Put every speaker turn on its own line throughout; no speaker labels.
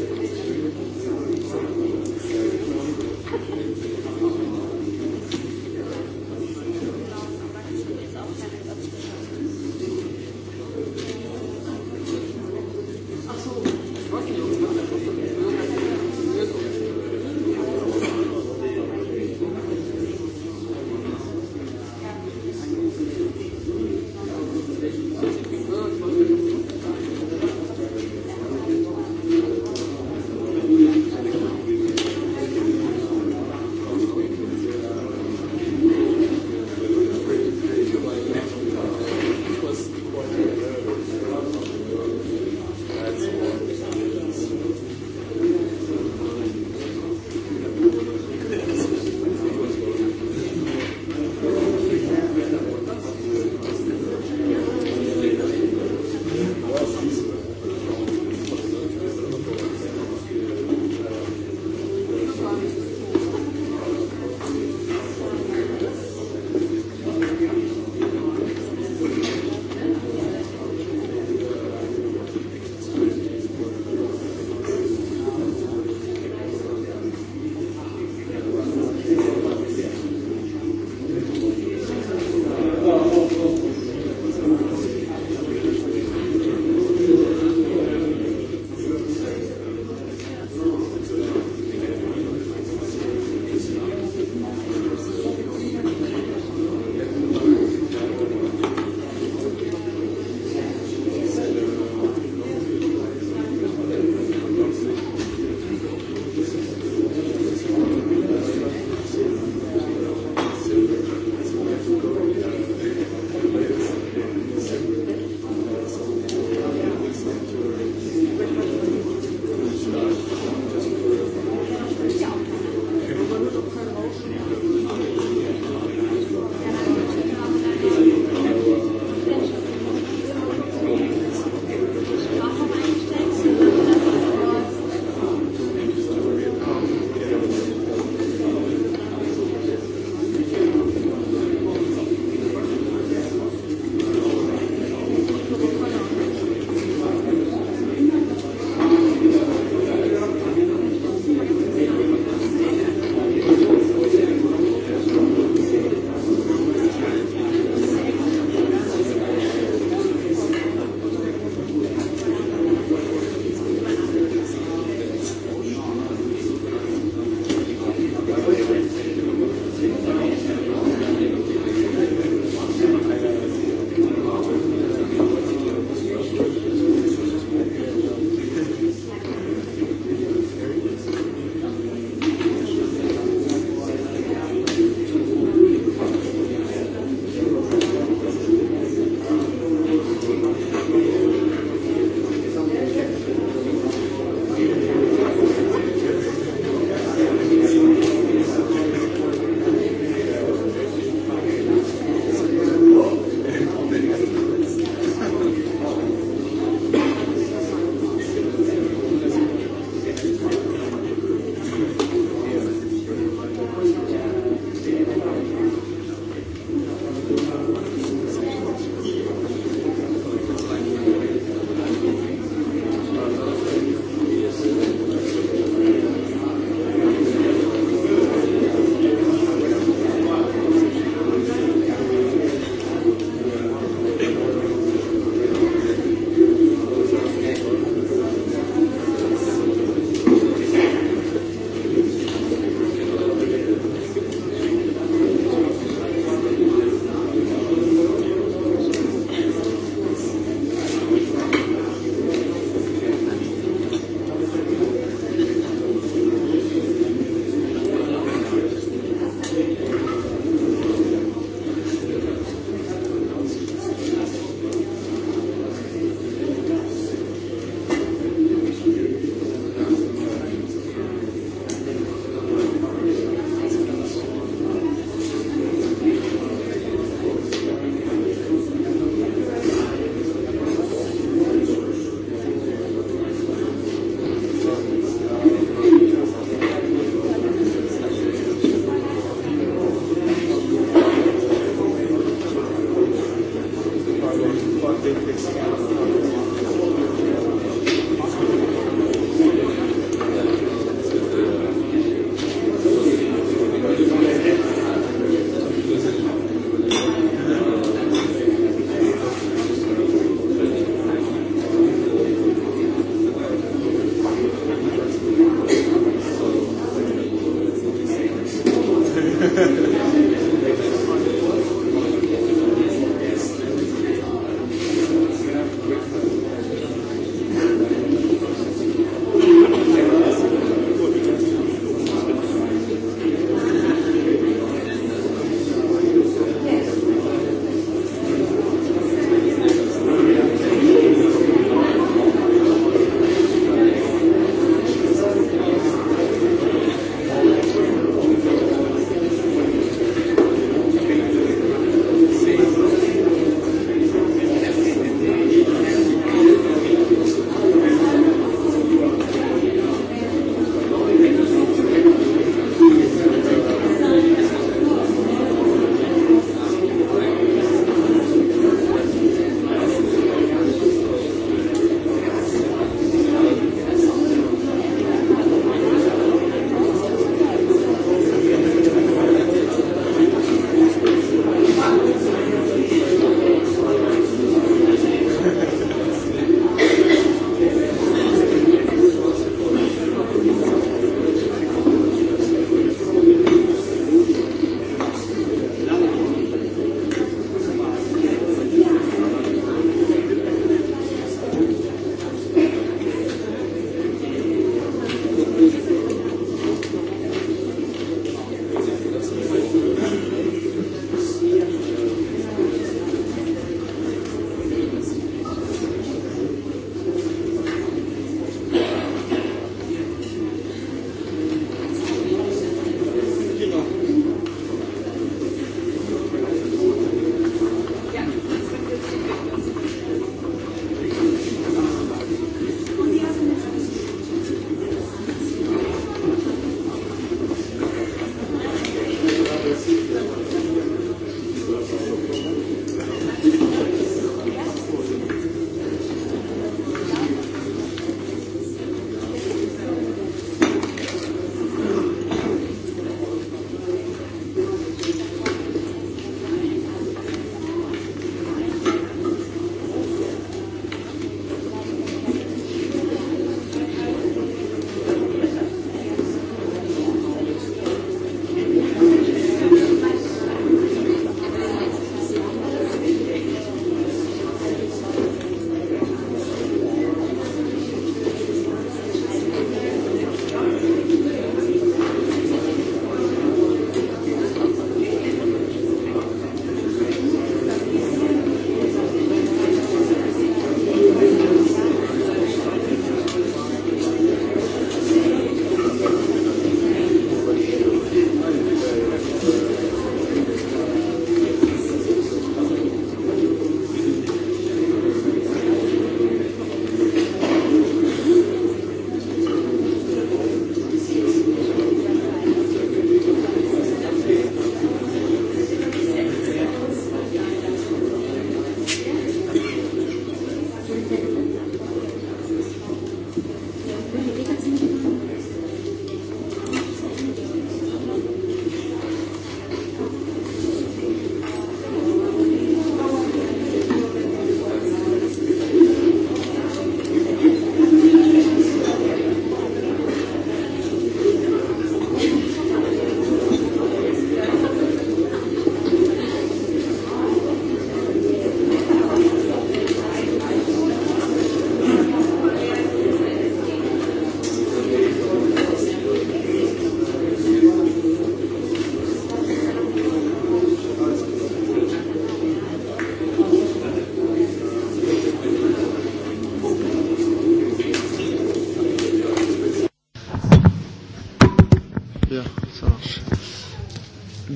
δεν λειτουργεί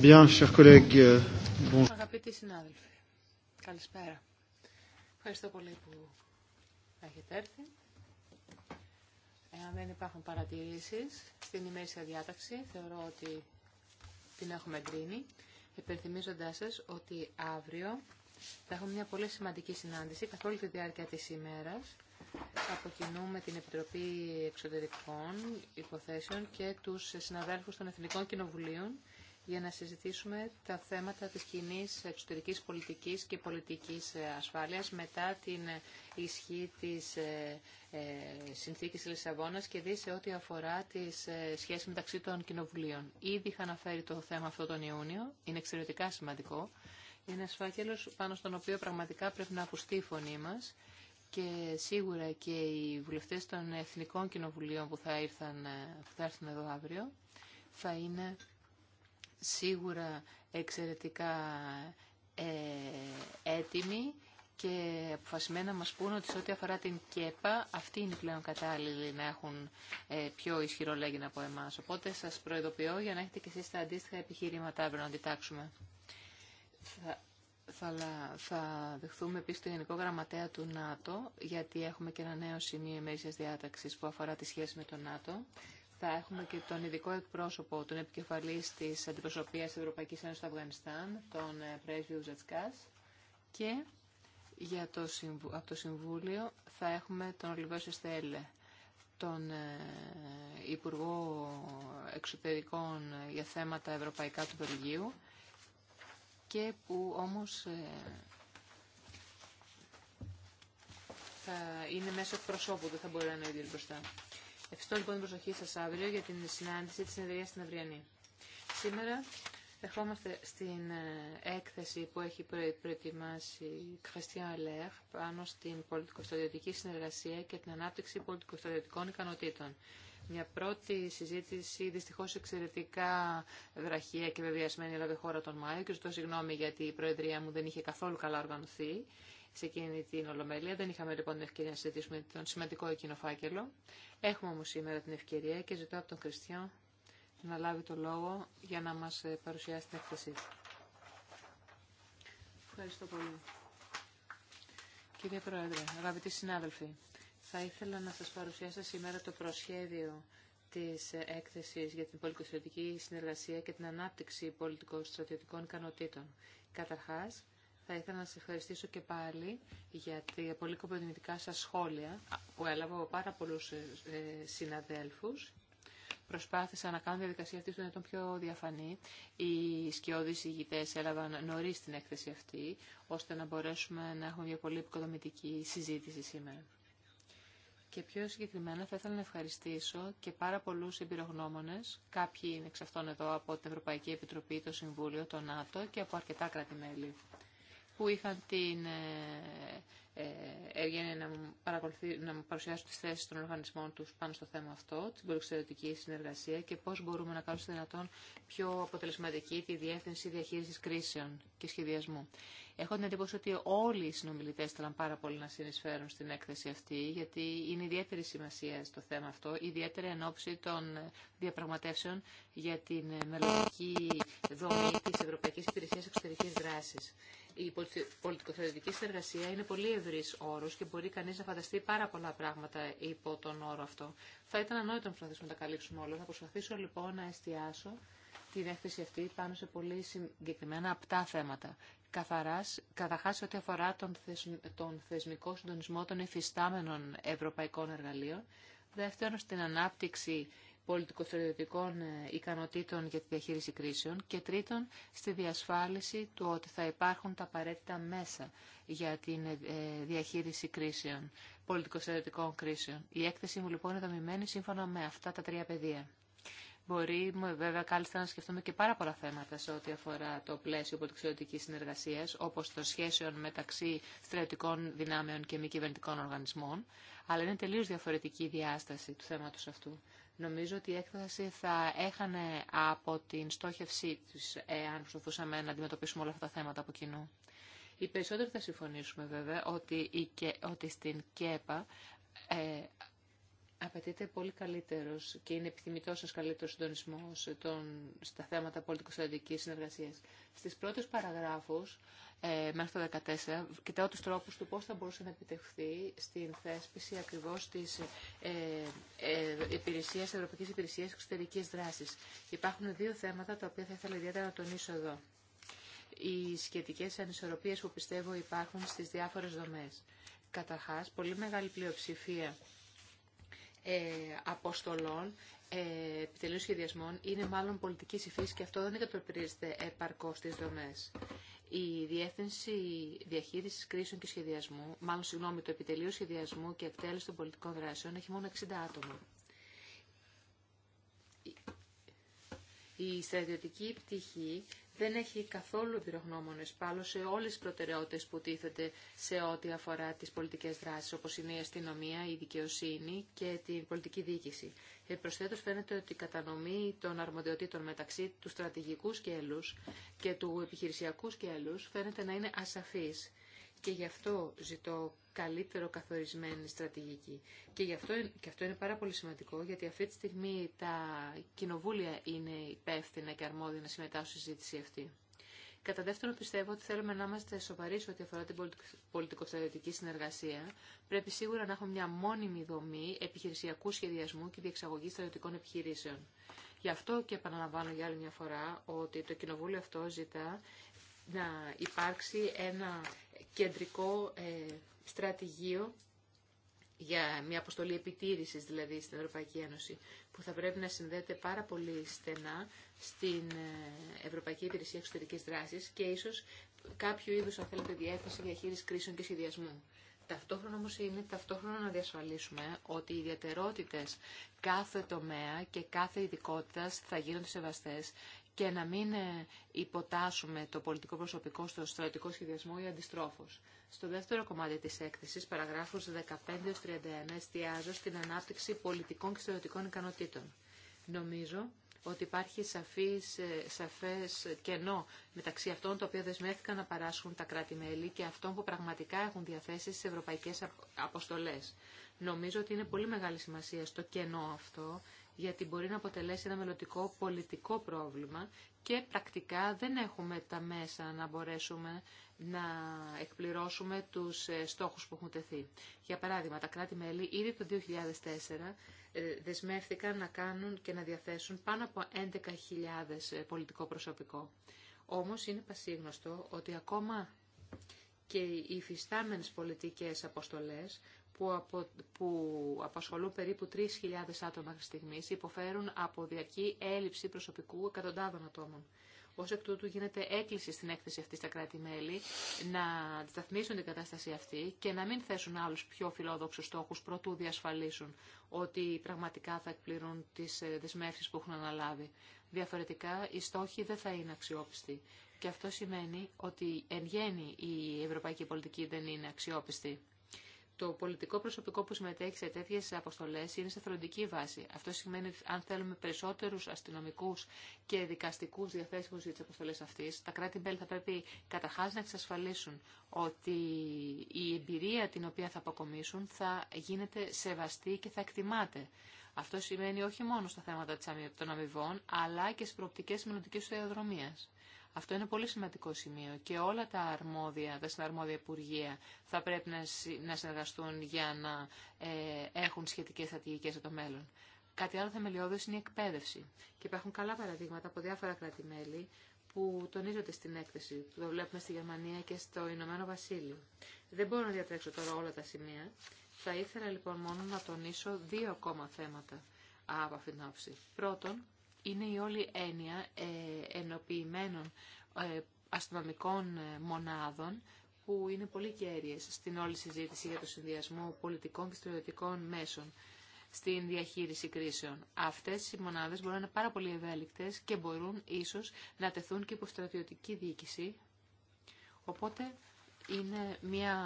Euh,
Αγαπητοί συνάδελφοι, καλησπέρα. Ευχαριστώ πολύ που έχετε έρθει. Εάν δεν υπάρχουν παρατηρήσεις στην ημέρησια διάταξη, θεωρώ ότι την έχουμε εγκρίνει, υπενθυμίζοντά σα ότι αύριο θα έχουμε μια πολύ σημαντική συνάντηση καθ' όλη τη διάρκεια τη ημέρα από την Επιτροπή Εξωτερικών Υποθέσεων και τους συναδέλφους των Εθνικών Κοινοβουλίων για να συζητήσουμε τα θέματα της κοινή εξωτερικής πολιτικής και πολιτικής ε, ασφάλειας μετά την ε, ισχύ της ε, συνθήκης Λισαβόνας και δει σε ό,τι αφορά τις σχέσεις μεταξύ των κοινοβουλίων. Ήδη είχα αναφέρει το θέμα αυτό τον Ιούνιο, είναι εξαιρετικά σημαντικό. Είναι ένας φάκελος πάνω στον οποίο πραγματικά πρέπει να ακουστεί η φωνή μας και σίγουρα και οι βουλευτές των Εθνικών Κοινοβουλίων που θα, ήρθαν, που θα έρθουν εδώ αύριο θα είναι σίγουρα εξαιρετικά ε, έτοιμοι και αποφασισμένα μας πούν ότι σε ό,τι αφορά την ΚΕΠΑ αυτοί είναι πλέον κατάλληλοι να έχουν ε, πιο ισχυρό λέγει από εμάς. Οπότε σας προειδοποιώ για να έχετε και εσείς τα αντίστοιχα επιχειρήματα αύριο να αντιτάξουμε. Θα, θα, δεχθούμε επίσης το Γενικό Γραμματέα του ΝΑΤΟ γιατί έχουμε και ένα νέο σημείο ημερήσιας διάταξης που αφορά τη σχέση με το ΝΑΤΟ θα έχουμε και τον ειδικό εκπρόσωπο, τον επικεφαλής της Αντιπροσωπείας της Ευρωπαϊκής Ένωσης του Αφγανιστάν, τον ε, πρέσβη Ζατσκάς. Και για το, από το Συμβούλιο θα έχουμε τον Ολιβέο Σεστέλε, τον ε, Υπουργό Εξωτερικών για θέματα ευρωπαϊκά του Βελγίου και που όμως ε, θα είναι μέσω προσώπου, δεν θα μπορεί να είναι ο ίδιος μπροστά. Ευχαριστώ λοιπόν την προσοχή σα αύριο για την συνάντηση τη συνεδρία στην Αυριανή. Σήμερα ερχόμαστε στην ε, έκθεση που έχει προετοιμάσει η Κριστιαν Λέχ πάνω στην πολιτικοστρατιωτική συνεργασία και την ανάπτυξη πολιτικοστρατιωτικών ικανοτήτων. Μια πρώτη συζήτηση δυστυχώ εξαιρετικά βραχία και βεβαιασμένη έλαβε χώρα τον Μάιο και ζητώ συγγνώμη γιατί η Προεδρία μου δεν είχε καθόλου καλά οργανωθεί σε εκείνη την Ολομέλεια. Δεν είχαμε λοιπόν την ευκαιρία να συζητήσουμε τον σημαντικό εκείνο φάκελο. Έχουμε όμως σήμερα την ευκαιρία και ζητώ από τον Κριστιαν να λάβει το λόγο για να μας ε, παρουσιάσει την έκθεσή του. Ευχαριστώ πολύ. Κύριε Πρόεδρε, αγαπητοί συνάδελφοι, θα ήθελα να σας παρουσιάσω σήμερα το προσχέδιο της ε, έκθεσης για την πολυκοστρατική συνεργασία και την ανάπτυξη πολιτικο-στρατιωτικών ικανοτήτων. Καταρχάς, θα ήθελα να σας ευχαριστήσω και πάλι για τα πολύ κομπεντιμητικά σας σχόλια που έλαβα από πάρα πολλούς ε, ε, συναδέλφους. Προσπάθησα να κάνω τη διαδικασία αυτή στον πιο διαφανή. Οι σκιώδεις ηγητές έλαβαν νωρί την έκθεση αυτή, ώστε να μπορέσουμε να έχουμε μια πολύ επικοδομητική συζήτηση σήμερα. Και πιο συγκεκριμένα θα ήθελα να ευχαριστήσω και πάρα πολλού εμπειρογνώμονε. Κάποιοι είναι εξ αυτών εδώ από την Ευρωπαϊκή Επιτροπή, το Συμβούλιο, το ΝΑΤΟ και από αρκετά κράτη-μέλη που είχαν την ε, ε, έβγαινε να μου, να μου παρουσιάσουν τις θέσεις των οργανισμών τους πάνω στο θέμα αυτό, την πολυξερωτική συνεργασία και πώς μπορούμε να κάνουμε δυνατόν πιο αποτελεσματική τη διεύθυνση διαχείρισης κρίσεων και σχεδιασμού. Έχω την εντύπωση ότι όλοι οι συνομιλητές θέλαν πάρα πολύ να συνεισφέρουν στην έκθεση αυτή, γιατί είναι ιδιαίτερη σημασία στο θέμα αυτό, ιδιαίτερη εν ώψη των διαπραγματεύσεων για την μελλοντική δομή της Ευρωπαϊκής Υπηρεσίας Εξωτερικής Δράσης η πολιτικοθεωρητική συνεργασία είναι πολύ ευρύ όρο και μπορεί κανεί να φανταστεί πάρα πολλά πράγματα υπό τον όρο αυτό. Θα ήταν ανόητο να προσπαθήσουμε να τα καλύψουμε όλα. Θα προσπαθήσω λοιπόν να εστιάσω την έκθεση αυτή πάνω σε πολύ συγκεκριμένα απτά θέματα. Καταρχά, ό,τι αφορά τον, τον θεσμικό συντονισμό των εφιστάμενων ευρωπαϊκών εργαλείων. Δεύτερον, στην ανάπτυξη πολιτικοθεωρητικών ε, ικανοτήτων για τη διαχείριση κρίσεων και τρίτον στη διασφάλιση του ότι θα υπάρχουν τα απαραίτητα μέσα για τη ε, ε, διαχείριση κρίσεων, πολιτικοθεωρητικών κρίσεων. Η έκθεση μου λοιπόν είναι δομημένη σύμφωνα με αυτά τα τρία πεδία. Μπορεί βέβαια κάλλιστα να σκεφτούμε και πάρα πολλά θέματα σε ό,τι αφορά το πλαίσιο πολιτικοστρατιωτικής συνεργασίας, όπως των σχέσεων μεταξύ στρατιωτικών δυνάμεων και μη κυβερνητικών οργανισμών, αλλά είναι τελείως διαφορετική η διάσταση του θέματος αυτού. Νομίζω ότι η έκθεση θα έχανε από την στόχευσή τη εάν προσπαθούσαμε να αντιμετωπίσουμε όλα αυτά τα θέματα από κοινού. Οι περισσότεροι θα συμφωνήσουμε βέβαια ότι, η, ότι στην ΚΕΠΑ ε, απαιτείται πολύ καλύτερος και είναι επιθυμητός ως καλύτερος συντονισμός των, στα θέματα πολιτικοστατικής συνεργασίας. Στις πρώτες παραγράφους ε, μέχρι το 2014, κοιτάω τους τρόπους του πώς θα μπορούσε να επιτευχθεί στην θέσπιση ακριβώς της ε, ε, υπηρεσίας, Ευρωπαϊκής Υπηρεσίας Εξωτερικής Δράσης. Υπάρχουν δύο θέματα τα οποία θα ήθελα ιδιαίτερα να τονίσω εδώ. Οι σχετικές ανισορροπίες που πιστεύω υπάρχουν στις διάφορες δομές. Καταρχάς, πολύ μεγάλη πλειοψηφία ε, αποστολών ε, επιτελείων σχεδιασμών είναι μάλλον πολιτική υφή και αυτό δεν εκατοπρίζεται επαρκώ στι δομέ η Διεύθυνση Διαχείριση Κρίσεων και Σχεδιασμού, μάλλον συγγνώμη, το Επιτελείο Σχεδιασμού και Εκτέλεση των Πολιτικών Δράσεων έχει μόνο 60 άτομα. Η στρατιωτική πτυχή δεν έχει καθόλου εμπειρογνώμονες πάλι σε όλες τις προτεραιότητες που τίθεται σε ό,τι αφορά τις πολιτικές δράσεις, όπως είναι η αστυνομία, η δικαιοσύνη και την πολιτική διοίκηση. Προσθέτως φαίνεται ότι η κατανομή των αρμοδιοτήτων μεταξύ του στρατηγικού σκέλους και του επιχειρησιακού σκέλους φαίνεται να είναι ασαφής και γι' αυτό ζητώ καλύτερο καθορισμένη στρατηγική. Και, γι αυτό, και αυτό είναι πάρα πολύ σημαντικό, γιατί αυτή τη στιγμή τα κοινοβούλια είναι υπεύθυνα και αρμόδια να συμμετάσχουν στη συζήτηση αυτή. Κατά δεύτερο πιστεύω ότι θέλουμε να είμαστε σοβαροί σε ό,τι αφορά την πολιτικοστρατιωτική συνεργασία. Πρέπει σίγουρα να έχουμε μια μόνιμη δομή επιχειρησιακού σχεδιασμού και διεξαγωγή στρατιωτικών επιχειρήσεων. Γι' αυτό και επαναλαμβάνω για άλλη μια φορά ότι το Κοινοβούλιο αυτό ζητά να υπάρξει ένα κεντρικό ε, στρατηγείο για μια αποστολή επιτήρησης δηλαδή στην Ευρωπαϊκή Ένωση που θα πρέπει να συνδέεται πάρα πολύ στενά στην ε, Ευρωπαϊκή Υπηρεσία Εξωτερικής Δράσης και ίσως κάποιο είδους αν θέλετε διεύθυνση διαχείριση κρίσεων και σχεδιασμού. Ταυτόχρονα όμως είναι ταυτόχρονα να διασφαλίσουμε ότι οι ιδιαιτερότητες κάθε τομέα και κάθε ειδικότητα θα γίνονται σεβαστές και να μην ε, υποτάσσουμε το πολιτικό προσωπικό στο στρατιωτικό σχεδιασμό ή αντιστρόφω. Στο δεύτερο κομμάτι της εκθεσης παραγράφου παραγράφους 15-31, εστιάζω στην ανάπτυξη πολιτικών και στρατιωτικών ικανοτήτων. Νομίζω ότι υπάρχει σαφής, ε, σαφές κενό μεταξύ αυτών τα οποία δεσμεύτηκαν να παράσχουν τα κράτη-μέλη και αυτών που πραγματικά έχουν διαθέσει στις ευρωπαϊκές αποστολές. Νομίζω ότι είναι πολύ μεγάλη σημασία στο κενό αυτό γιατί μπορεί να αποτελέσει ένα μελλοντικό πολιτικό πρόβλημα και πρακτικά δεν έχουμε τα μέσα να μπορέσουμε να εκπληρώσουμε τους ε, στόχους που έχουν τεθεί. Για παράδειγμα, τα κράτη-μέλη ήδη το 2004 ε, δεσμεύτηκαν να κάνουν και να διαθέσουν πάνω από 11.000 ε, πολιτικό προσωπικό. Όμως είναι πασίγνωστο ότι ακόμα και οι υφιστάμενες πολιτικές αποστολές που, απο, απασχολούν περίπου 3.000 άτομα τη στιγμή, υποφέρουν από διαρκή έλλειψη προσωπικού εκατοντάδων ατόμων. Ω εκ τούτου γίνεται έκκληση στην έκθεση αυτή στα κράτη-μέλη να αντισταθμίσουν την κατάσταση αυτή και να μην θέσουν άλλου πιο φιλόδοξου στόχου προτού διασφαλίσουν ότι πραγματικά θα εκπληρούν τι ε, δεσμεύσει που έχουν αναλάβει. Διαφορετικά, οι στόχοι δεν θα είναι αξιόπιστοι. Και αυτό σημαίνει ότι εν γέννη η ευρωπαϊκή πολιτική δεν είναι αξιόπιστη το πολιτικό προσωπικό που συμμετέχει σε τέτοιε αποστολέ είναι σε θελοντική βάση. Αυτό σημαίνει ότι αν θέλουμε περισσότερου αστυνομικού και δικαστικού διαθέσιμου για τι αποστολέ αυτέ, τα κράτη-μέλη θα πρέπει καταρχά να εξασφαλίσουν ότι η εμπειρία την οποία θα αποκομίσουν θα γίνεται σεβαστή και θα εκτιμάται. Αυτό σημαίνει όχι μόνο στα θέματα των αμοιβών, αλλά και στι προοπτικέ μελλοντική του αυτό είναι πολύ σημαντικό σημείο και όλα τα αρμόδια, τα συναρμόδια υπουργεία θα πρέπει να συνεργαστούν για να ε, έχουν σχετικές στρατηγικές για το μέλλον. Κάτι άλλο θεμελιώδες είναι η εκπαίδευση. Και υπάρχουν καλά παραδείγματα από διάφορα κράτη-μέλη που τονίζονται στην έκθεση, το βλέπουμε στη Γερμανία και στο Ηνωμένο Βασίλειο. Δεν μπορώ να διατρέξω τώρα όλα τα σημεία. Θα ήθελα λοιπόν μόνο να τονίσω δύο ακόμα θέματα από αυτήν την άποψη. Πρώτον, είναι η όλη έννοια ε, ενοποιημένων ε, αστυνομικών ε, μονάδων που είναι πολύ κέρυες στην όλη συζήτηση για το συνδυασμό πολιτικών και στρατιωτικών μέσων στην διαχείριση κρίσεων. Αυτές οι μονάδες μπορούν να είναι πάρα πολύ ευέλικτες και μπορούν ίσως να τεθούν και υποστρατιωτική στρατιωτική διοίκηση. Οπότε είναι μια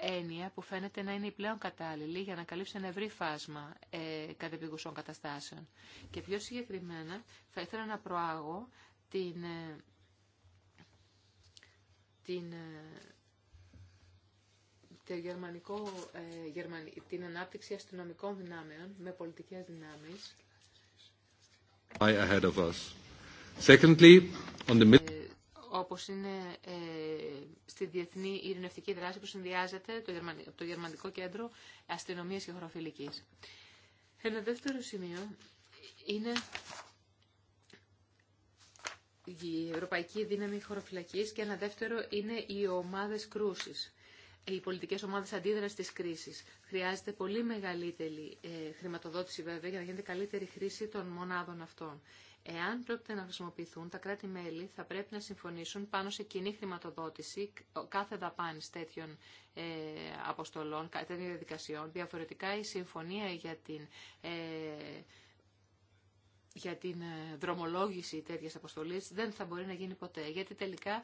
έννοια που φαίνεται να είναι η πλέον κατάλληλη για να καλύψει ένα ευρύ φάσμα ε, κατεπηγουσών καταστάσεων. Και πιο συγκεκριμένα θα ήθελα να προάγω την, ε, την, ε, γερμανικό, ε, γερμανι, την ανάπτυξη αστυνομικών δυνάμεων με πολιτικές δυνάμεις όπως είναι ε, στη Διεθνή Ειρηνευτική Δράση που συνδυάζεται το από το Γερμανικό Κέντρο Αστυνομίας και Χωροφυλικής. Ένα δεύτερο σημείο είναι η Ευρωπαϊκή Δύναμη Χωροφυλακής και ένα δεύτερο είναι οι ομάδες κρούσης. Οι πολιτικές ομάδες αντίδρασης της κρίσης. Χρειάζεται πολύ μεγαλύτερη ε, χρηματοδότηση βέβαια για να γίνεται καλύτερη χρήση των μονάδων αυτών. Εάν πρόκειται να χρησιμοποιηθούν, τα κράτη-μέλη θα πρέπει να συμφωνήσουν πάνω σε κοινή χρηματοδότηση κάθε δαπάνη τέτοιων ε, αποστολών, τέτοιων διαδικασιών. Διαφορετικά η συμφωνία για την, ε, για την ε, δρομολόγηση τέτοιας αποστολής δεν θα μπορεί να γίνει ποτέ, γιατί τελικά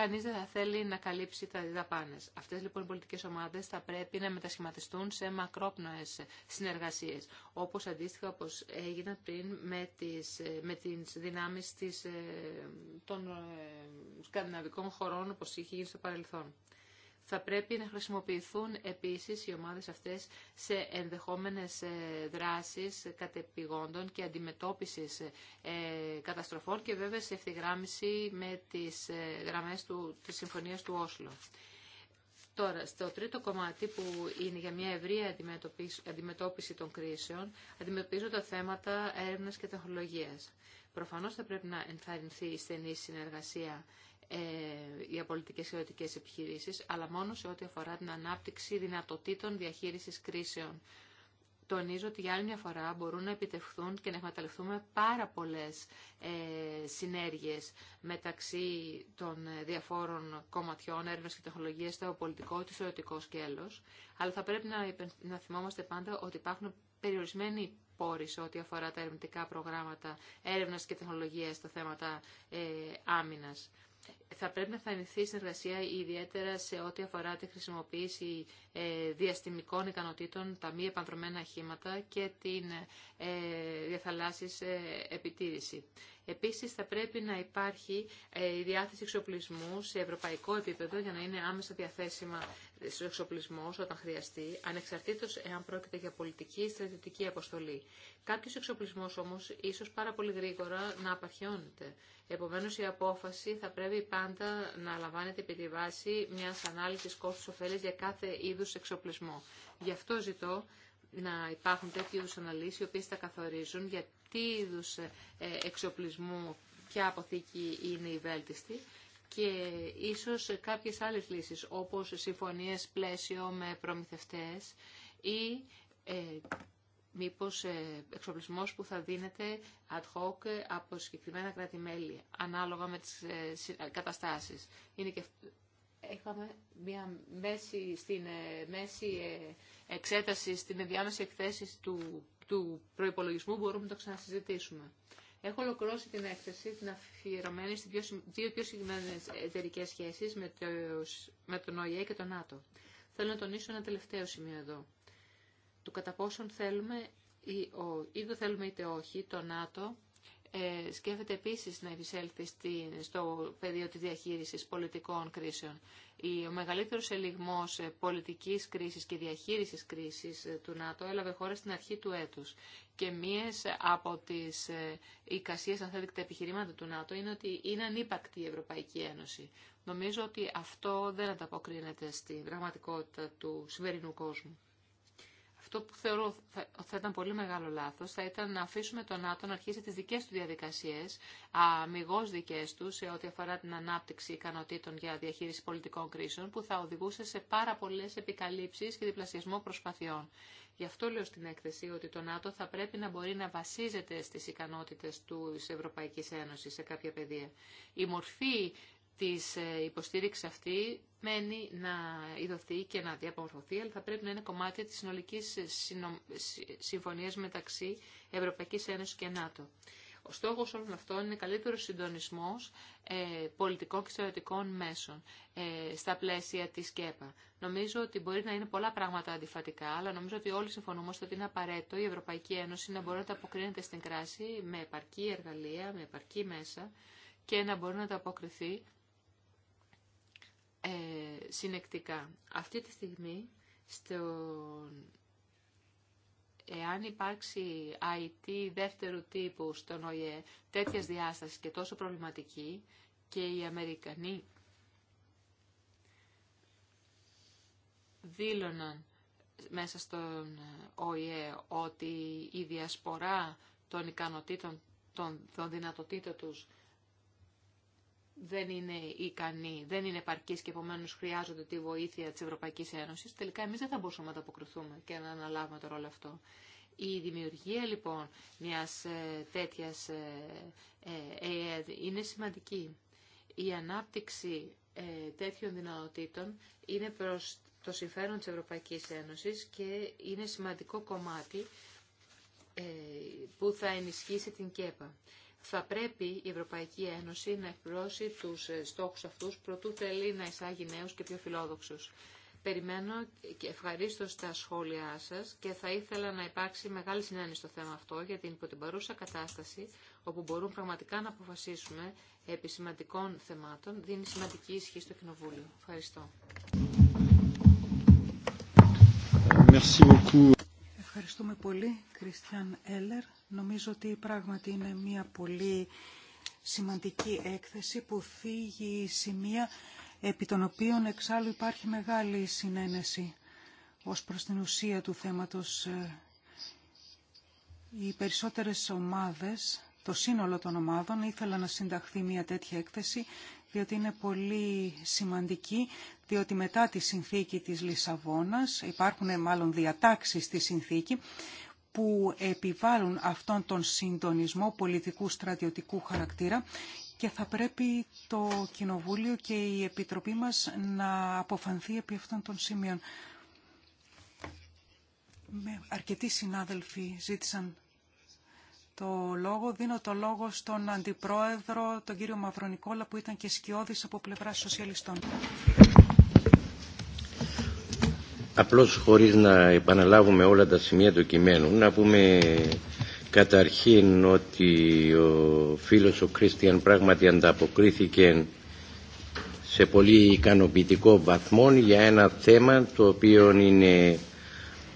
κανείς δεν θα θέλει να καλύψει τα διδαπάνες. Αυτές λοιπόν οι πολιτικές ομάδες θα πρέπει να μετασχηματιστούν σε μακρόπνοες συνεργασίες, όπως αντίστοιχα όπως έγινε πριν με τις, ε, με τις δυνάμεις της, ε, των ε, σκανδιναβικών χωρών, όπως είχε γίνει στο παρελθόν. Θα πρέπει να χρησιμοποιηθούν επίσης οι ομάδες αυτές σε ενδεχόμενες ε, δράσεις κατεπηγόντων και αντιμετώπισης ε, καταστροφών και βέβαια σε ευθυγράμμιση με τις ε, γραμμές του, της Συμφωνίας του Όσλο. Τώρα, στο τρίτο κομμάτι που είναι για μια ευρεία αντιμετώπιση των κρίσεων, αντιμετωπίζονται θέματα έρευνας και τεχνολογίας. Προφανώς θα πρέπει να ενθαρρυνθεί η στενή συνεργασία ε, για πολιτικέ και ιδιωτικέ επιχειρήσεις, αλλά μόνο σε ό,τι αφορά την ανάπτυξη δυνατοτήτων διαχείριση κρίσεων. Τονίζω ότι για άλλη μια φορά μπορούν να επιτευχθούν και να εκμεταλλευτούμε πάρα πολλέ ε, συνέργειες μεταξύ των ε, διαφόρων κομματιών έρευνα και τεχνολογία στο πολιτικό και στο ερωτικό σκέλος. Αλλά θα πρέπει να, να θυμόμαστε πάντα ότι υπάρχουν περιορισμένοι πόροι σε ό,τι αφορά τα ερευνητικά προγράμματα έρευνα και τεχνολογία στα θέματα ε, άμυνας θα πρέπει να φανηθεί συνεργασία ιδιαίτερα σε ό,τι αφορά τη χρησιμοποίηση ε, διαστημικών ικανοτήτων, τα μη επανδρομένα χήματα και την ε, διαθαλάσσης ε, επιτήρηση. Επίσης, θα πρέπει να υπάρχει η διάθεση εξοπλισμού σε ευρωπαϊκό επίπεδο για να είναι άμεσα διαθέσιμα Στου εξοπλισμούς όταν χρειαστεί, ανεξαρτήτως εάν πρόκειται για πολιτική ή στρατιωτική αποστολή. Κάποιος εξοπλισμός όμως ίσως πάρα πολύ γρήγορα να απαρχαιώνεται. Επομένως η απόφαση θα πρέπει πάντα να λαμβάνεται επί τη βάση μιας ανάλυσης κόστους ωφέλης για κάθε είδους εξοπλισμό. Γι' αυτό ζητώ να υπάρχουν τέτοιου είδους αναλύσεις οι οποίες θα πρεπει παντα να λαμβανεται επι τη βαση μιας αναλυσης κοστους ωφελης για καθε ειδους εξοπλισμο γι αυτο ζητω να υπαρχουν τετοιου ειδου αναλυσεις οι οποιες θα καθοριζουν για τι είδους ε, εξοπλισμού ποια αποθήκη είναι η βέλτιστη και ίσως κάποιες άλλες λύσεις όπως συμφωνίες πλαίσιο με προμηθευτές ή ε, μήπως ε, εξοπλισμός που θα δίνεται ad hoc από συγκεκριμένα κράτη-μέλη ανάλογα με τις ε, ε, καταστάσεις. Είναι και... Είχαμε μια μέση, στην μέση εξέταση, στην ενδιάμεση εκθέση του, του προϋπολογισμού, μπορούμε να το ξανασυζητήσουμε. Έχω ολοκληρώσει την έκθεση, την αφιερωμένη στι δύο πιο συγκεκριμένε εταιρικέ σχέσει με, με τον ΟΗΕ και τον ΝΑΤΟ. Θέλω να τονίσω ένα τελευταίο σημείο εδώ. Του κατά πόσον θέλουμε ή, ο, θέλουμε είτε όχι, το ΝΑΤΟ ε, σκέφτεται επίσης να επισέλθει στο πεδίο της διαχείρισης πολιτικών κρίσεων. Ο μεγαλύτερος ελιγμός ε, πολιτικής κρίσης και διαχείρισης κρίσης ε, του ΝΑΤΟ έλαβε χώρα στην αρχή του έτους. Και μία από τις εικασίες, αν θέλετε, τα επιχειρήματα του ΝΑΤΟ είναι ότι είναι ανύπαρκτη η Ευρωπαϊκή Ένωση. Νομίζω ότι αυτό δεν ανταποκρίνεται στην πραγματικότητα του σημερινού κόσμου. Αυτό που θεωρώ ότι θα ήταν πολύ μεγάλο λάθο θα ήταν να αφήσουμε τον ΝΑΤΟ να αρχίσει τι δικέ του διαδικασίε, αμυγό δικέ του σε ό,τι αφορά την ανάπτυξη ικανοτήτων για διαχείριση πολιτικών κρίσεων που θα οδηγούσε σε πάρα πολλέ επικαλύψει και διπλασιασμό προσπαθειών. Γι' αυτό λέω στην έκθεση ότι το ΝΑΤΟ θα πρέπει να μπορεί να βασίζεται στι ικανότητε τη Ευρωπαϊκή Ένωση σε κάποια πεδία. Η μορφή της ε, υποστήριξης αυτή μένει να ιδωθεί και να διαπομορφωθεί, αλλά θα πρέπει να είναι κομμάτι της συνολικής ε, συμφωνίας μεταξύ Ευρωπαϊκής Ένωσης και ΝΑΤΟ. Ο στόχος όλων αυτών είναι καλύτερος συντονισμός ε, πολιτικών και στρατιωτικών μέσων ε, στα πλαίσια της ΚΕΠΑ. Νομίζω ότι μπορεί να είναι πολλά πράγματα αντιφατικά, αλλά νομίζω ότι όλοι συμφωνούμε ότι είναι απαραίτητο η Ευρωπαϊκή Ένωση να μπορεί να τα αποκρίνεται στην κράση με επαρκή εργαλεία, με επαρκή μέσα και να μπορεί να τα αποκριθεί ε, συνεκτικά. Αυτή τη στιγμή, στο... εάν υπάρξει IT δεύτερου τύπου στον ΟΗΕ τέτοιας διάστασης και τόσο προβληματική και οι Αμερικανοί δήλωναν μέσα στον ΟΗΕ ότι η διασπορά των ικανοτήτων, των, των δυνατοτήτων τους δεν είναι ικανοί, δεν είναι επαρκείς και επομένω χρειάζονται τη βοήθεια της Ευρωπαϊκής Ένωση. τελικά εμείς δεν θα μπορούσαμε να αποκριθούμε και να αναλάβουμε το ρόλο αυτό. Η δημιουργία λοιπόν μιας ε, τέτοιας ΕΕΔ ε είναι σημαντική. Η ανάπτυξη ε, τέτοιων δυνατοτήτων είναι προς το συμφέρον της Ευρωπαϊκής Ένωσης και είναι σημαντικό κομμάτι ε, που θα ενισχύσει την ΚΕΠΑ. Θα πρέπει η Ευρωπαϊκή Ένωση να εκπληρώσει τους ε, στόχους αυτούς προτού θέλει να εισάγει νέους και πιο φιλόδοξους. Περιμένω και ευχαρίστω τα σχόλιά σας και θα ήθελα να υπάρξει μεγάλη συνένεση στο θέμα αυτό γιατί υπό την παρούσα κατάσταση όπου μπορούν πραγματικά να αποφασίσουμε επί σημαντικών θεμάτων δίνει σημαντική ισχύ στο Κοινοβούλιο. Ευχαριστώ.
Merci beaucoup.
Ευχαριστούμε πολύ, Κριστιαν Έλλερ. Νομίζω ότι πράγματι είναι μια πολύ σημαντική έκθεση που φύγει σημεία επί των οποίων εξάλλου υπάρχει μεγάλη συνένεση ως προς την ουσία του θέματος. Ε, οι περισσότερες ομάδες, το σύνολο των ομάδων, ήθελα να συνταχθεί μια τέτοια έκθεση, διότι είναι πολύ σημαντική διότι μετά τη συνθήκη της Λισαβόνας υπάρχουν μάλλον διατάξεις στη συνθήκη που επιβάλλουν αυτόν τον συντονισμό πολιτικού στρατιωτικού χαρακτήρα και θα πρέπει το Κοινοβούλιο και η Επιτροπή μας να αποφανθεί επί αυτών των σημείων. Με αρκετοί συνάδελφοι ζήτησαν το λόγο. Δίνω το λόγο στον Αντιπρόεδρο, τον κύριο Μαυρονικόλα, που ήταν και σκιώδης από πλευρά σοσιαλιστών.
Απλώς χωρίς να επαναλάβουμε όλα τα σημεία του κειμένου, να πούμε καταρχήν ότι ο φίλος ο Κρίστιαν πράγματι ανταποκρίθηκε σε πολύ ικανοποιητικό βαθμό για ένα θέμα το οποίο είναι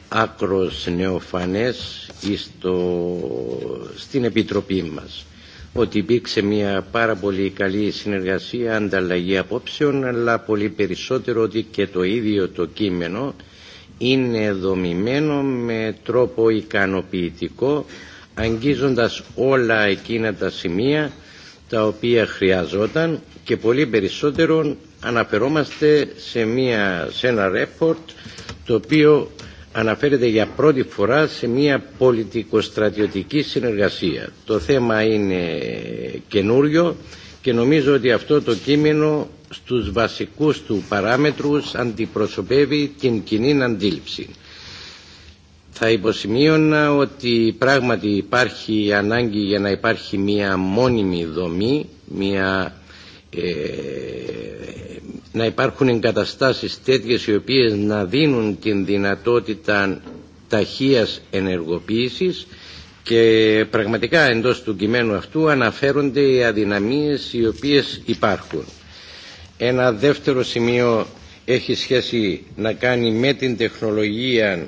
άκρος νεοφανές στην Επιτροπή μας ότι υπήρξε μια πάρα πολύ καλή συνεργασία, ανταλλαγή απόψεων αλλά πολύ περισσότερο ότι και το ίδιο το κείμενο είναι δομημένο με τρόπο ικανοποιητικό αγγίζοντας όλα εκείνα τα σημεία τα οποία χρειαζόταν και πολύ περισσότερο αναφερόμαστε σε, μια, σε ένα ρεπορτ, το οποίο αναφέρεται για πρώτη φορά σε μια πολιτικοστρατιωτική συνεργασία. Το θέμα είναι καινούριο και νομίζω ότι αυτό το κείμενο στους βασικούς του παράμετρους αντιπροσωπεύει την κοινή αντίληψη. Θα υποσημείωνα ότι πράγματι υπάρχει ανάγκη για να υπάρχει μία μόνιμη δομή, μία, ε, να υπάρχουν εγκαταστάσεις τέτοιες οι οποίες να δίνουν την δυνατότητα ταχείας ενεργοποίησης και πραγματικά εντός του κειμένου αυτού αναφέρονται οι αδυναμίες οι οποίες υπάρχουν. Ένα δεύτερο σημείο έχει σχέση να κάνει με την τεχνολογία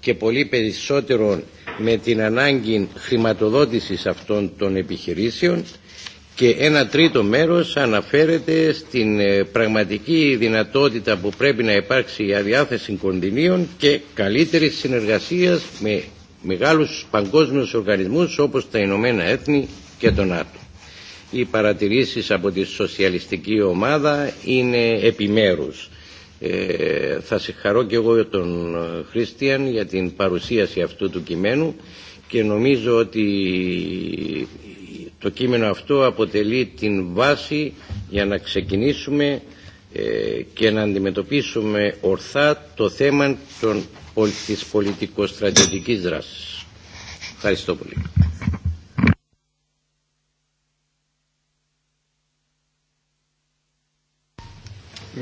και πολύ περισσότερο με την ανάγκη χρηματοδότησης αυτών των επιχειρήσεων και ένα τρίτο μέρος αναφέρεται στην ε, πραγματική δυνατότητα που πρέπει να υπάρξει η αδιάθεση κοντινίων και καλύτερη συνεργασία με μεγάλους παγκόσμιους οργανισμούς όπως τα Ηνωμένα Έθνη και τον ΝΑΤΟ οι παρατηρήσεις από τη σοσιαλιστική ομάδα είναι επιμέρους. Ε, θα συγχαρώ και εγώ τον ε, Χριστιαν για την παρουσίαση αυτού του κειμένου και νομίζω ότι το κείμενο αυτό αποτελεί την βάση για να ξεκινήσουμε ε, και να αντιμετωπίσουμε ορθά το θέμα των, της πολιτικοστρατιωτικής δράσης. Ευχαριστώ πολύ.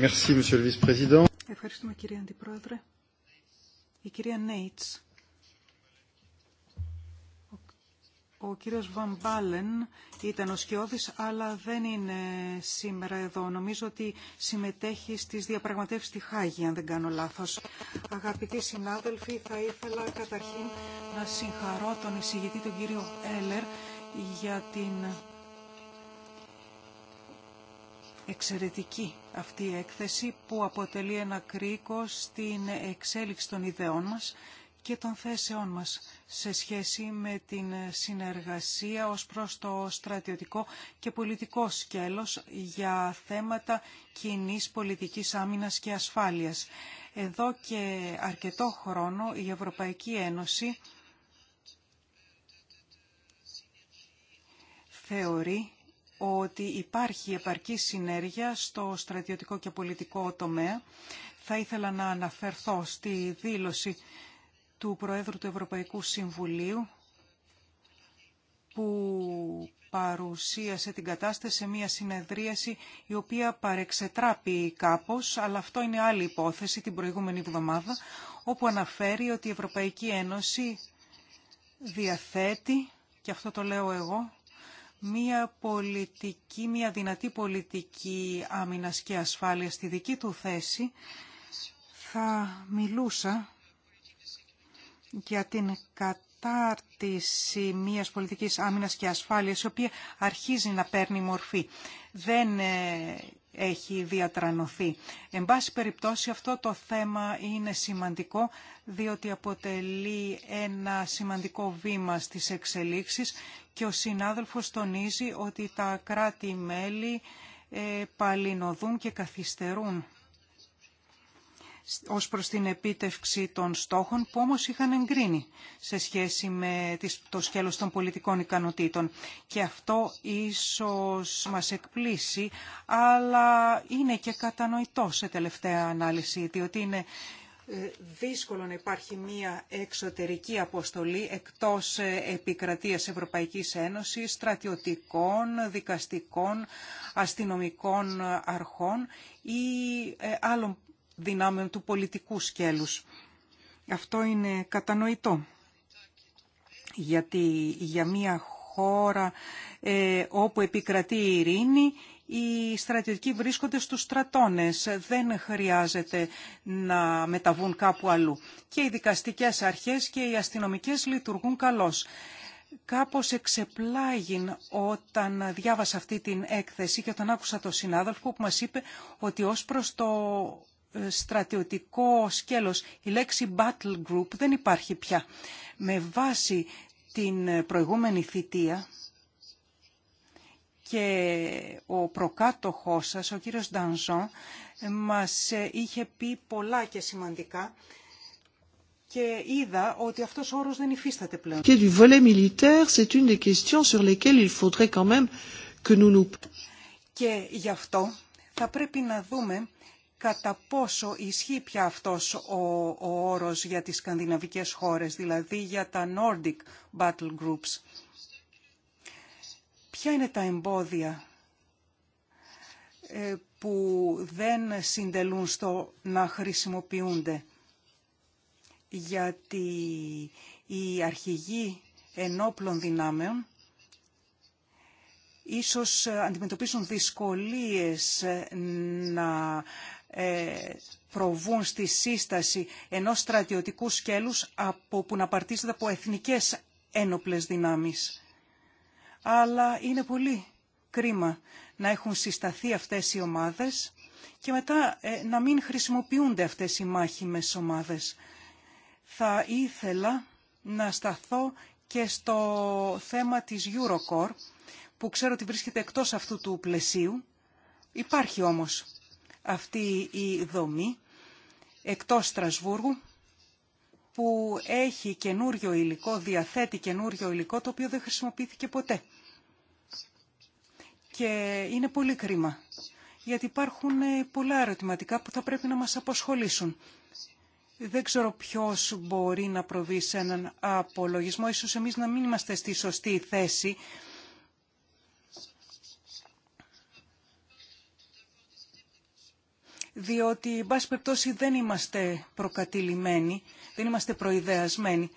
Ευχαριστούμε
κύριε Αντιπρόεδρε. Η κυρία Νέιτς. Ο κύριος Βαμπάλεν ήταν ο Σκιώδης, αλλά δεν είναι σήμερα εδώ. Νομίζω ότι συμμετέχει στις διαπραγματεύσεις στη Χάγη, αν δεν κάνω λάθος. Αγαπητοί συνάδελφοι, θα ήθελα καταρχήν να συγχαρώ τον εισηγητή τον κύριο Έλερ για την εξαιρετική αυτή η έκθεση που αποτελεί ένα κρίκο στην εξέλιξη των ιδεών μας και των θέσεών μας σε σχέση με την συνεργασία ως προς το στρατιωτικό και πολιτικό σκέλος για θέματα κοινής πολιτικής άμυνας και ασφάλειας. Εδώ και αρκετό χρόνο η Ευρωπαϊκή Ένωση θεωρεί ότι υπάρχει επαρκή συνέργεια στο στρατιωτικό και πολιτικό τομέα. Θα ήθελα να αναφερθώ στη δήλωση του Προέδρου του Ευρωπαϊκού Συμβουλίου που παρουσίασε την κατάσταση σε μια συνεδρίαση η οποία παρεξετράπει κάπως, αλλά αυτό είναι άλλη υπόθεση την προηγούμενη εβδομάδα, όπου αναφέρει ότι η Ευρωπαϊκή Ένωση διαθέτει, και αυτό το λέω εγώ, μια πολιτική, μια δυνατή πολιτική άμυνας και ασφάλειας στη δική του θέση, θα μιλούσα για την κατάρτιση μιας πολιτικής άμυνας και ασφάλειας, η οποία αρχίζει να παίρνει μορφή. Δεν ε, έχει διατρανωθεί. Εν πάση περιπτώσει αυτό το θέμα είναι σημαντικό διότι αποτελεί ένα σημαντικό βήμα στις εξελίξεις και ο συνάδελφος τονίζει ότι τα κράτη-μέλη ε, παλινοδούν και καθυστερούν ως προς την επίτευξη των στόχων που όμως είχαν εγκρίνει σε σχέση με το σκέλος των πολιτικών ικανοτήτων. Και αυτό ίσως μας εκπλήσει, αλλά είναι και κατανοητό σε τελευταία ανάλυση, διότι είναι ε, δύσκολο να υπάρχει μία εξωτερική αποστολή εκτός ε, επικρατείας Ευρωπαϊκής Ένωσης, στρατιωτικών, δικαστικών, αστυνομικών ε, αρχών ή άλλων δυνάμεων του πολιτικού σκέλους. Αυτό είναι κατανοητό, γιατί για μια χώρα ε, όπου επικρατεί η ειρήνη, οι στρατιωτικοί βρίσκονται στους στρατώνες, δεν χρειάζεται να μεταβούν κάπου αλλού. Και οι δικαστικές αρχές και οι αστυνομικές λειτουργούν καλώς. Κάπως εξεπλάγιν όταν διάβασα αυτή την έκθεση και όταν άκουσα τον συνάδελφο που μας είπε ότι ως προς το ε, στρατιωτικό σκέλος. Η λέξη battle group δεν υπάρχει πια. Με βάση την προηγούμενη θητεία και ο προκάτοχός σας, ο κύριος Ντανζόν, μας ε, είχε πει πολλά και σημαντικά και είδα ότι αυτός ο όρος δεν υφίσταται πλέον. Και
du volet militaire, c'est une des questions sur il faudrait quand même
que nous nous... Και γι' αυτό θα πρέπει να δούμε κατά πόσο ισχύει πια αυτός ο, ο όρος για τις σκανδιναβικές χώρες, δηλαδή για τα Nordic Battle Groups. Ποια είναι τα εμπόδια ε, που δεν συντελούν στο να χρησιμοποιούνται. Γιατί οι αρχηγοί ενόπλων δυνάμεων ίσως αντιμετωπίσουν δυσκολίες να ε, προβούν στη σύσταση ενός στρατιωτικού σκέλους από που να παρτίζεται από εθνικές ένοπλες δυνάμεις. Αλλά είναι πολύ κρίμα να έχουν συσταθεί αυτές οι ομάδες και μετά ε, να μην χρησιμοποιούνται αυτές οι μάχημες ομάδες. Θα ήθελα να σταθώ και στο θέμα της Eurocore, που ξέρω ότι βρίσκεται εκτός αυτού του πλαισίου. Υπάρχει όμως αυτή η δομή εκτός Στρασβούργου που έχει καινούριο υλικό, διαθέτει καινούριο υλικό το οποίο δεν χρησιμοποιήθηκε ποτέ. Και είναι πολύ κρίμα γιατί υπάρχουν ε, πολλά ερωτηματικά που θα πρέπει να μας αποσχολήσουν. Δεν ξέρω ποιος μπορεί να προβεί σε έναν απολογισμό. Ίσως εμείς να μην είμαστε στη σωστή θέση διότι, εν πάση περιπτώσει, δεν είμαστε προκατηλημένοι, δεν είμαστε προειδεασμένοι.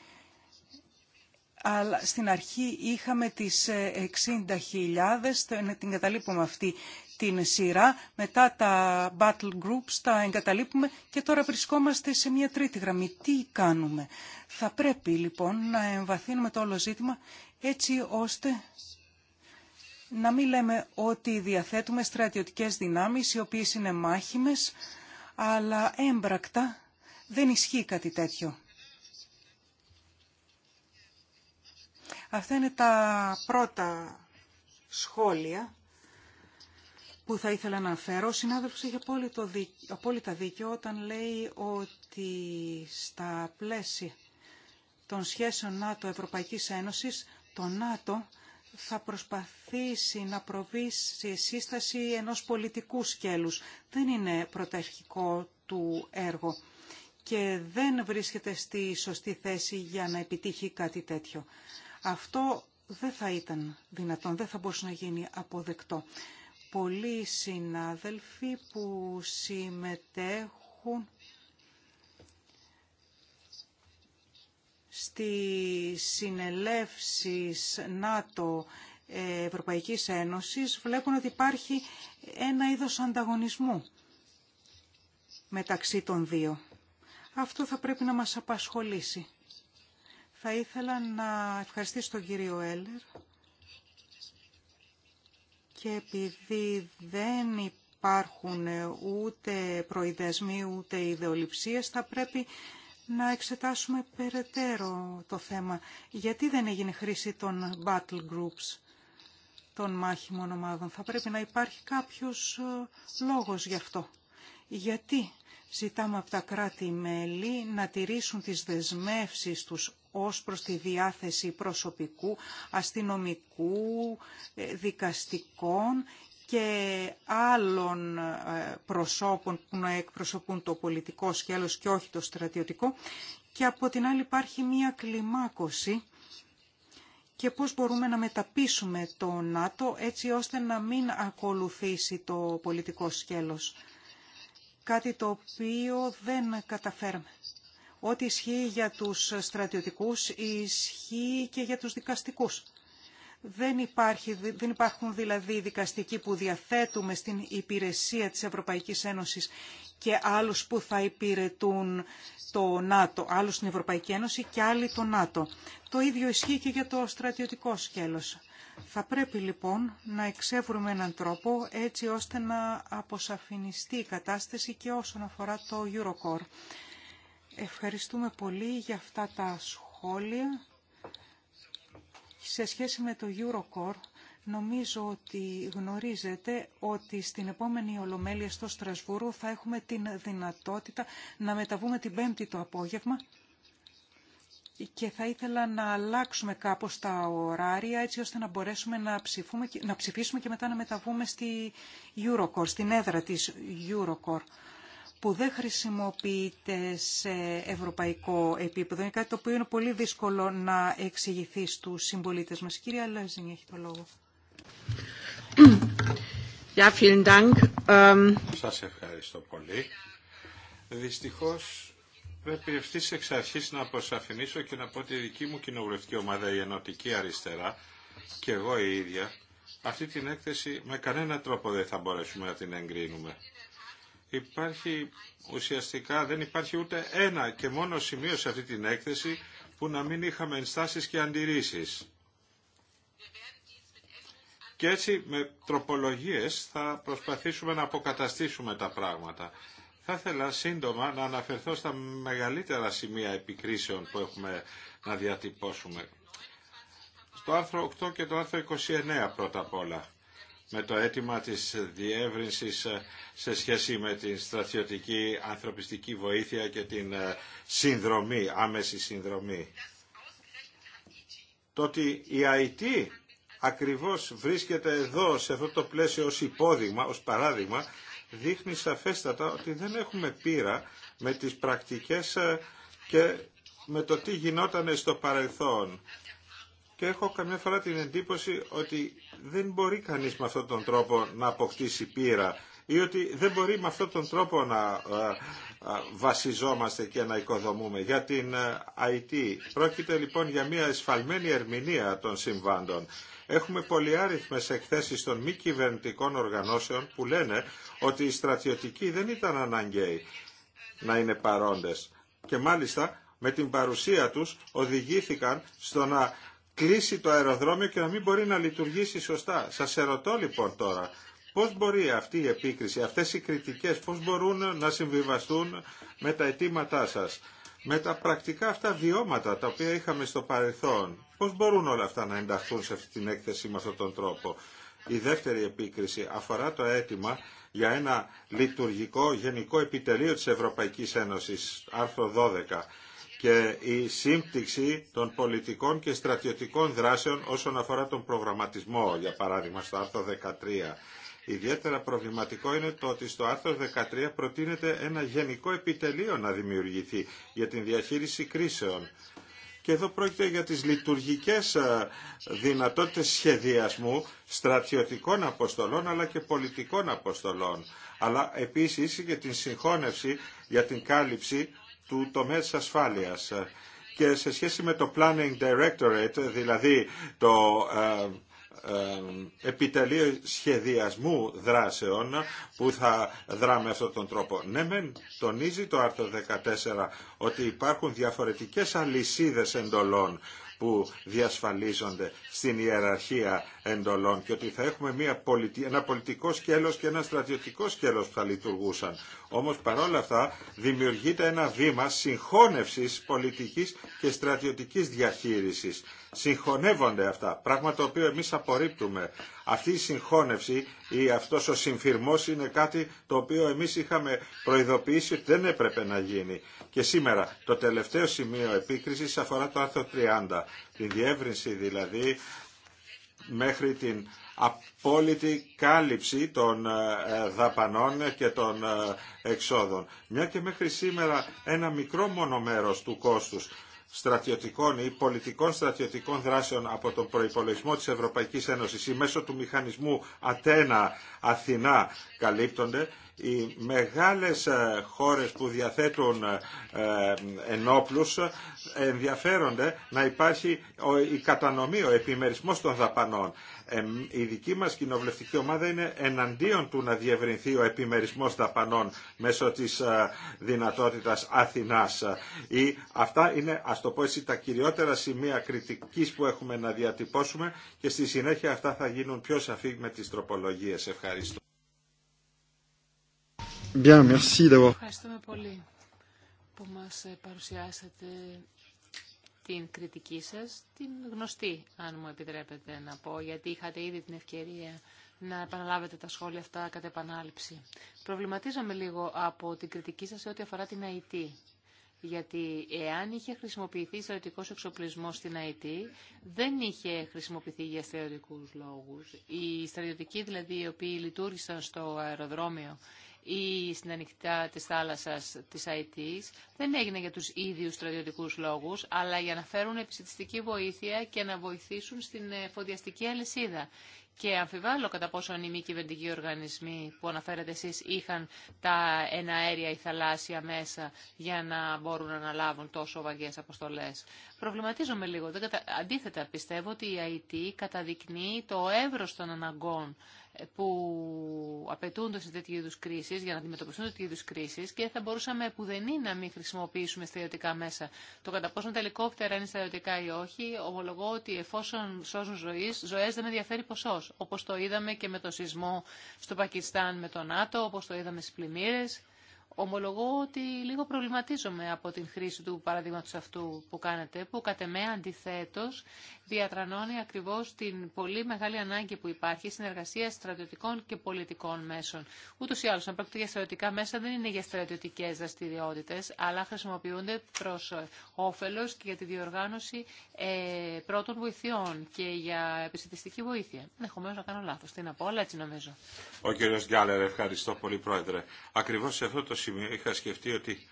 Αλλά στην αρχή είχαμε τις 60.000, ε, την καταλείπουμε αυτή την σειρά, μετά τα battle groups τα εγκαταλείπουμε και τώρα βρισκόμαστε σε μια τρίτη γραμμή. Τι κάνουμε. Θα πρέπει λοιπόν να εμβαθύνουμε το όλο ζήτημα έτσι ώστε να μην λέμε ότι διαθέτουμε στρατιωτικές δυνάμεις οι οποίες είναι μάχημες, αλλά έμπρακτα δεν ισχύει κάτι τέτοιο. Αυτά είναι τα πρώτα σχόλια που θα ήθελα να αναφέρω. Ο συνάδελφος έχει απόλυτα δίκιο όταν λέει ότι στα πλαίσια των σχέσεων ΝΑΤΟ-Ευρωπαϊκής Ένωσης το ΝΑΤΟ θα προσπαθήσει να προβεί σε σύσταση ενός πολιτικού σκέλους. Δεν είναι πρωταρχικό του έργο και δεν βρίσκεται στη σωστή θέση για να επιτύχει κάτι τέτοιο. Αυτό δεν θα ήταν δυνατόν, δεν θα μπορούσε να γίνει αποδεκτό. Πολλοί συνάδελφοι που συμμετέχουν στις συνελεύσεις ΝΑΤΟ ε, Ευρωπαϊκής Ένωσης βλέπουν ότι υπάρχει ένα είδος ανταγωνισμού μεταξύ των δύο. Αυτό θα πρέπει να μας απασχολήσει. Θα ήθελα να ευχαριστήσω τον κύριο Έλλερ και επειδή δεν υπάρχουν ούτε προειδεσμοί ούτε ιδεολειψίες, θα πρέπει να εξετάσουμε περαιτέρω το θέμα. Γιατί δεν έγινε χρήση των battle groups, των μάχημων ομάδων. Θα πρέπει να υπάρχει κάποιος ε, λόγος γι' αυτό. Γιατί ζητάμε από τα κράτη-μέλη να τηρήσουν τις δεσμεύσεις τους ως προς τη διάθεση προσωπικού, αστυνομικού, ε, δικαστικών και άλλων ε, προσώπων που να εκπροσωπούν το πολιτικό σκέλος και όχι το στρατιωτικό και από την άλλη υπάρχει μία κλιμάκωση και πώς μπορούμε να μεταπίσουμε το ΝΑΤΟ έτσι ώστε να μην ακολουθήσει το πολιτικό σκέλος. Κάτι το οποίο δεν καταφέρουμε. Ό,τι ισχύει για τους στρατιωτικούς ισχύει και για τους δικαστικούς. Δεν, υπάρχει, δεν υπάρχουν δηλαδή δικαστικοί που διαθέτουμε στην υπηρεσία της Ευρωπαϊκής Ένωσης και άλλους που θα υπηρετούν το ΝΑΤΟ, άλλους στην Ευρωπαϊκή Ένωση και άλλοι το ΝΑΤΟ. Το ίδιο ισχύει και για το στρατιωτικό σκέλος. Θα πρέπει λοιπόν να εξεύρουμε έναν τρόπο έτσι ώστε να αποσαφινιστεί η κατάσταση και όσον αφορά το Eurocore. Ευχαριστούμε πολύ για αυτά τα σχόλια σε σχέση με το Eurocore, νομίζω ότι γνωρίζετε ότι στην επόμενη Ολομέλεια στο Στρασβούργο θα έχουμε την δυνατότητα να μεταβούμε την Πέμπτη το απόγευμα και θα ήθελα να αλλάξουμε κάπως τα ωράρια έτσι ώστε να μπορέσουμε να, ψηφούμε, να ψηφίσουμε και μετά να μεταβούμε στη Eurocore, στην έδρα της Eurocore που δεν χρησιμοποιείται σε ευρωπαϊκό επίπεδο. Είναι κάτι το οποίο είναι πολύ δύσκολο να εξηγηθεί στους συμπολίτε μας. Κυρία Λέζιν, έχει το λόγο. Ja, vielen Dank. Ähm,
Σας ευχαριστώ πολύ. Δυστυχώς πρέπει ευθύ εξ αρχής να αποσαφηνίσω και να πω ότι η δική μου κοινοβουλευτική ομάδα, η Ενωτική Αριστερά, και εγώ η ίδια, αυτή την έκθεση με κανένα τρόπο δεν θα μπορέσουμε να την εγκρίνουμε υπάρχει ουσιαστικά δεν υπάρχει ούτε ένα και μόνο σημείο σε αυτή την έκθεση που να μην είχαμε ενστάσεις και αντιρρήσεις. Και έτσι με τροπολογίες θα προσπαθήσουμε να αποκαταστήσουμε τα πράγματα. Θα ήθελα σύντομα να αναφερθώ στα μεγαλύτερα σημεία επικρίσεων που έχουμε να διατυπώσουμε. Στο άρθρο 8 και το άρθρο 29 πρώτα απ' όλα με το αίτημα της διεύρυνσης ε, σε σχέση με την στρατιωτική ανθρωπιστική βοήθεια και την ε, συνδρομή, άμεση συνδρομή. Το ότι η ΑΕΤ ακριβώς βρίσκεται εδώ, σε αυτό το πλαίσιο ως υπόδειγμα, ως παράδειγμα, δείχνει σαφέστατα ότι δεν έχουμε πείρα με τις πρακτικές ε, και με το τι γινόταν στο παρελθόν και έχω καμιά φορά την εντύπωση ότι δεν μπορεί κανείς με αυτόν τον τρόπο να αποκτήσει πείρα ή ότι δεν μπορεί με αυτόν τον τρόπο να ε, ε, βασιζόμαστε και να οικοδομούμε. Για την IT ε, πρόκειται λοιπόν για μια εσφαλμένη ερμηνεία των συμβάντων. Έχουμε πολυάριθμες εκθέσεις των μη κυβερνητικών οργανώσεων που λένε ότι οι στρατιωτικοί δεν ήταν αναγκαίοι να είναι παρόντες. Και μάλιστα με την παρουσία τους οδηγήθηκαν στο να κλείσει το αεροδρόμιο και να μην μπορεί να λειτουργήσει σωστά. Σας ερωτώ λοιπόν τώρα, πώς μπορεί αυτή η επίκριση, αυτές οι κριτικές, πώς μπορούν να συμβιβαστούν με τα αιτήματά σας, με τα πρακτικά αυτά βιώματα τα οποία είχαμε στο παρελθόν. Πώς μπορούν όλα αυτά να ενταχθούν σε αυτή την έκθεση με αυτόν τον τρόπο. Η δεύτερη επίκριση αφορά το αίτημα για ένα λειτουργικό γενικό επιτελείο της Ευρωπαϊκής Ένωσης, άρθρο 12 και η σύμπτυξη των πολιτικών και στρατιωτικών δράσεων όσον αφορά τον προγραμματισμό, για παράδειγμα στο άρθρο 13. Ιδιαίτερα προβληματικό είναι το ότι στο άρθρο 13 προτείνεται ένα γενικό επιτελείο να δημιουργηθεί για την διαχείριση κρίσεων. Και εδώ πρόκειται για τις λειτουργικές ε, δυνατότητες σχεδιασμού στρατιωτικών αποστολών αλλά και πολιτικών αποστολών. Αλλά επίσης και την συγχώνευση, για την κάλυψη του τομέα της ασφάλειας ε, και σε σχέση με το Planning Directorate, δηλαδή το ε, ε, επιτελείο σχεδιασμού δράσεων που θα δράμε με αυτόν τον τρόπο. Ναι, μεν τονίζει το άρθρο 14 ότι υπάρχουν διαφορετικές αλυσίδες εντολών που διασφαλίζονται στην ιεραρχία εντολών και ότι θα έχουμε μια ένα πολιτικό σκέλος και ένα στρατιωτικό σκέλος που θα λειτουργούσαν. Όμως παρόλα αυτά δημιουργείται ένα βήμα συγχώνευσης πολιτικής και στρατιωτικής διαχείρισης Συγχωνεύονται αυτά, πράγμα το οποίο εμείς απορρίπτουμε. Αυτή η συγχώνευση ή αυτός ο συμφυρμός είναι κάτι το οποίο εμείς είχαμε προειδοποιήσει ότι δεν έπρεπε να γίνει. Και σήμερα το τελευταίο σημείο επίκρισης αφορά το άρθρο 30, Την διεύρυνση δηλαδή μέχρι την απόλυτη κάλυψη των ε, δαπανών και των ε, εξόδων. Μια και μέχρι σήμερα ένα μικρό μονομέρος του κόστους στρατιωτικών ή πολιτικών στρατιωτικών δράσεων από τον προϋπολογισμό της Ευρωπαϊκής Ένωσης ή μέσω του μηχανισμού Ατένα-Αθηνά καλύπτονται οι μεγάλες ε, χώρες που διαθέτουν ε, ε, ενόπλους ενδιαφέρονται να υπάρχει η κατανομή, ο επιμερισμός των δαπανών. Η δική μας κοινοβουλευτική ομάδα είναι εναντίον του να διευρυνθεί ο επιμερισμός δαπανών μέσω της δυνατότητας Αθηνάς. αυτά είναι, ας το πω έτσι, τα κυριότερα σημεία κριτικής που έχουμε να διατυπώσουμε και στη συνέχεια αυτά θα γίνουν πιο σαφή με τις τροπολογίες. Ευχαριστώ.
Ευχαριστούμε
πολύ που μας ε, παρουσιάσατε την κριτική σας, την γνωστή, αν μου επιτρέπετε να πω, γιατί είχατε ήδη την ευκαιρία να επαναλάβετε τα σχόλια αυτά κατά επανάληψη. Προβληματίζομαι λίγο από την κριτική σας σε ό,τι αφορά την ΑΕΤ. Γιατί εάν είχε χρησιμοποιηθεί στρατιωτικός εξοπλισμός στην ΑΕΤ, δεν είχε χρησιμοποιηθεί για στρατιωτικούς λόγους. Οι στρατιωτικοί δηλαδή οι οποίοι λειτουργήσαν στο αεροδρόμιο ή στην ανοιχτά της θάλασσας της ΑΕΤΗΣ δεν έγινε για τους ίδιους στρατιωτικούς λόγους, αλλά για να φέρουν επιστημιστική βοήθεια και να βοηθήσουν στην ε, φοδιαστική αλυσίδα. Και αμφιβάλλω κατά πόσο οι μη κυβερνητικοί οργανισμοί που αναφέρατε εσείς είχαν τα εναέρια ή θαλάσσια μέσα για να μπορούν να αναλάβουν τόσο βαγγές αποστολές. Προβληματίζομαι λίγο. Αντίθετα, πιστεύω ότι η ΑΕΤ καταδεικνύει το των αναγκών που απαιτούνται σε τέτοιου είδου κρίσει, για να αντιμετωπιστούν τέτοιου είδου κρίσει και θα μπορούσαμε που να μην χρησιμοποιήσουμε στερεωτικά μέσα. Το κατά πόσο τα ελικόπτερα είναι στερεωτικά ή όχι, ομολογώ ότι εφόσον σώζουν ζωέ, ζωέ δεν με ενδιαφέρει ποσό. Όπω το είδαμε και με το σεισμό στο Πακιστάν με τον ΝΑΤΟ, όπω το είδαμε στι πλημμύρε ομολογώ ότι λίγο προβληματίζομαι από την χρήση του παραδείγματος αυτού που κάνετε, που κατ' εμέ αντιθέτως διατρανώνει ακριβώς την πολύ μεγάλη ανάγκη που υπάρχει συνεργασία στρατιωτικών και πολιτικών μέσων. Ούτως ή άλλως, αν πρόκειται για στρατιωτικά μέσα, δεν είναι για στρατιωτικές δραστηριότητες, αλλά χρησιμοποιούνται προς όφελος και για τη διοργάνωση ε, πρώτων βοηθειών και για επιστημιστική βοήθεια. Ενδεχομένω να κάνω λάθος. Τι να πω, αλλά έτσι
νομίζω.
Ο Γκάλερ, ευχαριστώ πολύ, Πρόεδρε. σε αυτό το είχα σκεφτεί ότι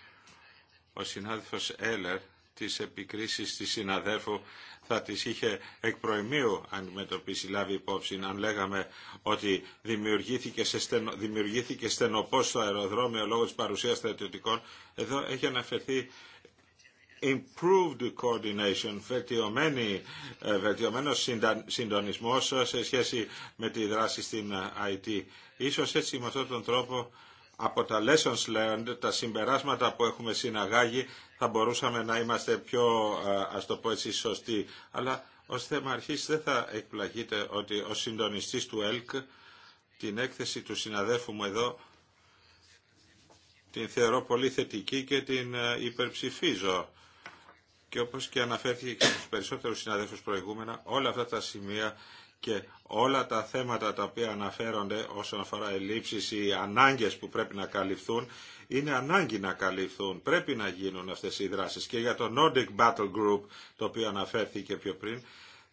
ο συνάδελφος Έλερ τις επικρίσεις της συναδέλφου θα τις είχε εκ προημίου αντιμετωπίσει λάβει υπόψη αν λέγαμε ότι δημιουργήθηκε, σε δημιουργήθηκε στενοπός στο αεροδρόμιο λόγω της παρουσίας στρατιωτικών εδώ έχει αναφερθεί improved coordination, ε, βελτιωμένο συντονισμό σε σχέση με τη δράση στην ε, IT. Ίσως έτσι με αυτόν τον τρόπο από τα lessons learned, τα συμπεράσματα που έχουμε συναγάγει, θα μπορούσαμε να είμαστε πιο, ας το πω έτσι, σωστοί. Αλλά ως θέμα αρχής δεν θα εκπλαγείτε ότι ο συντονιστής του ΕΛΚ την έκθεση του συναδέφου μου εδώ την θεωρώ πολύ θετική και την ε, υπερψηφίζω. Και όπως και αναφέρθηκε και στους περισσότερους συναδέλφους προηγούμενα, όλα αυτά τα σημεία και όλα τα θέματα τα οποία αναφέρονται όσον αφορά ελλείψεις ή ανάγκες που πρέπει να καλυφθούν είναι ανάγκη να καλυφθούν, πρέπει να γίνουν αυτές οι δράσεις και για το Nordic Battle Group το οποίο αναφέρθηκε πιο πριν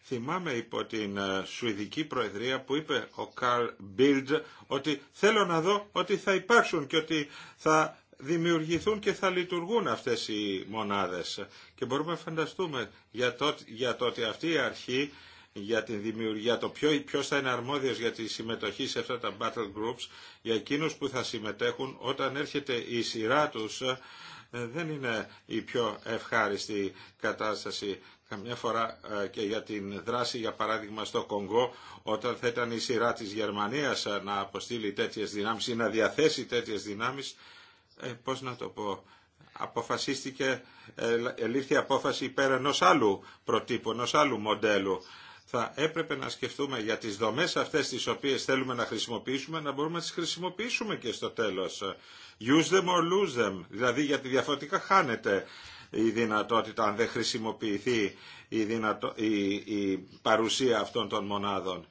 θυμάμαι υπό την ε, Σουηδική Προεδρία που είπε ο Καρλ Μπίλτζ ότι θέλω να δω ότι θα υπάρξουν και ότι θα δημιουργηθούν και θα λειτουργούν αυτές οι μονάδες. Και μπορούμε να φανταστούμε για το, για το ότι αυτή η αρχή για την δημιουργία, το ποιο, ποιος θα είναι αρμόδιος για τη συμμετοχή σε αυτά τα battle groups, για εκείνους που θα συμμετέχουν όταν έρχεται η σειρά τους, ε, δεν είναι η πιο ευχάριστη κατάσταση. Καμιά φορά ε, και για την δράση, για παράδειγμα στο Κονγκό, όταν θα ήταν η σειρά της Γερμανίας ε, να αποστείλει τέτοιες δυνάμεις ή να διαθέσει τέτοιες δυνάμεις, ε, πώς να το πω, αποφασίστηκε, ελήφθη απόφαση υπέρ ενός άλλου προτύπου, ενός άλλου μοντέλου θα έπρεπε να σκεφτούμε για τις δομές αυτές τις οποίες θέλουμε να χρησιμοποιήσουμε, να μπορούμε να τις χρησιμοποιήσουμε και στο τέλος. Use them or lose them, δηλαδή γιατί διαφορετικά χάνεται η δυνατότητα αν δεν χρησιμοποιηθεί η, δυνατο... η... η παρουσία αυτών των μονάδων.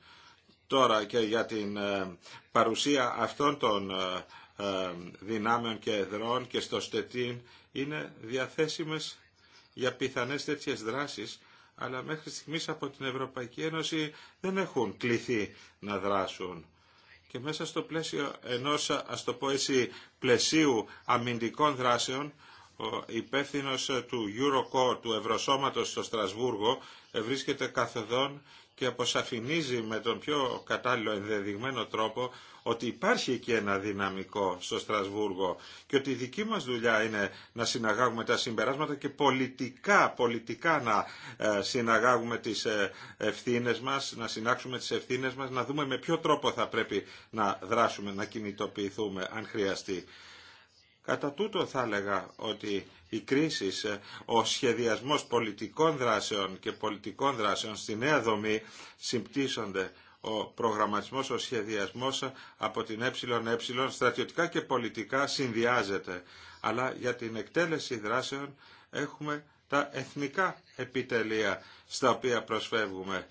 Τώρα και για την ε, παρουσία αυτών των ε, ε, δυνάμεων και εδρών και στο στετίν είναι διαθέσιμες για πιθανές τέτοιες δράσεις αλλά μέχρι στιγμής από την Ευρωπαϊκή Ένωση δεν έχουν κληθεί να δράσουν. Και μέσα στο πλαίσιο ενός, ας το πω έτσι, πλαισίου αμυντικών δράσεων, ο υπεύθυνο του Eurocore, του Ευρωσώματος στο Στρασβούργο, βρίσκεται καθοδόν και αποσαφηνίζει με τον πιο κατάλληλο ενδεδειγμένο τρόπο ότι υπάρχει εκεί ένα δυναμικό στο Στρασβούργο και ότι η δική μας δουλειά είναι να συναγάγουμε τα συμπεράσματα και πολιτικά, πολιτικά να ε, συναγάγουμε τις ε, ευθύνες μας, να συνάξουμε τις ευθύνες μας, να δούμε με ποιο τρόπο θα πρέπει να δράσουμε, να κινητοποιηθούμε αν χρειαστεί. Κατά τούτο θα έλεγα ότι η κρίση ε, ο σχεδιασμός πολιτικών δράσεων και πολιτικών δράσεων στη νέα δομή συμπτύσσονται ο προγραμματισμός, ο σχεδιασμός από την ΕΕ στρατιωτικά και πολιτικά συνδυάζεται. Αλλά για την εκτέλεση δράσεων έχουμε τα εθνικά επιτελεία στα οποία προσφεύγουμε.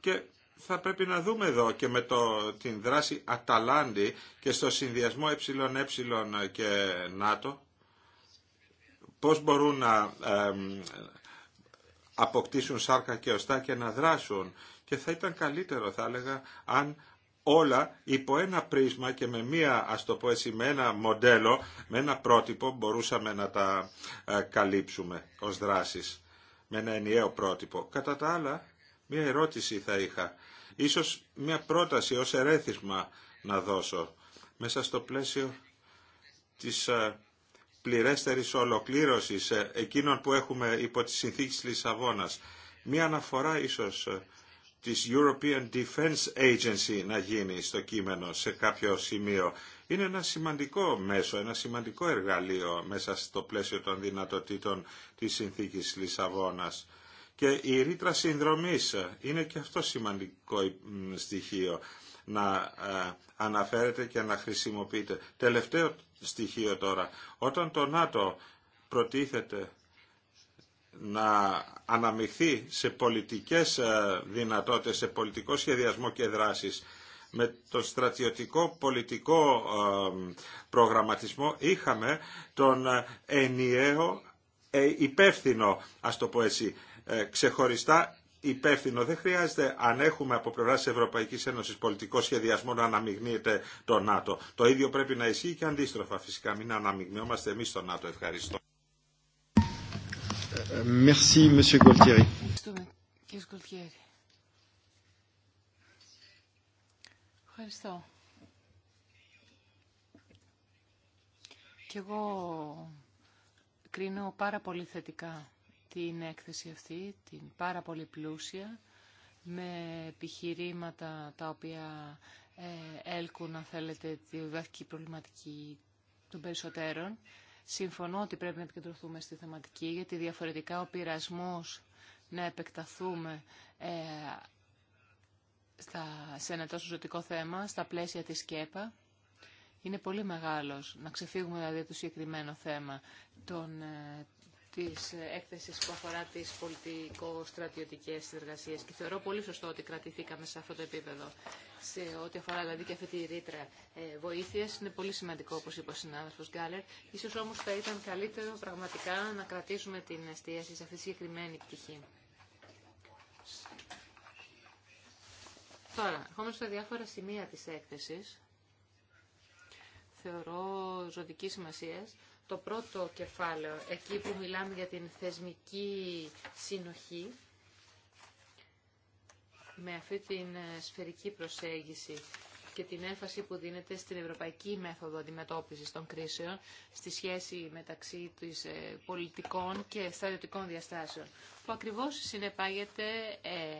Και θα πρέπει να δούμε εδώ και με το, την δράση Αταλάντη και στο συνδυασμό ΕΕ και ΝΑΤΟ πώς μπορούν να, αποκτήσουν σάρκα και οστά και να δράσουν. Και θα ήταν καλύτερο θα έλεγα αν όλα υπό ένα πρίσμα και με μία, ας το πω έτσι, με ένα μοντέλο, με ένα πρότυπο μπορούσαμε να τα ε, καλύψουμε ως δράσεις. Με ένα ενιαίο πρότυπο. Κατά τα άλλα, μία ερώτηση θα είχα. Ίσως μία πρόταση ως ερέθισμα να δώσω μέσα στο πλαίσιο της ε, πληρέστερης ολοκλήρωση ε, εκείνων που έχουμε υπό τις συνθήκες Λισαβόνας. Μία αναφορά ίσως ε, της European Defense Agency να γίνει στο κείμενο σε κάποιο σημείο. Είναι ένα σημαντικό μέσο, ένα σημαντικό εργαλείο μέσα στο πλαίσιο των δυνατοτήτων της συνθήκης Λισαβόνας. Και η ρήτρα συνδρομής ε, είναι και αυτό σημαντικό στοιχείο να ε, αναφέρεται και να χρησιμοποιείται. Τελευταίο στοιχείο τώρα. Όταν το ΝΑΤΟ προτίθεται να αναμειχθεί σε πολιτικές ε, δυνατότητες, σε πολιτικό σχεδιασμό και δράσεις, με το στρατιωτικό πολιτικό ε, προγραμματισμό είχαμε τον ενιαίο υπεύθυνο, ας το πω έτσι, ξεχωριστά υπεύθυνο. Δεν χρειάζεται αν έχουμε από πλευρά τη Ευρωπαϊκή Ένωση πολιτικό σχεδιασμό να αναμειγνύεται το ΝΑΤΟ. Το ίδιο πρέπει να ισχύει και αντίστροφα φυσικά. Μην αναμειγνιόμαστε εμεί στο ΝΑΤΟ. Ευχαριστώ. Ε, ε, merci, Monsieur Gualtieri.
Ευχαριστώ. Και εγώ κρίνω πάρα πολύ θετικά την έκθεση αυτή, την πάρα πολύ πλούσια, με επιχειρήματα τα οποία ε, έλκουν, αν θέλετε, τη βαθική προβληματική των περισσότερων. Συμφωνώ ότι πρέπει να επικεντρωθούμε στη θεματική, γιατί διαφορετικά ο πειρασμός να επεκταθούμε ε, στα, σε ένα τόσο ζωτικό θέμα, στα πλαίσια της ΚΕΠΑ, είναι πολύ μεγάλος να ξεφύγουμε δηλαδή το συγκεκριμένο θέμα των, ε, της έκθεσης που αφορά τις πολιτικο-στρατιωτικές συνεργασίες και θεωρώ πολύ σωστό ότι κρατηθήκαμε σε αυτό το επίπεδο σε ό,τι αφορά δηλαδή και αυτή τη ρήτρα ε, είναι πολύ σημαντικό όπως είπε ο συνάδελφος Γκάλερ ίσως όμως θα ήταν καλύτερο πραγματικά να κρατήσουμε την εστίαση σε αυτή τη συγκεκριμένη πτυχή Τώρα, ερχόμαστε στα διάφορα σημεία της έκθεσης θεωρώ ζωτική σημασία το πρώτο κεφάλαιο, εκεί που μιλάμε για την θεσμική συνοχή, με αυτή την ε, σφαιρική προσέγγιση και την έμφαση που δίνεται στην ευρωπαϊκή μέθοδο αντιμετώπισης των κρίσεων στη σχέση μεταξύ της ε, πολιτικών και στρατιωτικών διαστάσεων, που ακριβώς συνεπάγεται ε,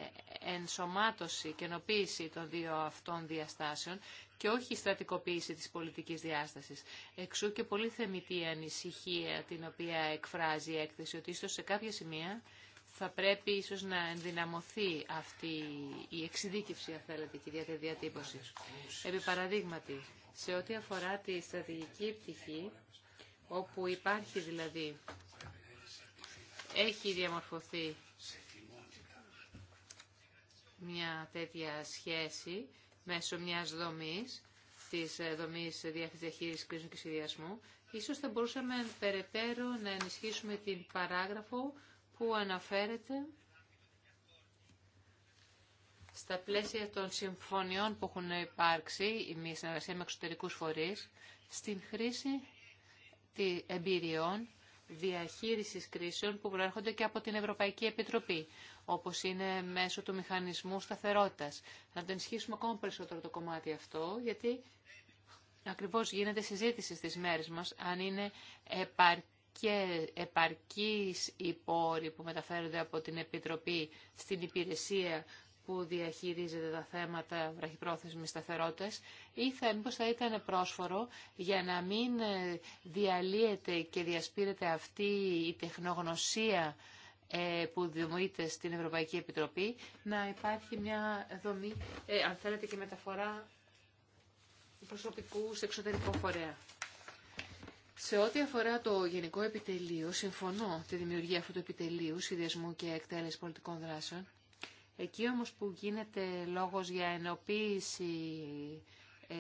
ενσωμάτωση και ενοποίηση των δύο αυτών διαστάσεων και όχι η στρατικοποίηση της πολιτικής διάστασης. Εξού και πολύ θεμητή ανησυχία την οποία εκφράζει η έκθεση ότι ίσως σε κάποια σημεία θα πρέπει ίσως να ενδυναμωθεί αυτή η εξειδίκευση, αν θέλετε, και η διατύπωση. Επί σε ό,τι αφορά τη στρατηγική πτυχή, όπου υπάρχει δηλαδή, έχει διαμορφωθεί μια τέτοια σχέση μέσω μιας δομής, της ε, δομής διεύθυνσης διαχείρισης κρίσεων και σχεδιασμού, ίσως θα μπορούσαμε περαιτέρω να ενισχύσουμε την παράγραφο που αναφέρεται στα πλαίσια των συμφωνιών που έχουν υπάρξει, η μη συνεργασία με εξωτερικούς φορείς, στην χρήση εμπειριών διαχείρισης κρίσεων που προέρχονται και από την Ευρωπαϊκή Επιτροπή όπως είναι μέσω του μηχανισμού σταθερότητας. Να το ενισχύσουμε ακόμα περισσότερο το κομμάτι αυτό, γιατί ακριβώς γίνεται συζήτηση στις μέρες μας, αν είναι επαρκέ, επαρκής οι πόροι που μεταφέρονται από την Επιτροπή στην υπηρεσία που διαχειρίζεται τα θέματα βραχυπρόθεσμης σταθερότητας ή θα, μήπως θα ήταν πρόσφορο για να μην διαλύεται και διασπείρεται αυτή η τεχνογνωσία ε, που δημιουργείται στην Ευρωπαϊκή Επιτροπή να υπάρχει μια δομή, ε, αν θέλετε, και μεταφορά προσωπικού σε εξωτερικό φορέα. Σε ό,τι αφορά το Γενικό Επιτελείο, συμφωνώ τη δημιουργία αυτού του επιτελείου, σχεδιασμού και εκτέλεση πολιτικών δράσεων. Εκεί όμως που γίνεται λόγος για ενοποίηση ε,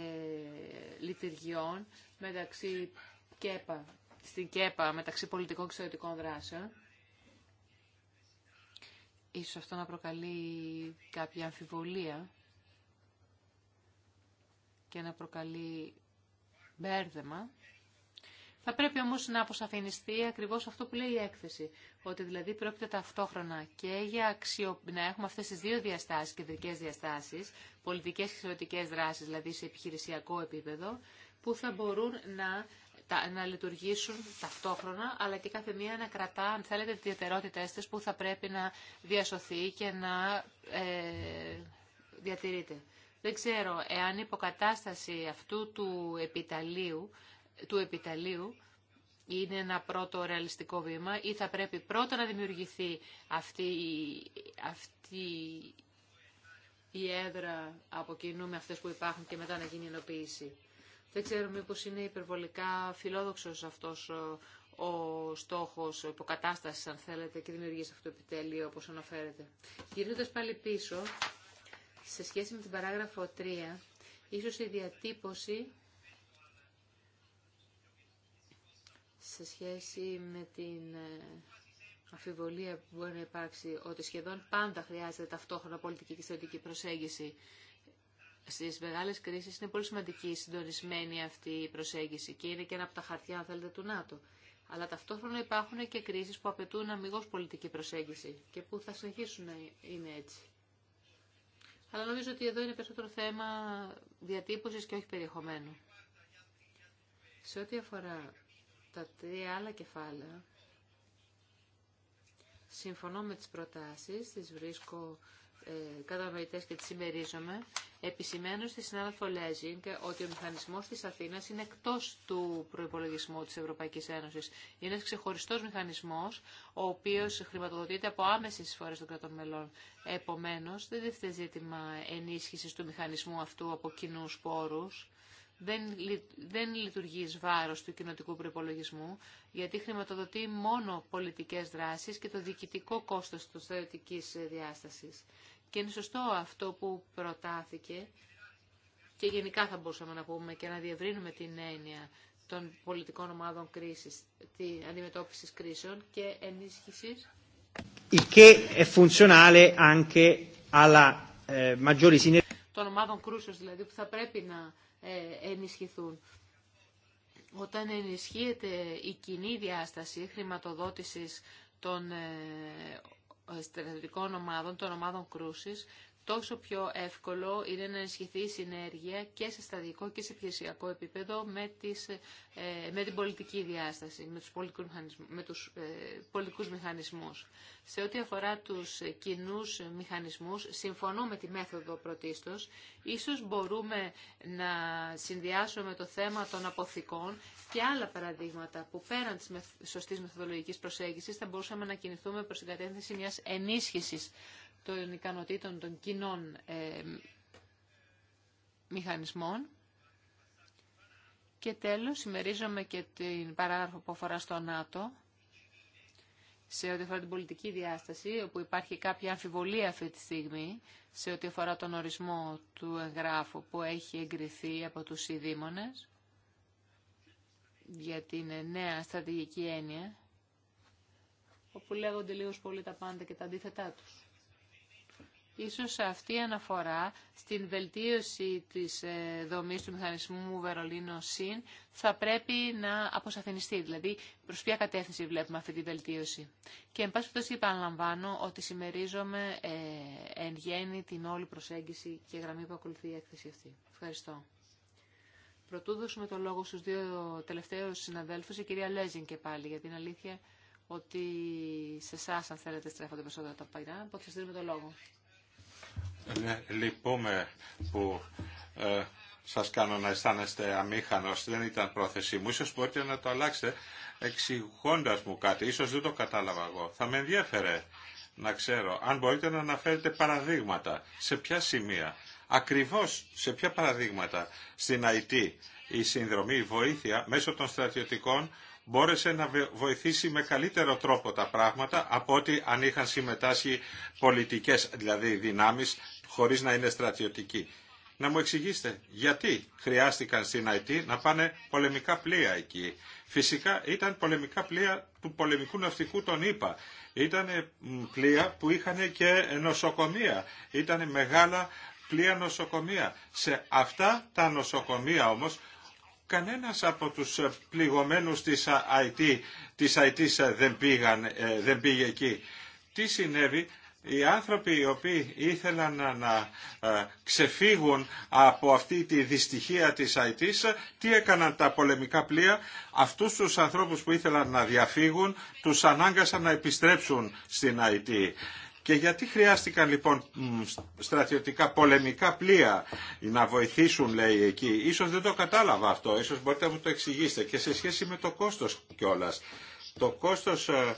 λειτουργιών μεταξύ ΚΕΠΑ, στην ΚΕΠΑ μεταξύ πολιτικών και εξωτερικών δράσεων, Ίσως αυτό να προκαλεί κάποια αμφιβολία και να προκαλεί μπέρδεμα. Θα πρέπει όμως να αποσαφινιστεί ακριβώς αυτό που λέει η έκθεση, ότι δηλαδή πρόκειται ταυτόχρονα και για αξιο... να έχουμε αυτές τις δύο διαστάσεις, κεντρικές διαστάσεις, πολιτικές και εξωτικές δράσεις, δηλαδή σε επιχειρησιακό επίπεδο, που θα μπορούν να να λειτουργήσουν ταυτόχρονα, αλλά και κάθε μία να κρατά, αν θέλετε, τις που θα πρέπει να διασωθεί και να ε, διατηρείται. Δεν ξέρω εάν η υποκατάσταση αυτού του επιταλίου, του επιταλίου είναι ένα πρώτο ρεαλιστικό βήμα ή θα πρέπει πρώτα να δημιουργηθεί αυτή, αυτή η έδρα από κοινού με αυτές που υπάρχουν και μετά να γίνει ενοποίηση. Δεν ξέρω μήπως είναι υπερβολικά φιλόδοξος αυτός ο, ο στόχος υποκατάστασης, αν θέλετε, και δημιουργίας αυτό το επιτέλειο όπως αναφέρεται. Γυρίζοντας πάλι πίσω, σε σχέση με την παράγραφο 3, ίσως η διατύπωση σε σχέση με την ε, αφιβολία που μπορεί να υπάρξει ότι σχεδόν πάντα χρειάζεται ταυτόχρονα πολιτική και στρατική προσέγγιση στις μεγάλες κρίσεις είναι πολύ σημαντική η συντονισμένη αυτή η προσέγγιση και είναι και ένα από τα χαρτιά, αν θέλετε, του ΝΑΤΟ. Αλλά ταυτόχρονα υπάρχουν και κρίσεις που απαιτούν αμυγός πολιτική προσέγγιση και που θα συνεχίσουν να είναι έτσι. Αλλά νομίζω ότι εδώ είναι περισσότερο θέμα διατύπωσης και όχι περιεχομένου. Σε ό,τι αφορά τα τρία άλλα κεφάλαια, συμφωνώ με τις προτάσεις, τις βρίσκω ε, κατανοητέ και τι συμμερίζομαι, επισημαίνω στη συνάδελφο Λέζινγκ ότι ο μηχανισμό της Αθήνας είναι εκτός του προϋπολογισμού της Ευρωπαϊκής Ένωσης. Είναι ένας ξεχωριστός μηχανισμός, ο οποίος χρηματοδοτείται από άμεση εισφορέ των κρατών μελών. Επομένω, δεν δείχνει ζήτημα ενίσχυση του μηχανισμού αυτού από κοινού πόρους δεν, δεν λειτουργεί εις βάρος του κοινοτικού προπολογισμού, γιατί χρηματοδοτεί μόνο πολιτικές δράσεις και το διοικητικό κόστος της θεωρητικής ε, διάστασης. Και είναι σωστό αυτό που προτάθηκε και γενικά θα μπορούσαμε να πούμε και να διευρύνουμε την έννοια των πολιτικών ομάδων κρίσης, τη αντιμετώπιση κρίσεων και ενίσχυσης.
Eh,
των ομάδων κρούσεως δηλαδή που θα πρέπει να ε, ενισχυθούν. Όταν ενισχύεται η κοινή διάσταση χρηματοδότησης των ε, στρατιωτικών ομάδων, των ομάδων κρούσης, τόσο πιο εύκολο είναι να ενισχυθεί η συνέργεια και σε σταδικό και σε πιεσιακό επίπεδο με, τις, ε, με την πολιτική διάσταση, με τους, πολιτικούς, με τους ε, πολιτικούς μηχανισμούς. Σε ό,τι αφορά τους κοινού μηχανισμούς, συμφωνώ με τη μέθοδο πρωτίστως. Ίσως μπορούμε να συνδυάσουμε το θέμα των αποθηκών και άλλα παραδείγματα που πέραν της σωστής μεθοδολογικής προσέγγισης θα μπορούσαμε να κινηθούμε προς την κατεύθυνση μιας ενίσχυσης των ικανοτήτων των κοινών ε, μηχανισμών. Και τέλος, συμμερίζομαι και την παράγραφο που αφορά στο ΝΑΤΟ, σε ό,τι αφορά την πολιτική διάσταση, όπου υπάρχει κάποια αμφιβολία αυτή τη στιγμή, σε ό,τι αφορά τον ορισμό του εγγράφου που έχει εγκριθεί από τους ειδήμονες, για την νέα στρατηγική έννοια, όπου λέγονται λίγο πολύ τα πάντα και τα αντίθετά τους. Ίσως αυτή η αναφορά στην βελτίωση της ε, δομής του μηχανισμού Βερολίνο ΣΥΝ θα πρέπει να αποσαφινιστεί. Δηλαδή, προς ποια κατεύθυνση βλέπουμε αυτή τη βελτίωση. Και, εν πάση περιπτώσει, επαναλαμβάνω ότι συμμερίζομαι ε, εν γέννη την όλη προσέγγιση και γραμμή που ακολουθεί η έκθεση αυτή. Ευχαριστώ. Πρωτού δώσουμε το λόγο στους δύο τελευταίους συναδέλφους, η κυρία Λέζιν και πάλι, για την αλήθεια ότι σε εσά αν θέλετε στρέφονται περισσότερο τα παγιά, οπότε σα δίνουμε το λόγο.
Ναι, λυπούμε που ε, σας κάνω να αισθάνεστε αμήχανος. Δεν ήταν πρόθεσή μου. Ίσως μπορείτε να το αλλάξετε εξηγώντα μου κάτι. Ίσως δεν το κατάλαβα εγώ. Θα με ενδιαφέρε να ξέρω αν μπορείτε να αναφέρετε παραδείγματα. Σε ποια σημεία. Ακριβώς σε ποια παραδείγματα στην ΑΙΤ η συνδρομή, η βοήθεια μέσω των στρατιωτικών μπόρεσε να βοηθήσει με καλύτερο τρόπο τα πράγματα από ότι αν είχαν συμμετάσχει πολιτικές δηλαδή δυνάμεις χωρίς να είναι στρατιωτικοί. Να μου εξηγήσετε γιατί χρειάστηκαν στην ΑΕΤ να πάνε πολεμικά πλοία εκεί. Φυσικά ήταν πολεμικά πλοία του πολεμικού ναυτικού των ΗΠΑ. Ήταν ε, πλοία που είχαν και νοσοκομεία. Ήταν μεγάλα πλοία νοσοκομεία. Σε αυτά τα νοσοκομεία όμως Κανένας από τους ε, πληγωμένους της ε, IT, της IT ε, δεν, πήγαν, δεν πήγε εκεί. Τι συνέβη, οι άνθρωποι οι οποίοι ήθελαν να, να ξεφύγουν από αυτή τη δυστυχία της IT, τι έκαναν τα πολεμικά πλοία, αυτούς τους ανθρώπους που ήθελαν να διαφύγουν, τους ανάγκασαν να επιστρέψουν στην IT. Και γιατί χρειάστηκαν λοιπόν στρατιωτικά πολεμικά πλοία να βοηθήσουν λέει εκεί. Ίσως δεν το κατάλαβα αυτό, ίσως μπορείτε να μου το εξηγήσετε και σε σχέση με το κόστος κιόλα. Το κόστος ε,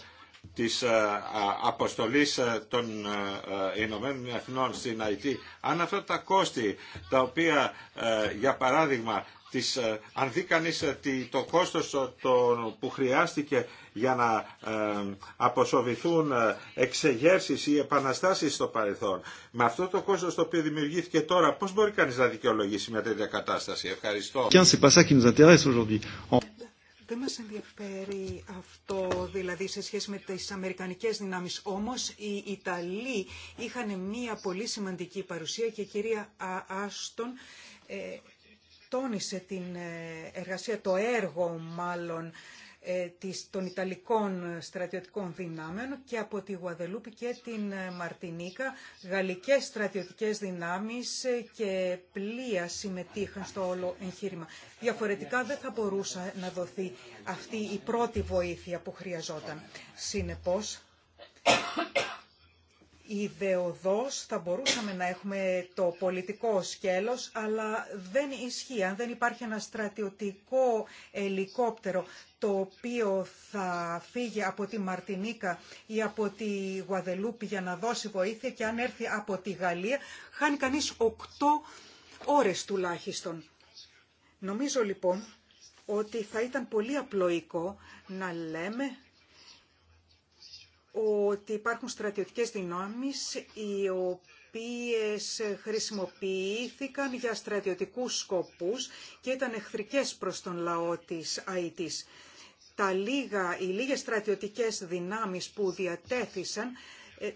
της ε, αποστολής ε, των Ηνωμένων Εθνών στην Αϊτή αν αυτά τα κόστη τα οποία για παράδειγμα τις, ε, αν δει κανείς ε, το κόστος ε, που χρειάστηκε για να αποσοβηθούν εξεγέρσεις ή επαναστάσεις στο παρελθόν, με αυτό το κόστος το οποίο δημιουργήθηκε τώρα, πώς μπορεί κανείς να δικαιολογήσει μια τέτοια κατάσταση. Ευχαριστώ.
Δεν μας ενδιαφέρει αυτό δηλαδή σε σχέση με τις Αμερικανικές δυνάμεις. Όμως οι Ιταλοί είχαν μία πολύ σημαντική παρουσία και η κυρία Άστον τόνισε την ε, εργασία, το έργο μάλλον ε, των Ιταλικών στρατιωτικών δυνάμεων και από τη Γουαδελούπη και την ε, Μαρτινίκα γαλλικές στρατιωτικές δυνάμεις και πλοία συμμετείχαν στο όλο εγχείρημα. Διαφορετικά δεν θα μπορούσε να δοθεί αυτή η πρώτη βοήθεια που χρειαζόταν. Συνεπώς, Δεοδός θα μπορούσαμε να έχουμε το πολιτικό σκέλος, αλλά δεν ισχύει. Αν δεν υπάρχει ένα στρατιωτικό ελικόπτερο το οποίο θα φύγει από τη Μαρτινίκα ή από τη Γουαδελούπη για να δώσει βοήθεια και αν έρθει από τη Γαλλία, χάνει κανείς 8 ώρες τουλάχιστον. Νομίζω λοιπόν ότι θα ήταν πολύ απλοϊκό να λέμε ότι υπάρχουν στρατιωτικές δυνάμεις οι οποίες χρησιμοποιήθηκαν για στρατιωτικούς σκοπούς και ήταν εχθρικές προς τον λαό της ΑΕΤΙΣ. Τα λίγα, οι λίγες στρατιωτικές δυνάμεις που διατέθησαν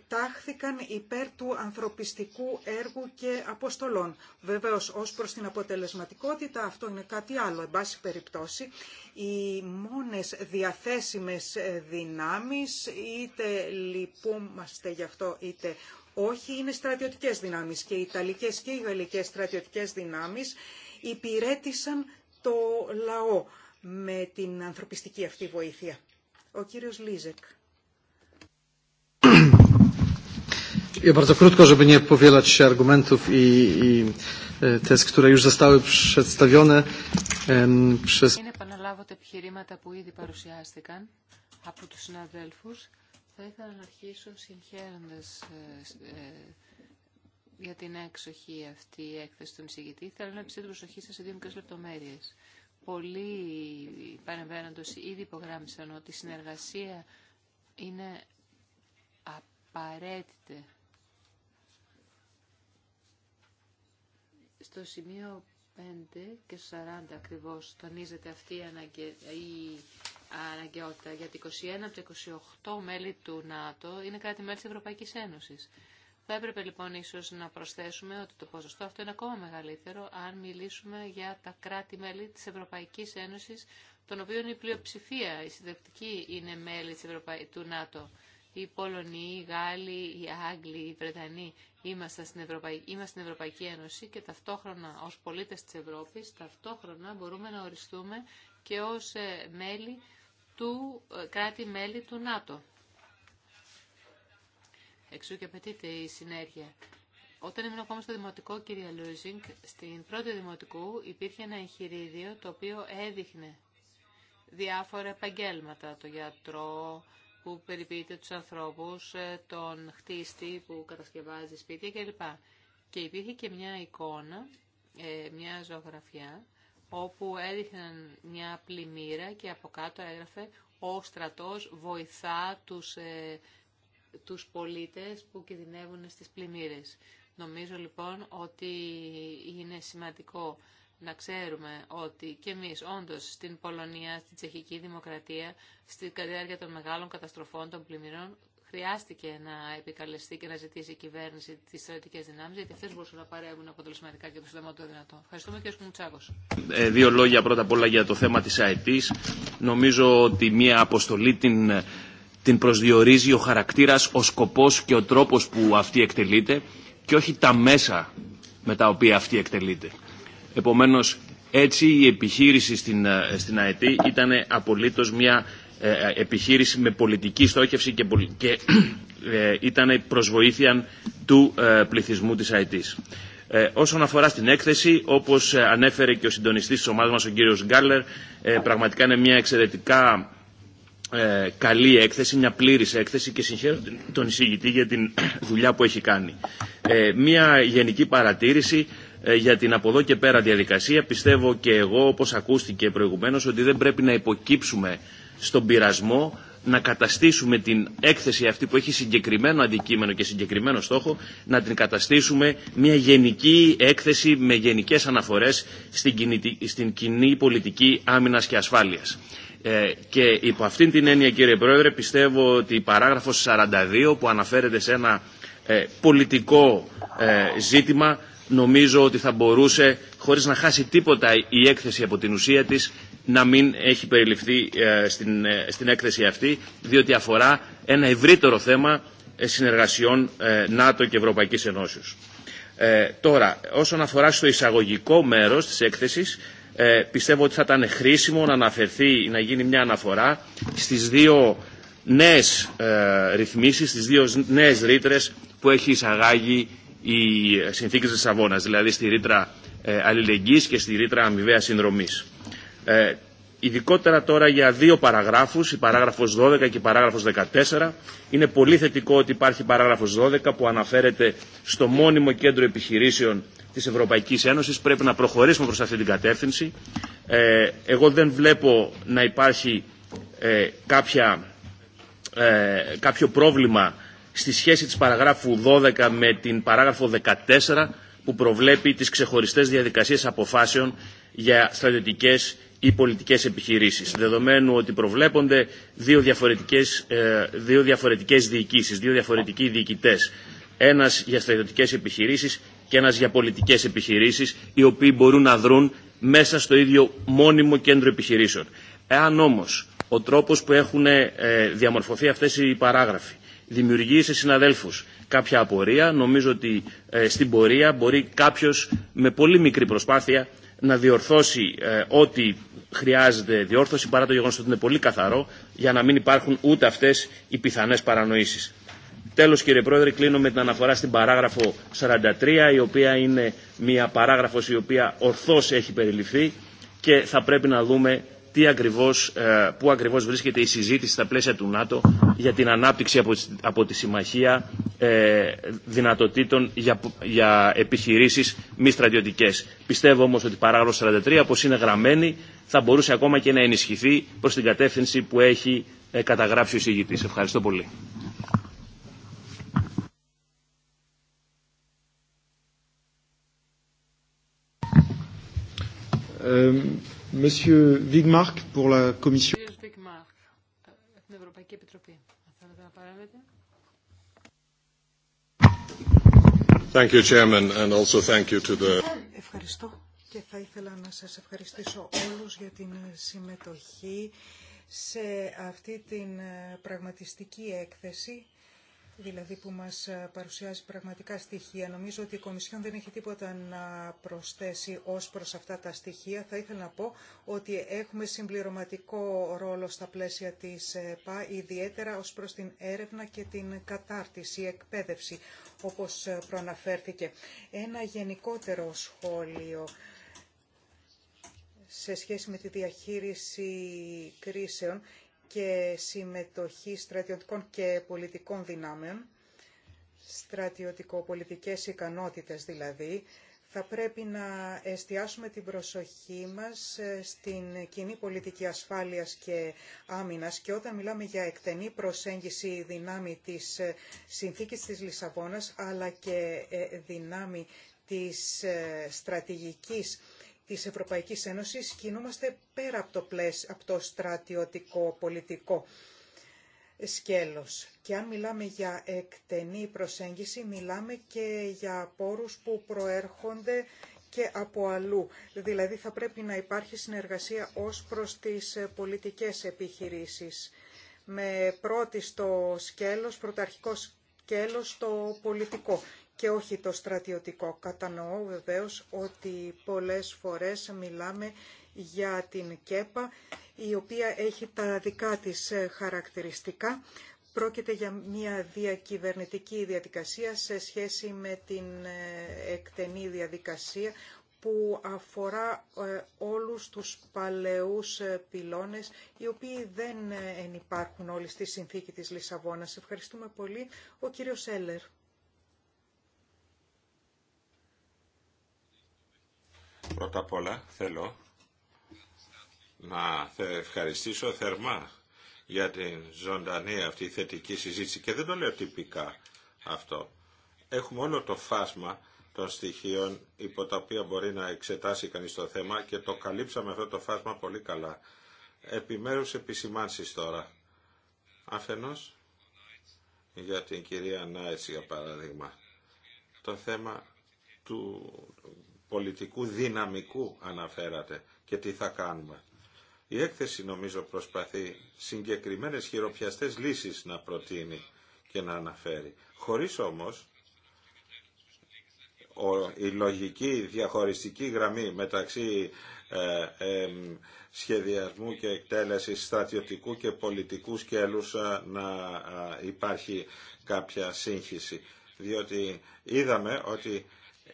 τάχθηκαν υπέρ του ανθρωπιστικού έργου και αποστολών. Βεβαίως, ως προς την αποτελεσματικότητα, αυτό είναι κάτι άλλο. Εν πάση περιπτώσει, οι μόνες διαθέσιμες δυνάμεις, είτε λυπούμαστε γι' αυτό, είτε όχι, είναι στρατιωτικές δυνάμεις. Και οι Ιταλικές και οι Γαλλικές στρατιωτικές δυνάμεις υπηρέτησαν το λαό με την ανθρωπιστική αυτή βοήθεια. Ο κύριος Λίζεκ.
Ja bardzo krótko, żeby nie powielać się argumentów i e, tez, które już zostały przedstawione przez... Είναι
επαναλάβω τα επιχειρήματα που ήδη παρουσιάστηκαν από τους συναδέλφους. Θα ήθελα να αρχίσω συγχαίροντας ε, ε, για την έξοχη αυτή η έκθεση των εισηγητή. Θέλω να επιστρέψω την προσοχή σας σε δύο μικρές λεπτομέρειες. Πολλοί παρεμβαίνοντος ήδη υπογράμμισαν ότι η συνεργασία είναι απαραίτητη Στο σημείο 5 και 40 ακριβώς τονίζεται αυτή η, αναγκαι... η αναγκαιότητα, γιατί 21 από τα 28 μέλη του ΝΑΤΟ είναι κάτι μέλη της Ευρωπαϊκής Ένωσης. Θα έπρεπε λοιπόν ίσως να προσθέσουμε ότι το ποσοστό αυτό είναι ακόμα μεγαλύτερο αν μιλήσουμε για τα κράτη-μέλη της Ευρωπαϊκής Ένωσης, των οποίων η πλειοψηφία, η συνδεπτική είναι μέλη του ΝΑΤΟ οι Πολωνοί, οι Γάλλοι, οι Άγγλοι, οι Βρετανοί είμαστε στην, Ευρωπαϊ... είμαστε στην Ευρωπαϊκή Ένωση και ταυτόχρονα ως πολίτες της Ευρώπης, ταυτόχρονα μπορούμε να οριστούμε και ως ε, μέλη του ε, κράτη-μέλη του ΝΑΤΟ. Εξού και απαιτείται η συνέργεια. Όταν ήμουν ακόμα στο Δημοτικό, κυρία Λούζινγκ, στην πρώτη Δημοτικού υπήρχε ένα εγχειρίδιο το οποίο έδειχνε διάφορα επαγγέλματα, το γιατρό, που περιποιείται τους ανθρώπους, ε, τον χτίστη που κατασκευάζει σπίτια κλπ. Και υπήρχε και μια εικόνα, ε, μια ζωγραφιά, όπου έδειχναν μια πλημμύρα και από κάτω έγραφε «Ο στρατός βοηθά τους, ε, τους πολίτες που κινδυνεύουν στις πλημμύρες». Νομίζω λοιπόν ότι είναι σημαντικό να ξέρουμε ότι και εμείς όντως στην Πολωνία, στην Τσεχική Δημοκρατία, στην καριέρα των μεγάλων καταστροφών, των πλημμυρών, χρειάστηκε να επικαλεστεί και να ζητήσει η κυβέρνηση τι
στρατιωτικέ δυνάμει, γιατί αυτέ μπορούσαν να παρέμβουν αποτελεσματικά και το συντομότερο δυνατό. Ευχαριστούμε κ. Σκουμουτσάκο. Ε, δύο λόγια πρώτα απ' όλα για το θέμα τη ΑΕΤ. Νομίζω ότι μια αποστολή την, την προσδιορίζει ο χαρακτήρα, ο σκοπό και ο τρόπο που αυτή εκτελείται και όχι τα μέσα με τα οποία αυτή εκτελείται. Επομένως, έτσι η επιχείρηση στην, ε, στην ΑΕΤ ήταν απολύτως μια ε, ε, επιχείρηση με πολιτική στόχευση και, και ήταν προς του πληθυσμού της ΑΕΤ. Όσον αφορά στην έκθεση, όπως ανέφερε και ο συντονιστής της ομάδας μας, ο κύριος Γκάλερ, πραγματικά είναι μια εξαιρετικά καλή έκθεση, μια πλήρης έκθεση και συγχαίρω τον εισηγητή για την δουλειά που έχει κάνει. Μια γενική παρατήρηση ε, για την από εδώ και πέρα διαδικασία. Πιστεύω και εγώ, όπως ακούστηκε προηγουμένως, ότι δεν πρέπει να υποκύψουμε στον πειρασμό να καταστήσουμε την έκθεση αυτή που έχει συγκεκριμένο αντικείμενο και συγκεκριμένο στόχο, να την καταστήσουμε μια γενική έκθεση με γενικές αναφορές στην κοινή πολιτική άμυνας και ασφάλειας. Ε, και υπό αυτήν την έννοια, κύριε Πρόεδρε, πιστεύω ότι η παράγραφος 42 που αναφέρεται σε ένα ε, πολιτικό ζήτημα νομίζω ότι θα μπορούσε, χωρίς να χάσει τίποτα η έκθεση από την ουσία της, να μην έχει περιληφθεί ε, στην, ε, στην έκθεση αυτή, διότι αφορά ένα ευρύτερο θέμα ε, συνεργασιών ΝΑΤΟ και Ευρωπαϊκής Ενώσεως. Ε, τώρα, όσον αφορά στο εισαγωγικό μέρος της έκθεσης, πιστεύω ότι θα ήταν χρήσιμο να αναφερθεί, να γίνει μια αναφορά στις δύο νέες ε, ρυθμίσεις, στις δύο νέες ρήτρες που έχει εισαγάγει οι ε, συνθήκες της Σαβώνας, δηλαδή στη ρήτρα ε, αλληλεγγύης και στη ρήτρα αμοιβαία συνδρομής. Ε, ειδικότερα τώρα για δύο παραγράφους, η παράγραφος 12 και η παράγραφος 14. Είναι πολύ θετικό ότι υπάρχει η παράγραφος 12 που αναφέρεται στο μόνιμο κέντρο επιχειρήσεων της Ευρωπαϊκής Ένωσης. Πρέπει να προχωρήσουμε προς αυτή την κατεύθυνση. εγώ δεν βλέπω να υπάρχει κάποιο πρόβλημα στη σχέση της παραγράφου 12 με την παράγραφο 14 που προβλέπει τις ξεχωριστές διαδικασίες αποφάσεων για στρατιωτικές ή πολιτικές επιχειρήσεις. Δεδομένου ότι προβλέπονται δύο διαφορετικές, ε, δύο διαφορετικές διοικήσεις, δύο διαφορετικοί διοικητές. Ένας για στρατιωτικές επιχειρήσεις και ένας για πολιτικές επιχειρήσεις, οι οποίοι μπορούν να δρουν μέσα στο ίδιο μόνιμο κέντρο επιχειρήσεων. Εάν όμως ο τρόπος που έχουν ε, διαμορφωθεί αυτές οι παράγραφοι δημιουργεί σε συναδέλφους κάποια απορία. Νομίζω ότι ε, στην πορεία μπορεί κάποιος με πολύ μικρή προσπάθεια να διορθώσει ε, ό,τι χρειάζεται διόρθωση παρά το γεγονός ότι είναι πολύ καθαρό για να μην υπάρχουν ούτε αυτές οι πιθανές παρανοήσεις. Τέλος κύριε Πρόεδρε κλείνω με την αναφορά στην παράγραφο 43 η οποία είναι μια παράγραφος η οποία ορθώς έχει περιληφθεί και θα πρέπει να δούμε τι ε, πού ακριβώς βρίσκεται η συζήτηση στα πλαίσια του ΝΑΤΟ για την ανάπτυξη από τη Συμμαχία ε, δυνατοτήτων για, για επιχειρήσεις μη στρατιωτικές. Πιστεύω όμως ότι παράγραφος 43, όπως είναι γραμμένη, θα μπορούσε ακόμα και να ενισχυθεί προς την κατεύθυνση που έχει ε, καταγράψει ο εισηγητής. Ευχαριστώ πολύ.
Ευχαριστώ
και θα ήθελα να σας ευχαριστήσω όλους για την συμμετοχή σε αυτή την ε, πραγματιστική έκθεση δηλαδή που μας ε, παρουσιάζει πραγματικά στοιχεία. Νομίζω ότι η Κομισιόν δεν έχει τίποτα να προσθέσει ως προς αυτά τα στοιχεία. Θα ήθελα να πω ότι έχουμε συμπληρωματικό ρόλο στα πλαίσια της ΠΑ, ιδιαίτερα ως προς την έρευνα και την κατάρτιση, εκπαίδευση, όπως ε, προαναφέρθηκε. Ένα γενικότερο σχόλιο σε σχέση με τη διαχείριση κρίσεων και συμμετοχή στρατιωτικών και πολιτικών δυνάμεων, στρατιωτικοπολιτικές ικανότητες δηλαδή, θα πρέπει να εστιάσουμε την προσοχή μας ε, στην κοινή πολιτική ασφάλειας και άμυνας και όταν μιλάμε για εκτενή προσέγγιση δυνάμει της ε, συνθήκης της Λισαβόνας αλλά και ε, δυνάμει της στρατηγικής της Ευρωπαϊκής Ένωσης κινούμαστε πέρα από το, πλαίσιο, από το στρατιωτικό πολιτικό σκέλος. Και αν μιλάμε για εκτενή προσέγγιση, μιλάμε και για πόρους που προέρχονται και από αλλού. Δηλαδή θα πρέπει να υπάρχει συνεργασία ως προς τις πολιτικές επιχειρήσεις. Με πρώτη στο σκέλος, πρωταρχικό σκέλος το πολιτικό και όχι το στρατιωτικό. Κατανοώ βεβαίως ότι πολλές φορές μιλάμε για την ΚΕΠΑ η οποία έχει τα δικά της ε, χαρακτηριστικά. Πρόκειται για μια διακυβερνητική διαδικασία σε σχέση με την ε, εκτενή διαδικασία που αφορά ε, όλους τους παλαιούς πυλώνες, οι οποίοι δεν ενυπάρχουν όλοι στη συνθήκη της Λισαβόνας. Ευχαριστούμε πολύ. Ο κύριος Έλερ.
Πρώτα απ' όλα θέλω να ευχαριστήσω θερμά για την ζωντανή αυτή θετική συζήτηση και δεν το λέω τυπικά αυτό. Έχουμε όλο το φάσμα των στοιχείων υπό τα οποία μπορεί να εξετάσει κανείς το θέμα και το καλύψαμε αυτό το φάσμα πολύ καλά. Επιμέρους επισημάνσεις τώρα. Αφενός για την κυρία Νάιτς για παράδειγμα. Το θέμα του πολιτικού δυναμικού αναφέρατε και τι θα κάνουμε. Η έκθεση νομίζω προσπαθεί συγκεκριμένες χειροπιαστές λύσεις να προτείνει και να αναφέρει. Χωρίς όμως η λογική διαχωριστική γραμμή μεταξύ ε, σχεδιασμού και εκτέλεσης στρατιωτικού και πολιτικού σκέλους ε, να ε, υπάρχει κάποια σύγχυση. Διότι είδαμε ότι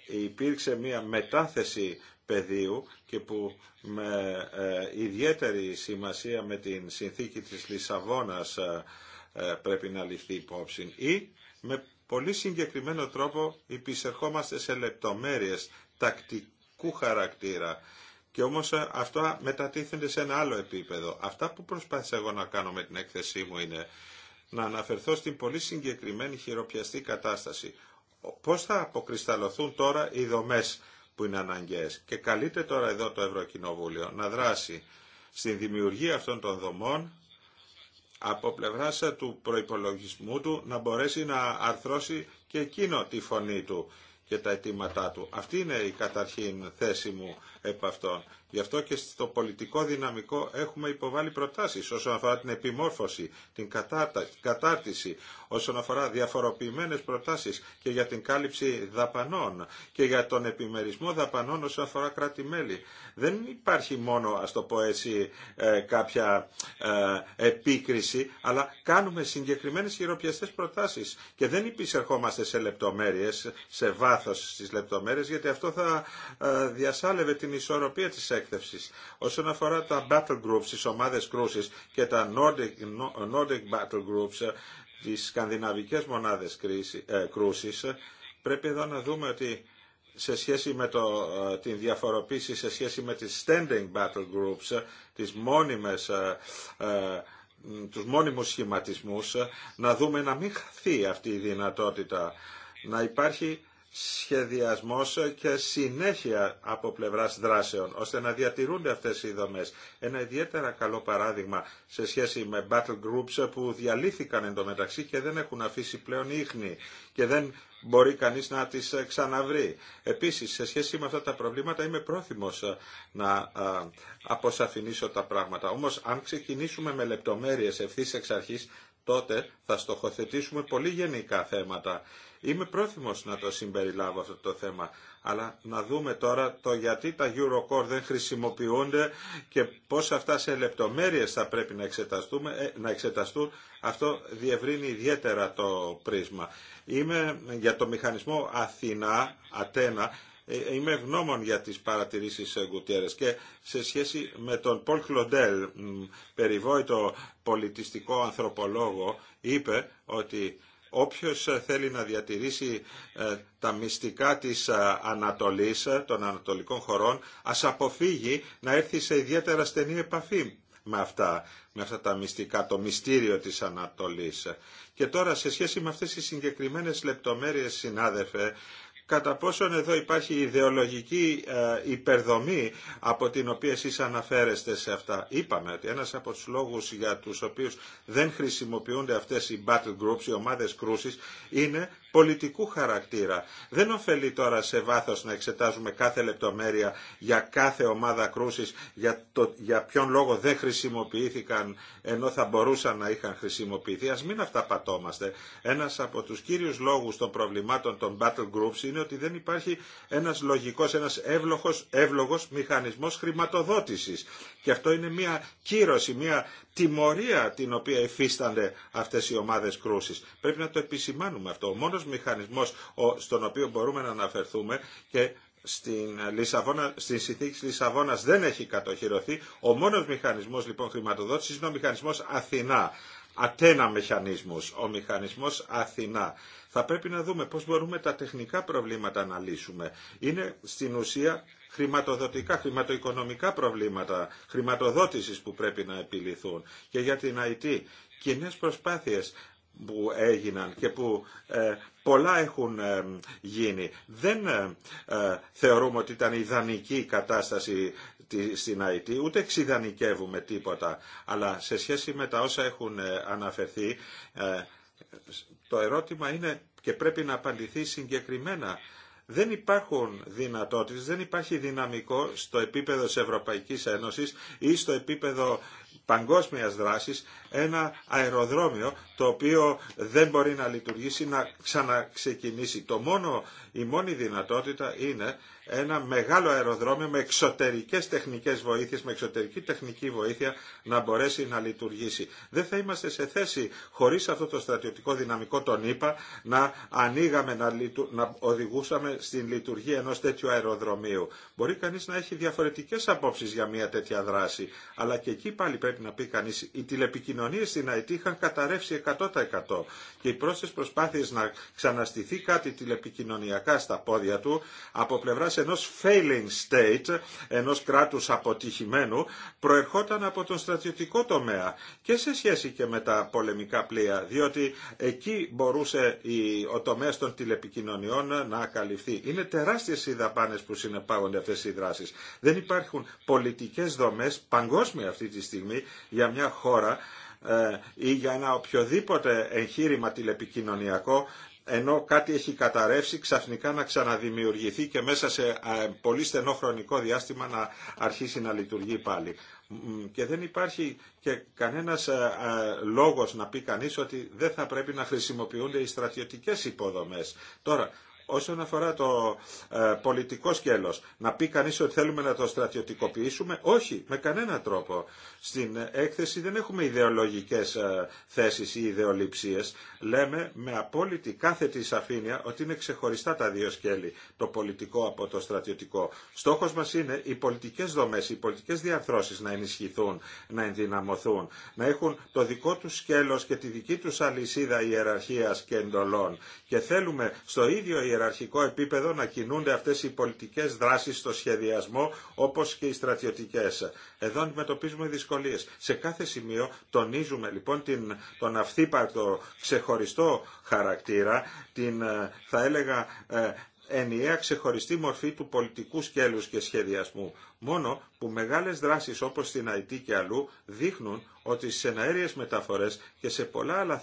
υπήρξε μια μετάθεση πεδίου και που με ε, ιδιαίτερη σημασία με την συνθήκη της Λισαβόνας ε, ε, πρέπει να ληφθεί υπόψη ή με πολύ συγκεκριμένο τρόπο υπησερχόμαστε σε λεπτομέρειες τακτικού χαρακτήρα και όμως αυτά μετατίθενται σε ένα άλλο επίπεδο. Αυτά που προσπάθησα εγώ να κάνω με την έκθεσή μου είναι να αναφερθώ στην πολύ συγκεκριμένη χειροπιαστή κατάσταση πώς θα αποκρισταλωθούν τώρα οι δομές που είναι αναγκαίες. Και καλείται τώρα εδώ το Ευρωκοινοβούλιο να δράσει στην δημιουργία αυτών των δομών από πλευρά του προϋπολογισμού του να μπορέσει να αρθρώσει και εκείνο τη φωνή του και τα αιτήματά του. Αυτή είναι η καταρχήν θέση μου επ' αυτών. Γι' αυτό και στο πολιτικό δυναμικό έχουμε υποβάλει προτάσεις όσον αφορά την επιμόρφωση, την κατάρτιση, όσον αφορά διαφοροποιημένες προτάσεις και για την κάλυψη δαπανών και για τον επιμερισμό δαπανών όσον αφορά κράτη-μέλη. Δεν υπάρχει μόνο, ας το πω έτσι, ε, κάποια ε, επίκριση, αλλά κάνουμε συγκεκριμένες χειροπιαστές προτάσεις και δεν υπησερχόμαστε σε λεπτομέρειες, σε βάθος στις λεπτομέρειες, γιατί αυτό θα ε, διασάλευε την την ισορροπία της έκθεσης. Όσον αφορά τα battle groups, τις ομάδες κρούσης και τα Nordic, Nordic battle groups, τις σκανδιναβικές μονάδες ε, κρούσης, πρέπει εδώ να δούμε ότι σε σχέση με το, ε, την διαφοροποίηση, σε σχέση με τις standing battle groups, τις μόνιμες ε, τους μόνιμους σχηματισμούς, να δούμε να μην χαθεί αυτή η δυνατότητα, να υπάρχει σχεδιασμός και συνέχεια από πλευράς δράσεων, ώστε να διατηρούνται αυτές οι δομές. Ένα ιδιαίτερα καλό παράδειγμα σε σχέση με battle groups που διαλύθηκαν μεταξύ και δεν έχουν αφήσει πλέον ίχνη και δεν μπορεί κανείς να τις ξαναβρει. Επίσης, σε σχέση με αυτά τα προβλήματα είμαι πρόθυμος να αποσαφηνίσω τα πράγματα. Όμως, αν ξεκινήσουμε με λεπτομέρειες ευθύ εξ αρχής, τότε θα στοχοθετήσουμε πολύ γενικά θέματα Είμαι πρόθυμος να το συμπεριλάβω αυτό το θέμα, αλλά να δούμε τώρα το γιατί τα Eurocore δεν χρησιμοποιούνται και πώς αυτά σε λεπτομέρειες θα πρέπει να, εξεταστούμε, ε, να εξεταστούν. Αυτό διευρύνει ιδιαίτερα το πρίσμα. Είμαι για το μηχανισμό Αθηνά, Ατένα, ε, Είμαι ευγνώμων για τις παρατηρήσεις ε, Γκουτιέρες και σε σχέση με τον Πολ Κλοντέλ, περιβόητο πολιτιστικό ανθρωπολόγο, είπε ότι όποιος ε, θέλει να διατηρήσει ε, τα μυστικά της ε, Ανατολής, των ανατολικών χωρών, ας αποφύγει να έρθει σε ιδιαίτερα στενή επαφή με αυτά, με αυτά τα μυστικά, το μυστήριο της Ανατολής. Και τώρα σε σχέση με αυτές τις συγκεκριμένες λεπτομέρειες, συνάδελφε, κατά πόσον εδώ υπάρχει ιδεολογική ε, υπερδομή από την οποία εσείς αναφέρεστε σε αυτά. Είπαμε ότι ένας από τους λόγους για τους οποίους δεν χρησιμοποιούνται αυτές οι battle groups, οι ομάδες κρούσης, είναι πολιτικού χαρακτήρα. Δεν ωφελεί τώρα σε βάθος να εξετάζουμε κάθε λεπτομέρεια για κάθε ομάδα κρούσης, για, το, για ποιον λόγο δεν χρησιμοποιήθηκαν ενώ θα μπορούσαν να είχαν χρησιμοποιηθεί. Ας μην αυταπατώμαστε. Ένας από τους κύριους λόγους των προβλημάτων των battle groups είναι ότι δεν υπάρχει ένας λογικός, ένας εύλογος, εύλογος μηχανισμός χρηματοδότησης. Και αυτό είναι μια κύρωση, μια τιμωρία την οποία εφίστανται αυτές οι ομάδες κρούσης. Πρέπει να το επισημάνουμε αυτό άλλος μηχανισμός στον οποίο μπορούμε να αναφερθούμε και στην, Λισαβόνα, στην συνθήκη Λισαβόνας δεν έχει κατοχυρωθεί. Ο μόνος μηχανισμός λοιπόν χρηματοδότησης είναι ο μηχανισμός Αθηνά. Ατένα μηχανισμός, ο μηχανισμός Αθηνά. Θα πρέπει να δούμε πώς μπορούμε τα τεχνικά προβλήματα να λύσουμε. Είναι στην ουσία χρηματοδοτικά, χρηματοοικονομικά προβλήματα, χρηματοδότησης που πρέπει να επιληθούν. Και για την IT, κοινέ προσπάθειες που έγιναν και που ε, πολλά έχουν ε, γίνει. Δεν ε, θεωρούμε ότι ήταν ιδανική η κατάσταση στην ΑΕΤ, ούτε εξειδανικεύουμε τίποτα. Αλλά σε σχέση με τα όσα έχουν αναφερθεί, το ερώτημα είναι και πρέπει να απαντηθεί συγκεκριμένα. Δεν υπάρχουν δυνατότητες, δεν υπάρχει δυναμικό στο επίπεδο της Ευρωπαϊκής Ένωσης ή στο επίπεδο παγκόσμιας δράσης ένα αεροδρόμιο το οποίο δεν μπορεί να λειτουργήσει να ξαναξεκινήσει. Το μόνο η μόνη δυνατότητα είναι ένα μεγάλο αεροδρόμιο με εξωτερικές τεχνικές βοήθειες, με εξωτερική τεχνική βοήθεια να μπορέσει να λειτουργήσει. Δεν θα είμαστε σε θέση χωρίς αυτό το στρατιωτικό δυναμικό τον ΗΠΑ να ανοίγαμε, να, να οδηγούσαμε στην λειτουργία ενός τέτοιου αεροδρομίου. Μπορεί κανείς να έχει διαφορετικές απόψεις για μια τέτοια δράση, αλλά και εκεί πάλι πρέπει να πει κανείς οι τηλεπικοινωνίες στην ΑΕΤ είχαν καταρρεύσει 100% και οι πρόσθετε προσπάθειες να ξαναστηθεί κάτι τηλεπικοινωνία κάστα στα πόδια του από πλευράς ενός failing state, ενός κράτους αποτυχημένου, προερχόταν από τον στρατιωτικό τομέα και σε σχέση και με τα πολεμικά πλοία, διότι εκεί μπορούσε ο τομέας των τηλεπικοινωνιών να καλυφθεί. Είναι τεράστιες οι δαπάνες που συνεπάγονται αυτές οι δράσεις. Δεν υπάρχουν πολιτικές δομές παγκόσμια αυτή τη στιγμή για μια χώρα ε, ή για ένα οποιοδήποτε εγχείρημα τηλεπικοινωνιακό ενώ κάτι έχει καταρρεύσει ξαφνικά να ξαναδημιουργηθεί και μέσα σε ε, πολύ στενό χρονικό διάστημα να αρχίσει να λειτουργεί πάλι. Και δεν υπάρχει και κανένας ε, ε, λόγος να πει κανείς ότι δεν θα πρέπει να χρησιμοποιούνται οι στρατιωτικές υποδομές. Τώρα, Όσον αφορά το ε, πολιτικό σκέλος, να πει κανείς ότι θέλουμε να το στρατιωτικοποιήσουμε, όχι, με κανένα τρόπο. Στην έκθεση δεν έχουμε ιδεολογικές ε, θέσεις ή ιδεολειψίες. Λέμε με απόλυτη κάθετη σαφήνεια ότι είναι ξεχωριστά τα δύο σκέλη, το πολιτικό από το στρατιωτικό. Στόχος μας είναι οι πολιτικές δομές, οι πολιτικές διαρθρώσεις να ενισχυθούν, να ενδυναμωθούν, να έχουν το δικό τους σκέλος και τη δική τους αλυσίδα ιεραρχίας και εντολών. Και θέλουμε στο ίδιο ιεραρχικό επίπεδο να κινούνται αυτές οι πολιτικές δράσεις στο σχεδιασμό όπως και οι στρατιωτικές. Εδώ αντιμετωπίζουμε δυσκολίες. Σε κάθε σημείο τονίζουμε λοιπόν την, τον αυθύπαρτο ξεχωριστό χαρακτήρα, την ε, θα έλεγα ε, ενιαία ξεχωριστή μορφή του πολιτικού σκέλους και σχεδιασμού μόνο που μεγάλες δράσεις όπως στην ΑΕΤ και αλλού δείχνουν ότι σε εναέριες μεταφορές και σε πολλά άλλα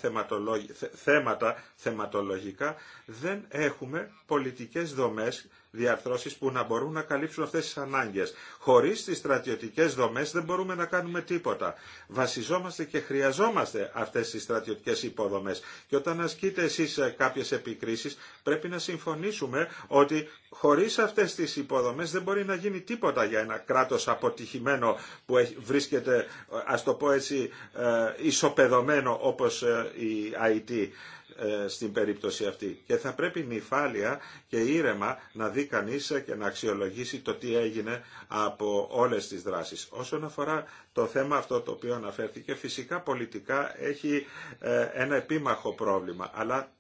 θέματα θεματολογικά δεν έχουμε πολιτικές δομές διαρθρώσεις που να μπορούν να καλύψουν αυτές τις ανάγκες. Χωρίς τις στρατιωτικές δομές δεν μπορούμε να κάνουμε τίποτα. Βασιζόμαστε και χρειαζόμαστε αυτές τις στρατιωτικές υποδομές. Και όταν ασκείτε εσείς ε, κάποιες επικρίσεις πρέπει να συμφωνήσουμε ότι χωρίς αυτές τις υποδομές δεν μπορεί να γίνει τίποτα για ένα κράτος αποτυχημένο που βρίσκεται, ας το πω έτσι, ε, ισοπεδωμένο όπως ε, η ΑΕΤ στην περίπτωση αυτή. Και θα πρέπει νυφάλια και ήρεμα να δει κανεί και να αξιολογήσει το τι έγινε από όλες τις δράσεις. Όσον αφορά το θέμα αυτό το οποίο αναφέρθηκε, φυσικά πολιτικά έχει ε, ένα επίμαχο πρόβλημα, αλλά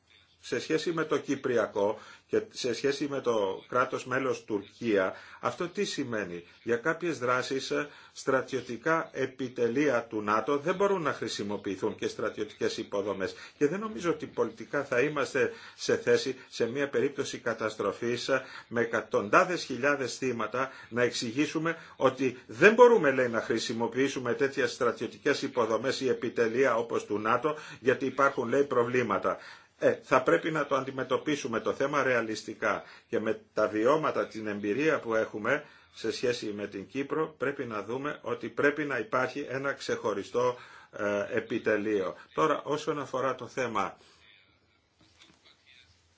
σε σχέση με το Κυπριακό και σε σχέση με το κράτος μέλος Τουρκία, αυτό τι σημαίνει. Για κάποιες δράσεις ε, στρατιωτικά επιτελεία του ΝΑΤΟ δεν μπορούν να χρησιμοποιηθούν και στρατιωτικές υποδομές. Και δεν νομίζω ότι πολιτικά θα είμαστε σε θέση σε μια περίπτωση καταστροφής ε, με εκατοντάδες χιλιάδες θύματα να εξηγήσουμε ότι δεν μπορούμε να χρησιμοποιήσουμε τέτοιες στρατιωτικές υποδομές ή επιτελεία όπως του ΝΑΤΟ γιατί υπάρχουν λέει προβλήματα. Ε, θα πρέπει να το αντιμετωπίσουμε το θέμα ρεαλιστικά και με τα βιώματα, την εμπειρία που έχουμε σε σχέση με την Κύπρο πρέπει να δούμε ότι πρέπει να υπάρχει ένα ξεχωριστό ε, επιτελείο. Τώρα όσον αφορά το θέμα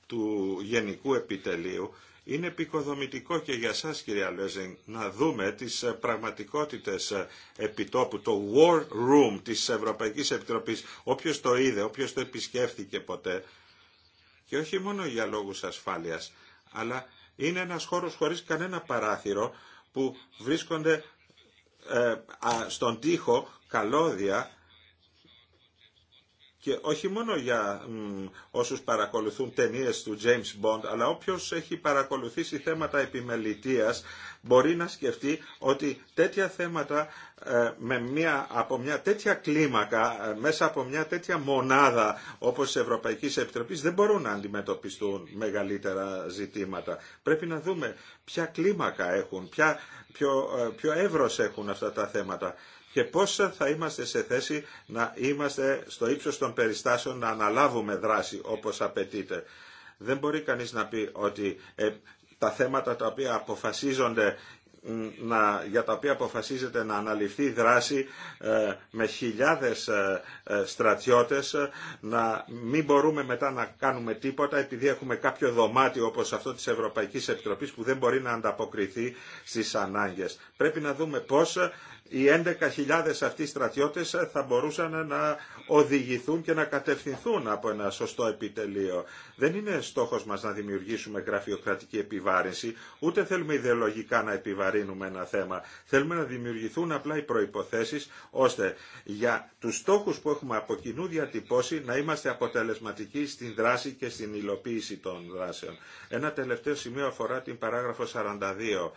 του γενικού επιτελείου είναι επικοδομητικό και για σας κυρία Λέζινγκ να δούμε τις ε, πραγματικότητες ε, επιτόπου, το War Room της Ευρωπαϊκής Επιτροπής. Όποιος το είδε, όποιος το επισκέφθηκε ποτέ και όχι μόνο για λόγους ασφάλειας, αλλά είναι ένας χώρος χωρίς κανένα παράθυρο που βρίσκονται ε, στον τοίχο καλώδια και όχι μόνο για όσους παρακολουθούν ταινίες του James Bond, αλλά όποιος έχει παρακολουθήσει θέματα επιμελητίας μπορεί να σκεφτεί ότι τέτοια θέματα ε, με μια, από μια τέτοια κλίμακα, ε, μέσα από μια τέτοια μονάδα όπως της Ευρωπαϊκής Επιτροπής δεν μπορούν να αντιμετωπιστούν μεγαλύτερα ζητήματα. Πρέπει να δούμε ποια κλίμακα έχουν, ε, ποιο, εύρος έχουν αυτά τα θέματα και πώς θα είμαστε σε θέση να είμαστε στο ύψος των περιστάσεων να αναλάβουμε δράση όπως απαιτείται. Δεν μπορεί κανείς να πει ότι ε, τα θέματα τα οποία αποφασίζονται να, για τα οποία αποφασίζεται να αναλυφθεί δράση ε, με χιλιάδες ε, ε στρατιώτες να μην μπορούμε μετά να κάνουμε τίποτα επειδή έχουμε κάποιο δωμάτιο όπως αυτό της Ευρωπαϊκής Επιτροπής που δεν μπορεί να ανταποκριθεί στις ανάγκες. Πρέπει να δούμε πώς οι 11.000 αυτοί στρατιώτες θα μπορούσαν να οδηγηθούν και να κατευθυνθούν από ένα σωστό επιτελείο. Δεν είναι στόχος μας να δημιουργήσουμε γραφειοκρατική επιβάρυνση, ούτε θέλουμε ιδεολογικά να επιβαρύνουμε ένα θέμα. Θέλουμε να δημιουργηθούν απλά οι προϋποθέσεις, ώστε για τους στόχους που έχουμε από κοινού διατυπώσει να είμαστε αποτελεσματικοί στην δράση και στην υλοποίηση των δράσεων. Ένα τελευταίο σημείο αφορά την παράγραφο 42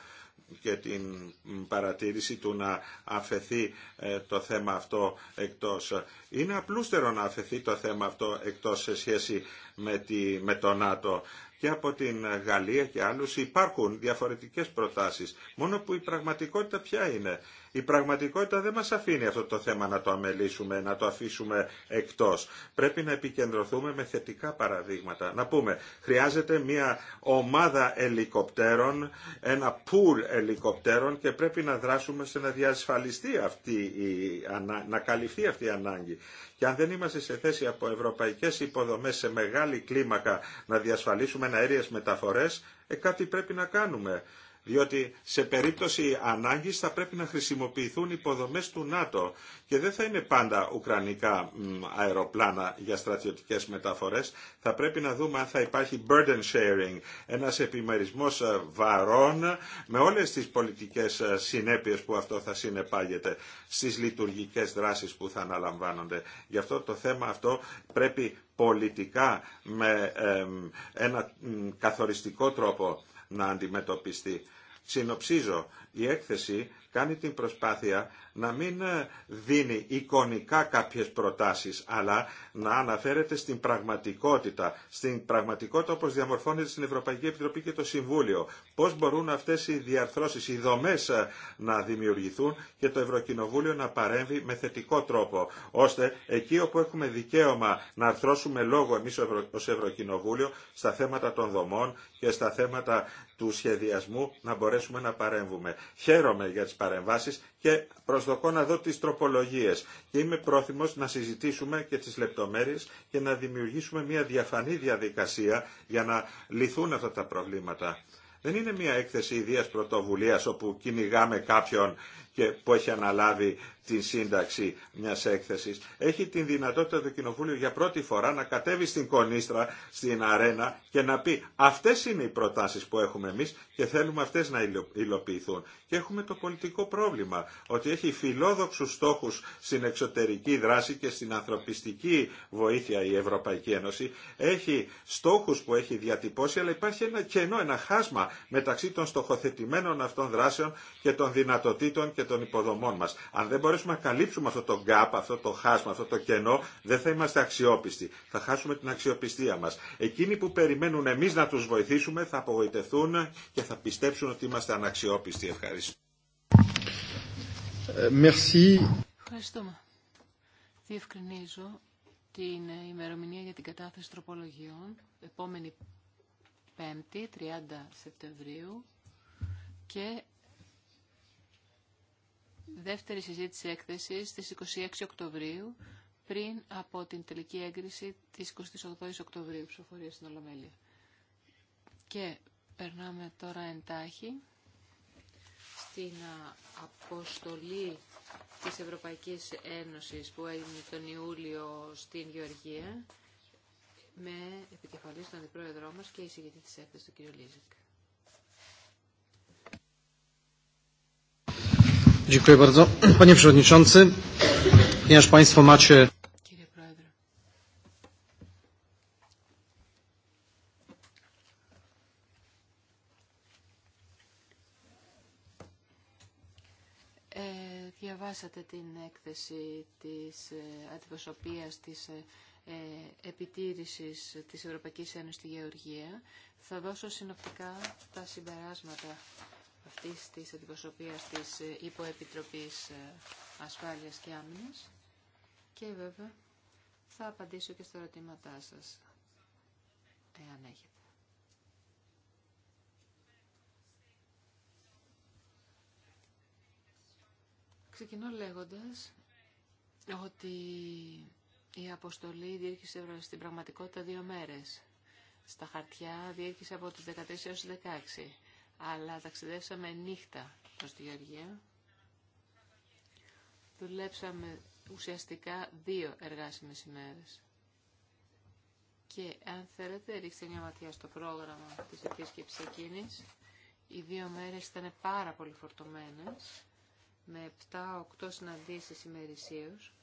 και την παρατήρηση του να αφαιθεί ε, το θέμα αυτό εκτός. Είναι απλούστερο να αφαιθεί το θέμα αυτό εκτός σε σχέση με, τη, με το ΝΑΤΟ και από την Γαλλία και άλλους υπάρχουν διαφορετικές προτάσεις. Μόνο που η πραγματικότητα ποια είναι. Η πραγματικότητα δεν μας αφήνει αυτό το θέμα να το αμελήσουμε, να το αφήσουμε εκτός. Πρέπει να επικεντρωθούμε με θετικά παραδείγματα. Να πούμε, χρειάζεται μια ομάδα ελικοπτέρων, ένα πουλ ελικοπτέρων και πρέπει να δράσουμε σε να διασφαλιστεί αυτή η, να καλυφθεί αυτή η ανάγκη. Και αν δεν είμαστε σε θέση από ευρωπαϊκές υποδομές σε μεγάλη κλίμακα να διασφαλίσουμε αέριες μεταφορές, ε, κάτι πρέπει να κάνουμε διότι σε περίπτωση ανάγκης θα πρέπει να χρησιμοποιηθούν υποδομές του ΝΑΤΟ και δεν θα είναι πάντα ουκρανικά αεροπλάνα για στρατιωτικές μεταφορές. Θα πρέπει να δούμε αν θα υπάρχει burden sharing, ένας επιμερισμός ε, βαρών με όλες τις πολιτικές ε, συνέπειες που αυτό θα συνεπάγεται στις λειτουργικές δράσεις που θα αναλαμβάνονται. Γι' αυτό το θέμα αυτό πρέπει πολιτικά με ε, ένα καθοριστικό τρόπο να αντιμετωπιστεί. Συνοψίζω, η έκθεση κάνει την προσπάθεια να μην ε, δίνει εικονικά κάποιες προτάσεις, αλλά να αναφέρεται στην πραγματικότητα, στην πραγματικότητα όπως διαμορφώνεται στην Ευρωπαϊκή Επιτροπή και το Συμβούλιο. Πώς μπορούν αυτές οι διαρθρώσεις, οι δομές ε, να δημιουργηθούν και το Ευρωκοινοβούλιο να παρέμβει με θετικό τρόπο, ώστε εκεί όπου έχουμε δικαίωμα να αρθρώσουμε λόγο εμείς ως Ευρωκοινοβούλιο στα θέματα των δομών και στα θέματα του σχεδιασμού να μπορέσουμε να παρέμβουμε. Χαίρομαι για τις παρεμβάσεις και προσδοκώ να δω τις τροπολογίες και είμαι πρόθυμος να συζητήσουμε και τις λεπτομέρειες και να δημιουργήσουμε μια διαφανή διαδικασία για να λυθούν αυτά τα προβλήματα. Δεν είναι μια έκθεση ιδίας πρωτοβουλίας όπου κυνηγάμε κάποιον και που έχει αναλάβει την σύνταξη μιας έκθεσης. Έχει την δυνατότητα το Κοινοβούλιο για πρώτη φορά να κατέβει στην κονίστρα, στην αρένα και να πει αυτές είναι οι προτάσεις που έχουμε εμείς και θέλουμε αυτές να υλοποιηθούν. Και έχουμε το πολιτικό πρόβλημα ότι έχει φιλόδοξους στόχους στην εξωτερική δράση και στην ανθρωπιστική βοήθεια η Ευρωπαϊκή Ένωση. Έχει στόχους που έχει διατυπώσει αλλά υπάρχει ένα κενό, ένα χάσμα μεταξύ των στοχοθετημένων αυτών δράσεων και των δυνατοτήτων και και των υποδομών μας. Αν δεν μπορέσουμε να καλύψουμε αυτό το gap, αυτό το χάσμα, αυτό το κενό, δεν θα είμαστε αξιόπιστοι. Θα χάσουμε την αξιοπιστία μας. Εκείνοι που περιμένουν εμείς να τους βοηθήσουμε θα απογοητευτούν και θα πιστέψουν ότι είμαστε αναξιόπιστοι. Ευχαριστώ. Ε, merci.
Ευχαριστούμε. Διευκρινίζω την ημερομηνία για την κατάθεση τροπολογιών, επόμενη Πέμπτη, 30 Σεπτεμβρίου και δεύτερη συζήτηση έκθεσης στις 26 Οκτωβρίου πριν από την τελική έγκριση της 28 Οκτωβρίου ψηφοφορία στην Ολομέλεια. Και περνάμε τώρα εντάχει στην αποστολή της Ευρωπαϊκής Ένωσης που έγινε τον Ιούλιο στην Γεωργία με επικεφαλής τον αντιπρόεδρό μας και εισηγητή της έκθεσης του κ. Λίζικ.
Dziękuję bardzo. Panie Przewodniczący, ponieważ Państwo macie...
Ε, διαβάσατε την έκθεση της ε, αντιπροσωπείας της ε, επιτήρησης της Ευρωπαϊκής Ένωσης στη Γεωργία. Θα δώσω συνοπτικά τα συμπεράσματα αυτής της αντιπροσωπείας της ε, Υποεπιτροπής ε, Ασφάλειας και Άμυνας και βέβαια θα απαντήσω και στα ερωτήματά σας, εάν έχετε. Ξεκινώ λέγοντας ότι η αποστολή διήρχησε στην πραγματικότητα δύο μέρες. Στα χαρτιά διήρχησε από τις 13 έως τις 16 αλλά ταξιδέψαμε νύχτα προς τη Γεωργία. Δουλέψαμε ουσιαστικά δύο εργάσιμες ημέρες. Και αν θέλετε, ρίξτε μια ματιά στο πρόγραμμα της επίσκεψης εκείνης. Οι δύο μέρες ήταν πάρα πολύ φορτωμένες, με 7-8 συναντήσεις ημερησίως.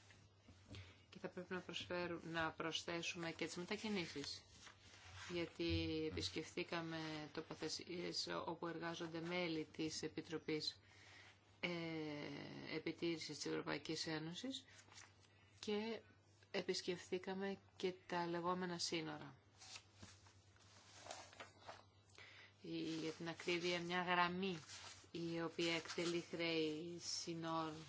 Και θα πρέπει να, να προσθέσουμε και τις μετακινήσεις γιατί επισκεφθήκαμε τοποθεσίες όπου εργάζονται μέλη της Επιτροπής ε, Επιτήρησης της Ευρωπαϊκής Ένωσης και επισκεφθήκαμε και τα λεγόμενα σύνορα. Για την ακρίβεια μια γραμμή η οποία εκτελεί χρέη συνόρου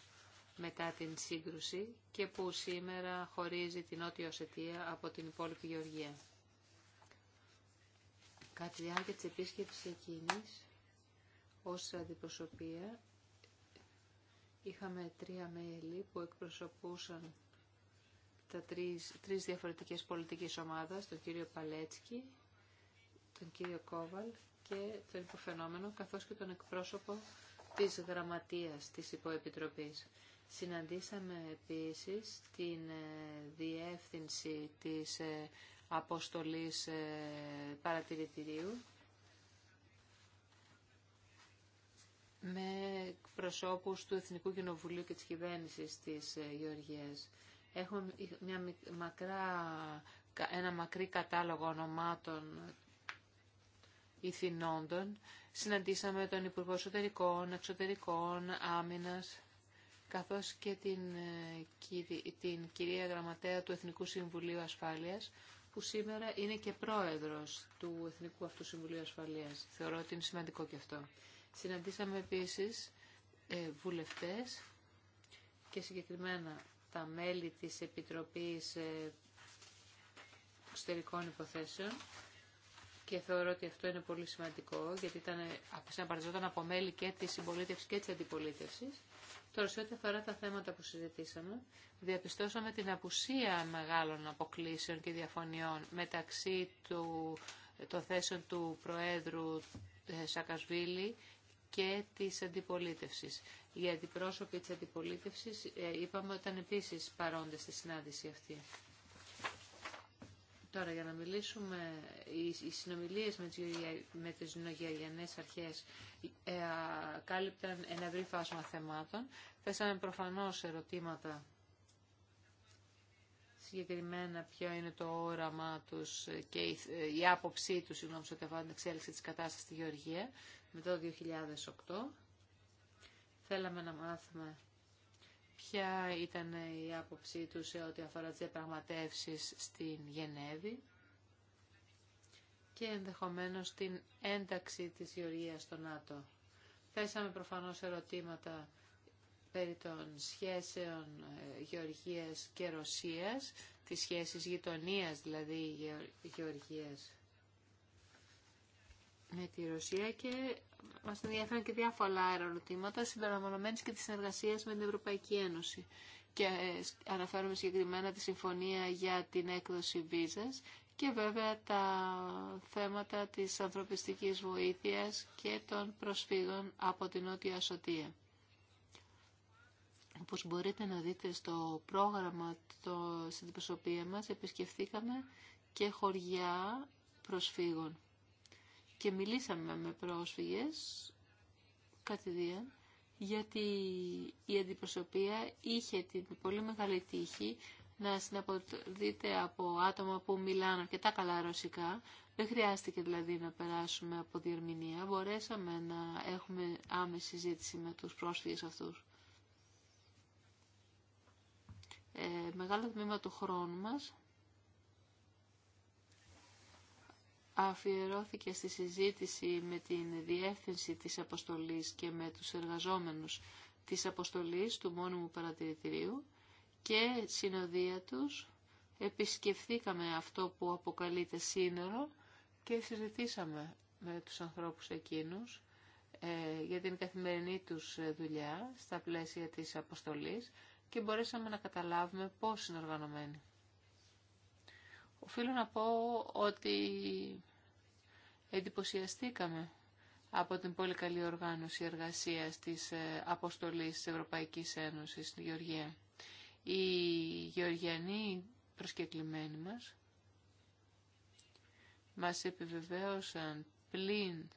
μετά την σύγκρουση και που σήμερα χωρίζει την Νότια Οσετία από την υπόλοιπη Γεωργία. Κατά τη διάρκεια της επίσκεψης εκείνης, ως αντιπροσωπεία, είχαμε τρία μέλη που εκπροσωπούσαν τα τρεις, τρεις διαφορετικές πολιτικές ομάδες, τον κύριο Παλέτσκι, τον κύριο Κόβαλ και τον υποφαινόμενο, καθώς και τον εκπρόσωπο της γραμματείας της υποεπιτροπής. Συναντήσαμε επίσης την ε, διεύθυνση της ε, αποστολής ε, παρατηρητηρίου με προσώπους του Εθνικού Κοινοβουλίου και της Κυβέρνησης της ε, Γεωργίας. Έχουμε μια μακρά, ένα μακρύ κατάλογο ονομάτων ηθινόντων. Συναντήσαμε τον Υπουργό Εσωτερικών, Εξωτερικών, Άμυνας, καθώς και την, ε, την κυρία Γραμματέα του Εθνικού Συμβουλίου Ασφάλειας, που σήμερα είναι και πρόεδρος του Εθνικού Αυτού Συμβουλίου Ασφαλείας. Θεωρώ ότι είναι σημαντικό και αυτό. Συναντήσαμε επίσης ε, βουλευτές και συγκεκριμένα τα μέλη της Επιτροπής ε, Εξωτερικών Υποθέσεων και θεωρώ ότι αυτό είναι πολύ σημαντικό γιατί ήταν, συναπαρτιζόταν από μέλη και της συμπολίτευσης και της αντιπολίτευσης Τώρα, σε ό,τι αφορά τα θέματα που συζητήσαμε, διαπιστώσαμε την απουσία μεγάλων αποκλήσεων και διαφωνιών μεταξύ του, των θέσεων του Προέδρου ε, Σακασβίλη και της αντιπολίτευσης. Οι αντιπρόσωποι της αντιπολίτευσης ε, είπαμε ότι ήταν επίσης παρόντες στη συνάντηση αυτή. Τώρα για να μιλήσουμε, οι συνομιλίες με τις νογιαγιανές αρχές ε, κάλυπταν ένα ευρύ φάσμα θεμάτων. Θέσαμε προφανώς ερωτήματα συγκεκριμένα ποιο είναι το όραμα τους και η, άποψή τους, συγγνώμη, σε την εξέλιξη της κατάστασης στη Γεωργία μετά το 2008. Θέλαμε να μάθουμε ποια ήταν η άποψή του σε ό,τι αφορά τις διαπραγματεύσει στην Γενέβη και ενδεχομένως την ένταξη της Γεωργίας στο ΝΑΤΟ. Θέσαμε προφανώς ερωτήματα περί των σχέσεων ε, Γεωργίας και Ρωσίας, τις σχέσεις γειτονίας δηλαδή Γεωργίας με τη Ρωσία και μας ενδιαφέρουν και διάφορα ερωτήματα συμπεριλαμβανομένης και της συνεργασίας με την Ευρωπαϊκή Ένωση. Και ε, αναφέρουμε συγκεκριμένα τη συμφωνία για την έκδοση βίζας και βέβαια τα θέματα της ανθρωπιστικής βοήθειας και των προσφύγων από την Νότια Σωτία. Όπως μπορείτε να δείτε στο πρόγραμμα το, στην προσωπία μας, επισκεφθήκαμε και χωριά προσφύγων και μιλήσαμε με πρόσφυγες κατηδίαν γιατί η αντιπροσωπεία είχε την πολύ μεγάλη τύχη να συναποδείτε από άτομα που μιλάνε αρκετά καλά ρωσικά. Δεν χρειάστηκε δηλαδή να περάσουμε από διερμηνία. Μπορέσαμε να έχουμε άμεση συζήτηση με τους πρόσφυγες αυτούς. Ε, μεγάλο τμήμα του χρόνου μας αφιερώθηκε στη συζήτηση με την διεύθυνση της αποστολής και με τους εργαζόμενους της αποστολής του μόνιμου παρατηρητηρίου και συνοδεία τους επισκεφθήκαμε αυτό που αποκαλείται σύνορο και συζητήσαμε με τους ανθρώπους εκείνους ε, για την καθημερινή τους δουλειά στα πλαίσια της αποστολής και μπορέσαμε να καταλάβουμε πώς είναι οργανωμένοι. Οφείλω να πω ότι εντυπωσιαστήκαμε από την πολύ καλή οργάνωση εργασίας της ε, αποστολής της Ευρωπαϊκής Ένωσης στην Γεωργία. Οι γεωργιανοί προσκεκλημένοι μας μας επιβεβαίωσαν πλην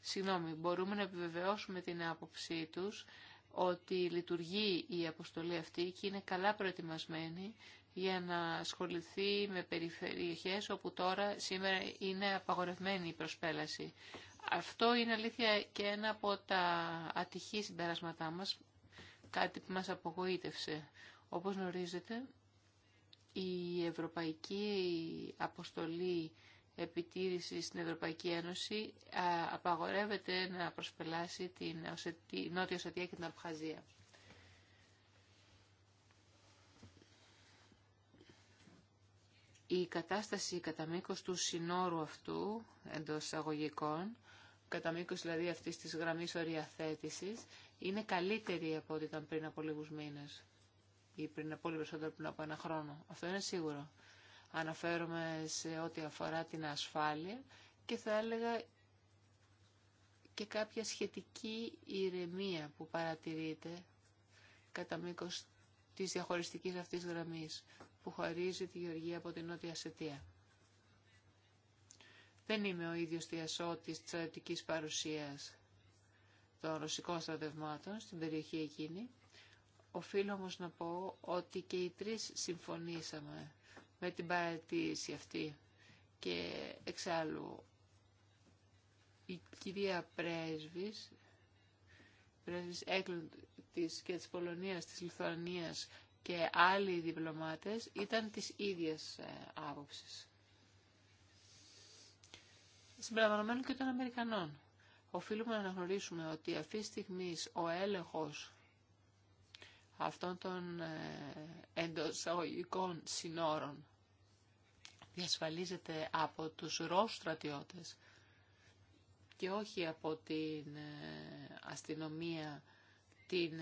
Συγγνώμη, μπορούμε να επιβεβαιώσουμε την άποψή τους ότι λειτουργεί η αποστολή αυτή και είναι καλά προετοιμασμένη για να ασχοληθεί με περιφερειές όπου τώρα σήμερα είναι απαγορευμένη η προσπέλαση. Αυτό είναι αλήθεια και ένα από τα ατυχή συμπέρασματά μας, κάτι που μας απογοήτευσε. Όπως γνωρίζετε, η Ευρωπαϊκή Αποστολή Επιτήρηση στην Ευρωπαϊκή Ένωση απαγορεύεται να προσπελάσει την Νότια Οσετία και την Απχαζία. η κατάσταση κατά μήκο του συνόρου αυτού, εντό εισαγωγικών, κατά μήκο δηλαδή αυτή τη γραμμή οριαθέτηση, είναι καλύτερη από ό,τι ήταν πριν από λίγου μήνε ή πριν από περισσότερο πριν από ένα χρόνο. Αυτό είναι σίγουρο. Αναφέρομαι σε ό,τι αφορά την ασφάλεια και θα έλεγα και κάποια σχετική ηρεμία που παρατηρείται κατά μήκο της διαχωριστικής αυτής γραμμής που χωρίζει τη Γεωργία από την Νότια Σετία. Δεν είμαι ο ίδιος διασώτης της στρατιωτικής παρουσίας των ρωσικών στρατευμάτων στην περιοχή εκείνη. Οφείλω όμως να πω ότι και οι τρεις συμφωνήσαμε με την παρατήρηση αυτή και εξάλλου η κυρία Πρέσβης, Πρέσβης Έκλοντ της και της Πολωνίας, της Λιθουανίας και άλλοι διπλωμάτες ήταν της ίδιας ε, άποψης. Συμπεριλαμβανομένων και των Αμερικανών. Οφείλουμε να αναγνωρίσουμε ότι αυτή τη στιγμή ο έλεγχος αυτών των ε, εντοσαγωγικών συνόρων διασφαλίζεται από τους Ρώσους στρατιώτες και όχι από την ε, αστυνομία την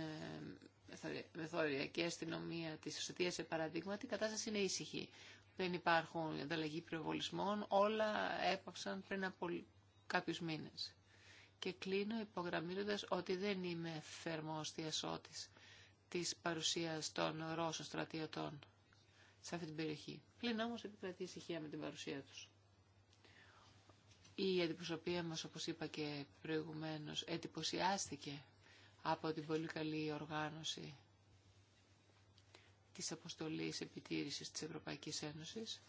μεθοριακή αστυνομία της Ουσιατίας σε παραδείγματι, η κατάσταση είναι ήσυχη. Δεν υπάρχουν ανταλλαγή προβολισμών. όλα έπαυσαν πριν από κάποιους μήνες. Και κλείνω υπογραμμίζοντας ότι δεν είμαι θερμός διασώτης της παρουσίας των Ρώσων στρατιωτών σε αυτή την περιοχή. Πλην όμως επικρατεί ησυχία με την παρουσία τους. Η αντιπροσωπεία μας, όπως είπα και προηγουμένως, εντυπωσιάστηκε από την πολύ καλή οργάνωση της αποστολής επιτήρησης της Ευρωπαϊκής Ένωσης.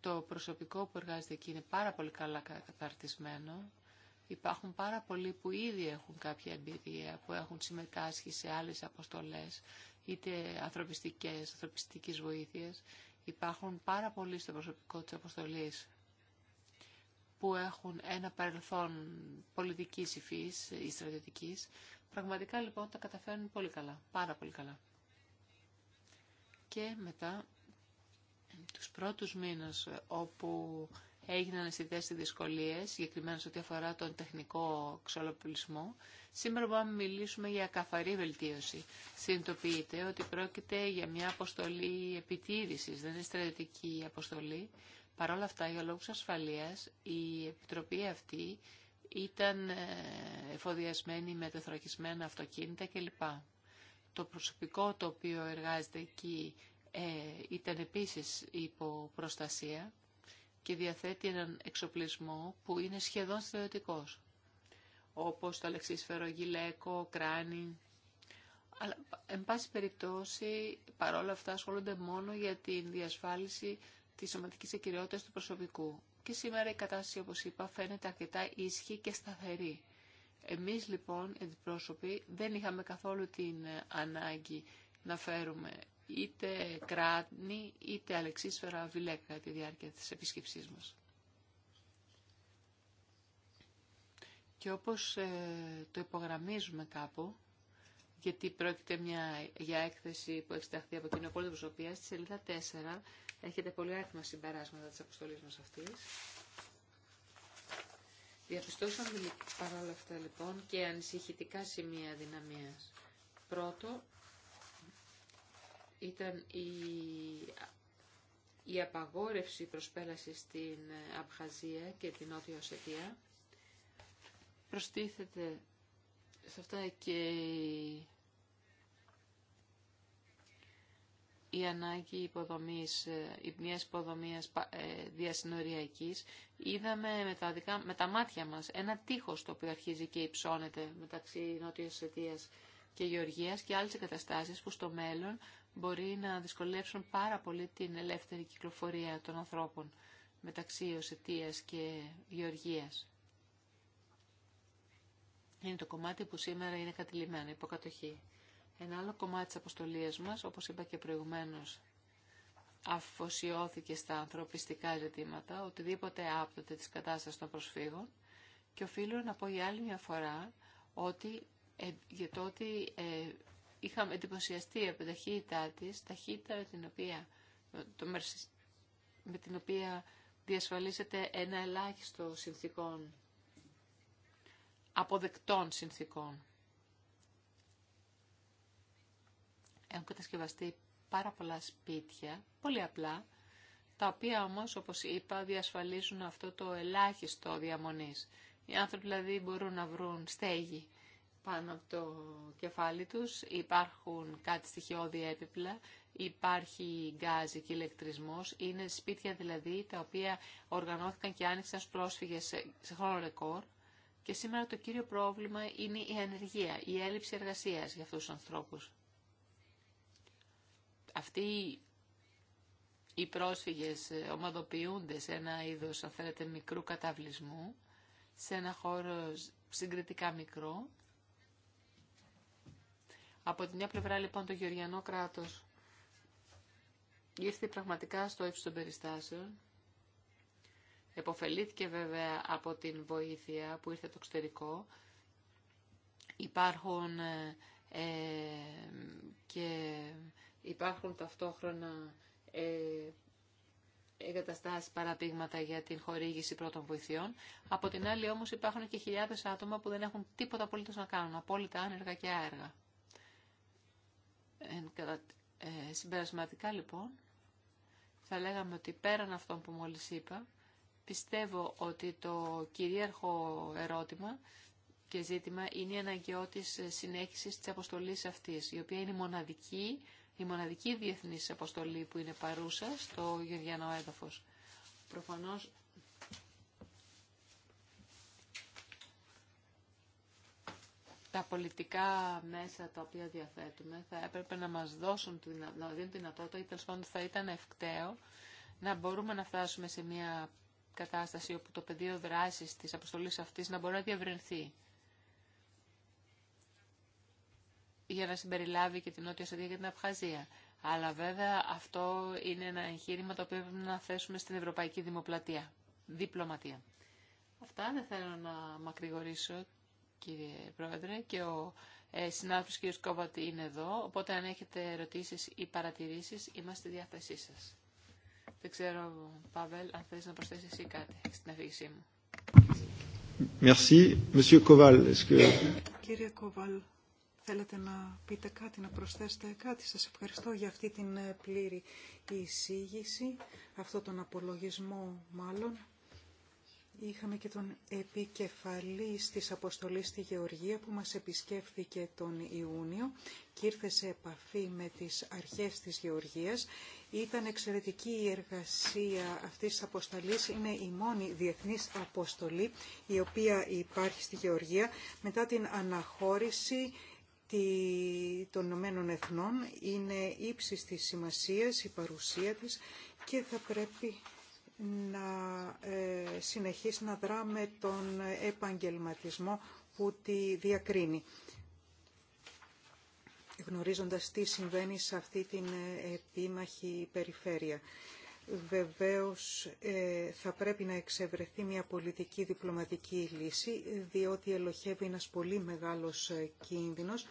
Το προσωπικό που εργάζεται εκεί είναι πάρα πολύ καλά καταρτισμένο. Υπάρχουν πάρα πολλοί που ήδη έχουν κάποια εμπειρία, που έχουν συμμετάσχει σε άλλες αποστολές, είτε ανθρωπιστικές, ανθρωπιστικής βοήθειας. Υπάρχουν πάρα πολλοί στο προσωπικό της αποστολής που έχουν ένα παρελθόν πολιτικής υφής ή στρατιωτικής, πραγματικά λοιπόν τα καταφέρνουν πολύ καλά, πάρα πολύ καλά. Και μετά τους πρώτους μήνες ε, όπου έγιναν αισθητέ οι δυσκολίε, συγκεκριμένα σε ό,τι αφορά τον τεχνικό ξολοπλισμό. Σήμερα μπορούμε να μιλήσουμε για καθαρή βελτίωση. Συνειδητοποιείται ότι πρόκειται για μια αποστολή επιτήρηση, δεν είναι στρατιωτική αποστολή. Παρ' όλα αυτά, για λόγους ασφαλείας, η Επιτροπή αυτή ήταν ε, εφοδιασμένη με τεθρακισμένα αυτοκίνητα κλπ. Το προσωπικό το οποίο εργάζεται εκεί ε, ήταν επίσης υπό προστασία και διαθέτει έναν εξοπλισμό που είναι σχεδόν στρατιωτικός, όπως το αλεξίσφαιρο γυλαίκο, κράνη. Αλλά, εν πάση περιπτώσει, παρόλα αυτά ασχολούνται μόνο για την διασφάλιση Τη σωματική ακυριότητας του προσωπικού. Και σήμερα η κατάσταση, όπως είπα, φαίνεται αρκετά ίσχυη και σταθερή. Εμείς λοιπόν, αντιπρόσωποι, δεν είχαμε καθόλου την ε, ανάγκη να φέρουμε είτε κράτη είτε αλεξίσφαιρα βιλέκα τη διάρκεια της επίσκεψής μας. Και όπως ε, το υπογραμμίζουμε κάπου, γιατί πρόκειται μια, για έκθεση που εξεταχθεί από την Οπόλη Προσωπία, στη σελίδα 4 Έχετε πολύ άριθμα συμπεράσματα της αποστολής μας αυτής. Διαπιστώσαμε παρόλα αυτά λοιπόν και ανησυχητικά σημεία δυναμίας. Πρώτο ήταν η, απαγόρευση προσπέλασης στην Αμπχαζία και την Νότια Οσετία. Προστίθεται σε αυτά και η ανάγκη υποδομής, ε, μιας υποδομίας ε, διασυνοριακής, είδαμε με τα, με τα μάτια μας ένα τείχος το οποίο αρχίζει και υψώνεται μεταξύ Νότιας Αιτίας και Γεωργίας και άλλες εγκαταστάσεις που στο μέλλον μπορεί να δυσκολεύσουν πάρα πολύ την ελεύθερη κυκλοφορία των ανθρώπων μεταξύ αιτίας και Γεωργίας. Είναι το κομμάτι που σήμερα είναι κατηλημένο, υποκατοχή. Ένα άλλο κομμάτι της αποστολίας μας, όπως είπα και προηγουμένως, αφοσιώθηκε στα ανθρωπιστικά ζητήματα, οτιδήποτε άπτωται της κατάστασης των προσφύγων και οφείλω να πω για άλλη μια φορά ότι, ε, για το ότι ε, είχαμε εντυπωσιαστεί από την ταχύτητά της, ταχύτητα με την οποία, το, με την οποία διασφαλίζεται ένα ελάχιστο συνθήκων, αποδεκτών συνθήκων. Έχουν κατασκευαστεί πάρα πολλά σπίτια, πολύ απλά, τα οποία όμως, όπως είπα, διασφαλίζουν αυτό το ελάχιστο διαμονής. Οι άνθρωποι δηλαδή μπορούν να βρουν στέγη πάνω από το κεφάλι τους, υπάρχουν κάτι στοιχειώδη έπιπλα, υπάρχει γκάζι και ηλεκτρισμός, είναι σπίτια δηλαδή τα οποία οργανώθηκαν και άνοιξαν στους πρόσφυγες σε χρόνο ρεκόρ και σήμερα το κύριο πρόβλημα είναι η ανεργία, η έλλειψη εργασίας για αυτούς τους ανθρώπους αυτοί οι πρόσφυγες ε, ομαδοποιούνται σε ένα είδος, αν θέλετε, μικρού καταβλισμού, σε ένα χώρο συγκριτικά μικρό. Από τη μια πλευρά λοιπόν το Γεωργιανό κράτος ήρθε πραγματικά στο ύψος των περιστάσεων. Εποφελήθηκε βέβαια από την βοήθεια που ήρθε το εξωτερικό. Υπάρχουν ε, ε και υπάρχουν ταυτόχρονα ε, εγκαταστάσεις παραπήγματα για την χορήγηση πρώτων βοηθειών. Από την άλλη όμως υπάρχουν και χιλιάδες άτομα που δεν έχουν τίποτα απολύτως να κάνουν, απόλυτα άνεργα και άεργα. Ε, συμπερασματικά λοιπόν, θα λέγαμε ότι πέραν αυτών που μόλις είπα, πιστεύω ότι το κυρίαρχο ερώτημα και ζήτημα είναι η αναγκαιότητα συνέχισης της αποστολής αυτής, η οποία είναι μοναδική η μοναδική διεθνής αποστολή που είναι παρούσα στο Γεωργιανό Έδαφο. Προφανώς τα πολιτικά μέσα τα οποία διαθέτουμε θα έπρεπε να μας δώσουν, να δίνουν δυνατότητα ή τέλο πάντων θα ήταν ευκταίο να μπορούμε να φτάσουμε σε μια κατάσταση όπου το πεδίο δράσης της αποστολής αυτής να μπορεί να διευρυνθεί. για να συμπεριλάβει και την Νότια Σαντία και την Απχαζία. Αλλά βέβαια αυτό είναι ένα εγχείρημα το οποίο πρέπει να θέσουμε στην Ευρωπαϊκή Δημοπλατεία. Διπλωματία. Αυτά δεν θέλω να μακρηγορήσω κύριε Πρόεδρε και ο ε, συνάδελφος κύριος Κόβατ είναι εδώ, οπότε αν έχετε ερωτήσεις ή παρατηρήσεις είμαστε στη διάθεσή σας. Δεν ξέρω, Παβέλ, αν θες να προσθέσεις εσύ κάτι στην αφήγησή μου.
Monsieur Koval, que...
Κύριε Θέλετε να πείτε κάτι, να προσθέσετε κάτι. Σας ευχαριστώ για αυτή την ε, πλήρη εισήγηση, αυτό τον απολογισμό μάλλον. Είχαμε και τον επικεφαλή της αποστολής στη Γεωργία που μας επισκέφθηκε τον Ιούνιο και ήρθε σε επαφή με τις αρχές της Γεωργίας. Ήταν εξαιρετική η εργασία αυτής της αποστολής. Είναι η μόνη διεθνής αποστολή η οποία υπάρχει στη Γεωργία μετά την αναχώρηση των Ηνωμένων Εθνών είναι ύψης της σημασίας η παρουσία της και θα πρέπει να ε, συνεχίσει να δράμε με τον επαγγελματισμό που τη διακρίνει. Γνωρίζοντας τι συμβαίνει σε αυτή την επίμαχη περιφέρεια. Βεβαίως ε, θα πρέπει να εξευρεθεί μια πολιτική διπλωματική λύση, διότι ελοχεύει ένας πολύ μεγάλος ε, κίνδυνος,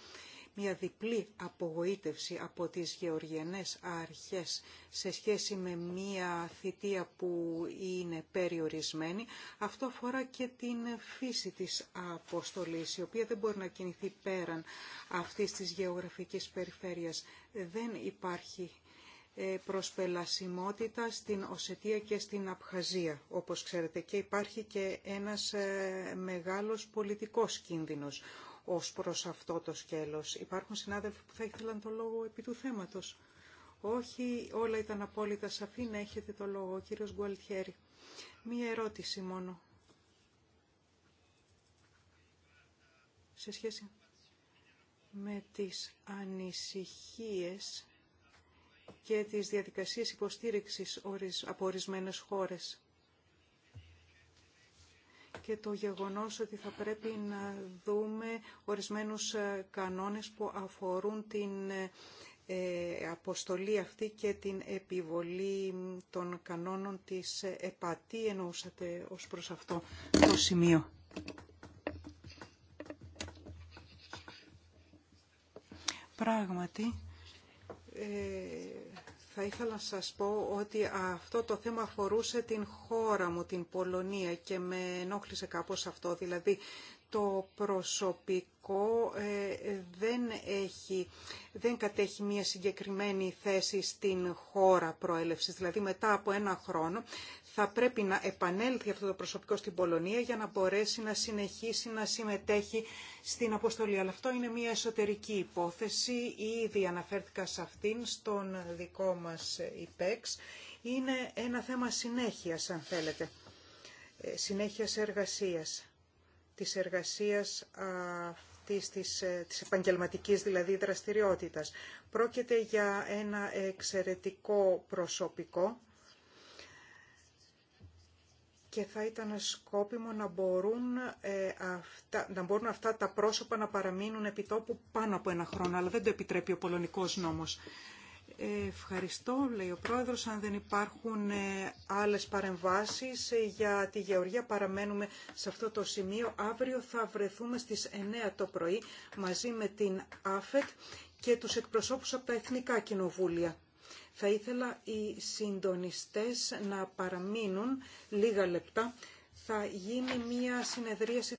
μια διπλή απογοήτευση από τις γεωργιανές αρχές σε σχέση με μια θητεία που είναι περιορισμένη. Αυτό αφορά και την φύση της αποστολής, η οποία δεν μπορεί να κινηθεί πέραν αυτής της γεωγραφικής περιφέρειας. Δεν υπάρχει ε, προσπελασιμότητα στην Οσετία και στην Απχαζία, όπως ξέρετε. Και υπάρχει και ένας ε, μεγάλος πολιτικός κίνδυνος ως προς αυτό το σκέλος. Υπάρχουν συνάδελφοι που θα ήθελαν το λόγο επί του θέματος. Όχι, όλα ήταν απόλυτα σαφή, να έχετε το λόγο, κύριος Γκουαλτιέρη. Μία ερώτηση μόνο. Σε σχέση με τις ανησυχίες και τις διαδικασίες υποστήριξης από ορισμένε χώρες και το γεγονός ότι θα πρέπει να δούμε ορισμένους ε, κανόνες που αφορούν την ε, ε, αποστολή αυτή και την επιβολή των κανόνων της ΕΠΑΤΗ εννοούσατε ως προς αυτό το σημείο. Πράγματι, ε, θα ήθελα να σας πω ότι αυτό το θέμα αφορούσε την χώρα μου, την Πολωνία και με ενόχλησε κάπως αυτό. Δηλαδή το προσωπικό ε, δεν, έχει, δεν κατέχει μια συγκεκριμένη θέση στην χώρα προέλευσης. Δηλαδή μετά από ένα χρόνο θα πρέπει να επανέλθει αυτό το προσωπικό στην Πολωνία για να μπορέσει να συνεχίσει να συμμετέχει στην αποστολή. Αλλά αυτό είναι μια εσωτερική υπόθεση, ήδη αναφέρθηκα σε αυτήν στον δικό μας ΙΠΕΞ. Είναι ένα θέμα συνέχειας, αν θέλετε, ε, συνέχειας εργασίας, της εργασίας της, ε, της επαγγελματικής δηλαδή δραστηριότητας. Πρόκειται για ένα εξαιρετικό προσωπικό και θα ήταν σκόπιμο να μπορούν, ε, αυτά, να μπορούν αυτά τα πρόσωπα να παραμείνουν επί τόπου πάνω από ένα χρόνο, αλλά δεν το επιτρέπει ο πολωνικός νόμος. Ε, ευχαριστώ, λέει ο Πρόεδρος. Αν δεν υπάρχουν ε, άλλες παρεμβάσεις ε, για τη Γεωργία, παραμένουμε σε αυτό το σημείο. Αύριο θα βρεθούμε στις 9 το πρωί μαζί με την ΑΦΕΤ και τους εκπροσώπους από τα Εθνικά Κοινοβούλια. Θα ήθελα οι συντονιστές να παραμείνουν λίγα λεπτά. Θα γίνει μία συνεδρίαση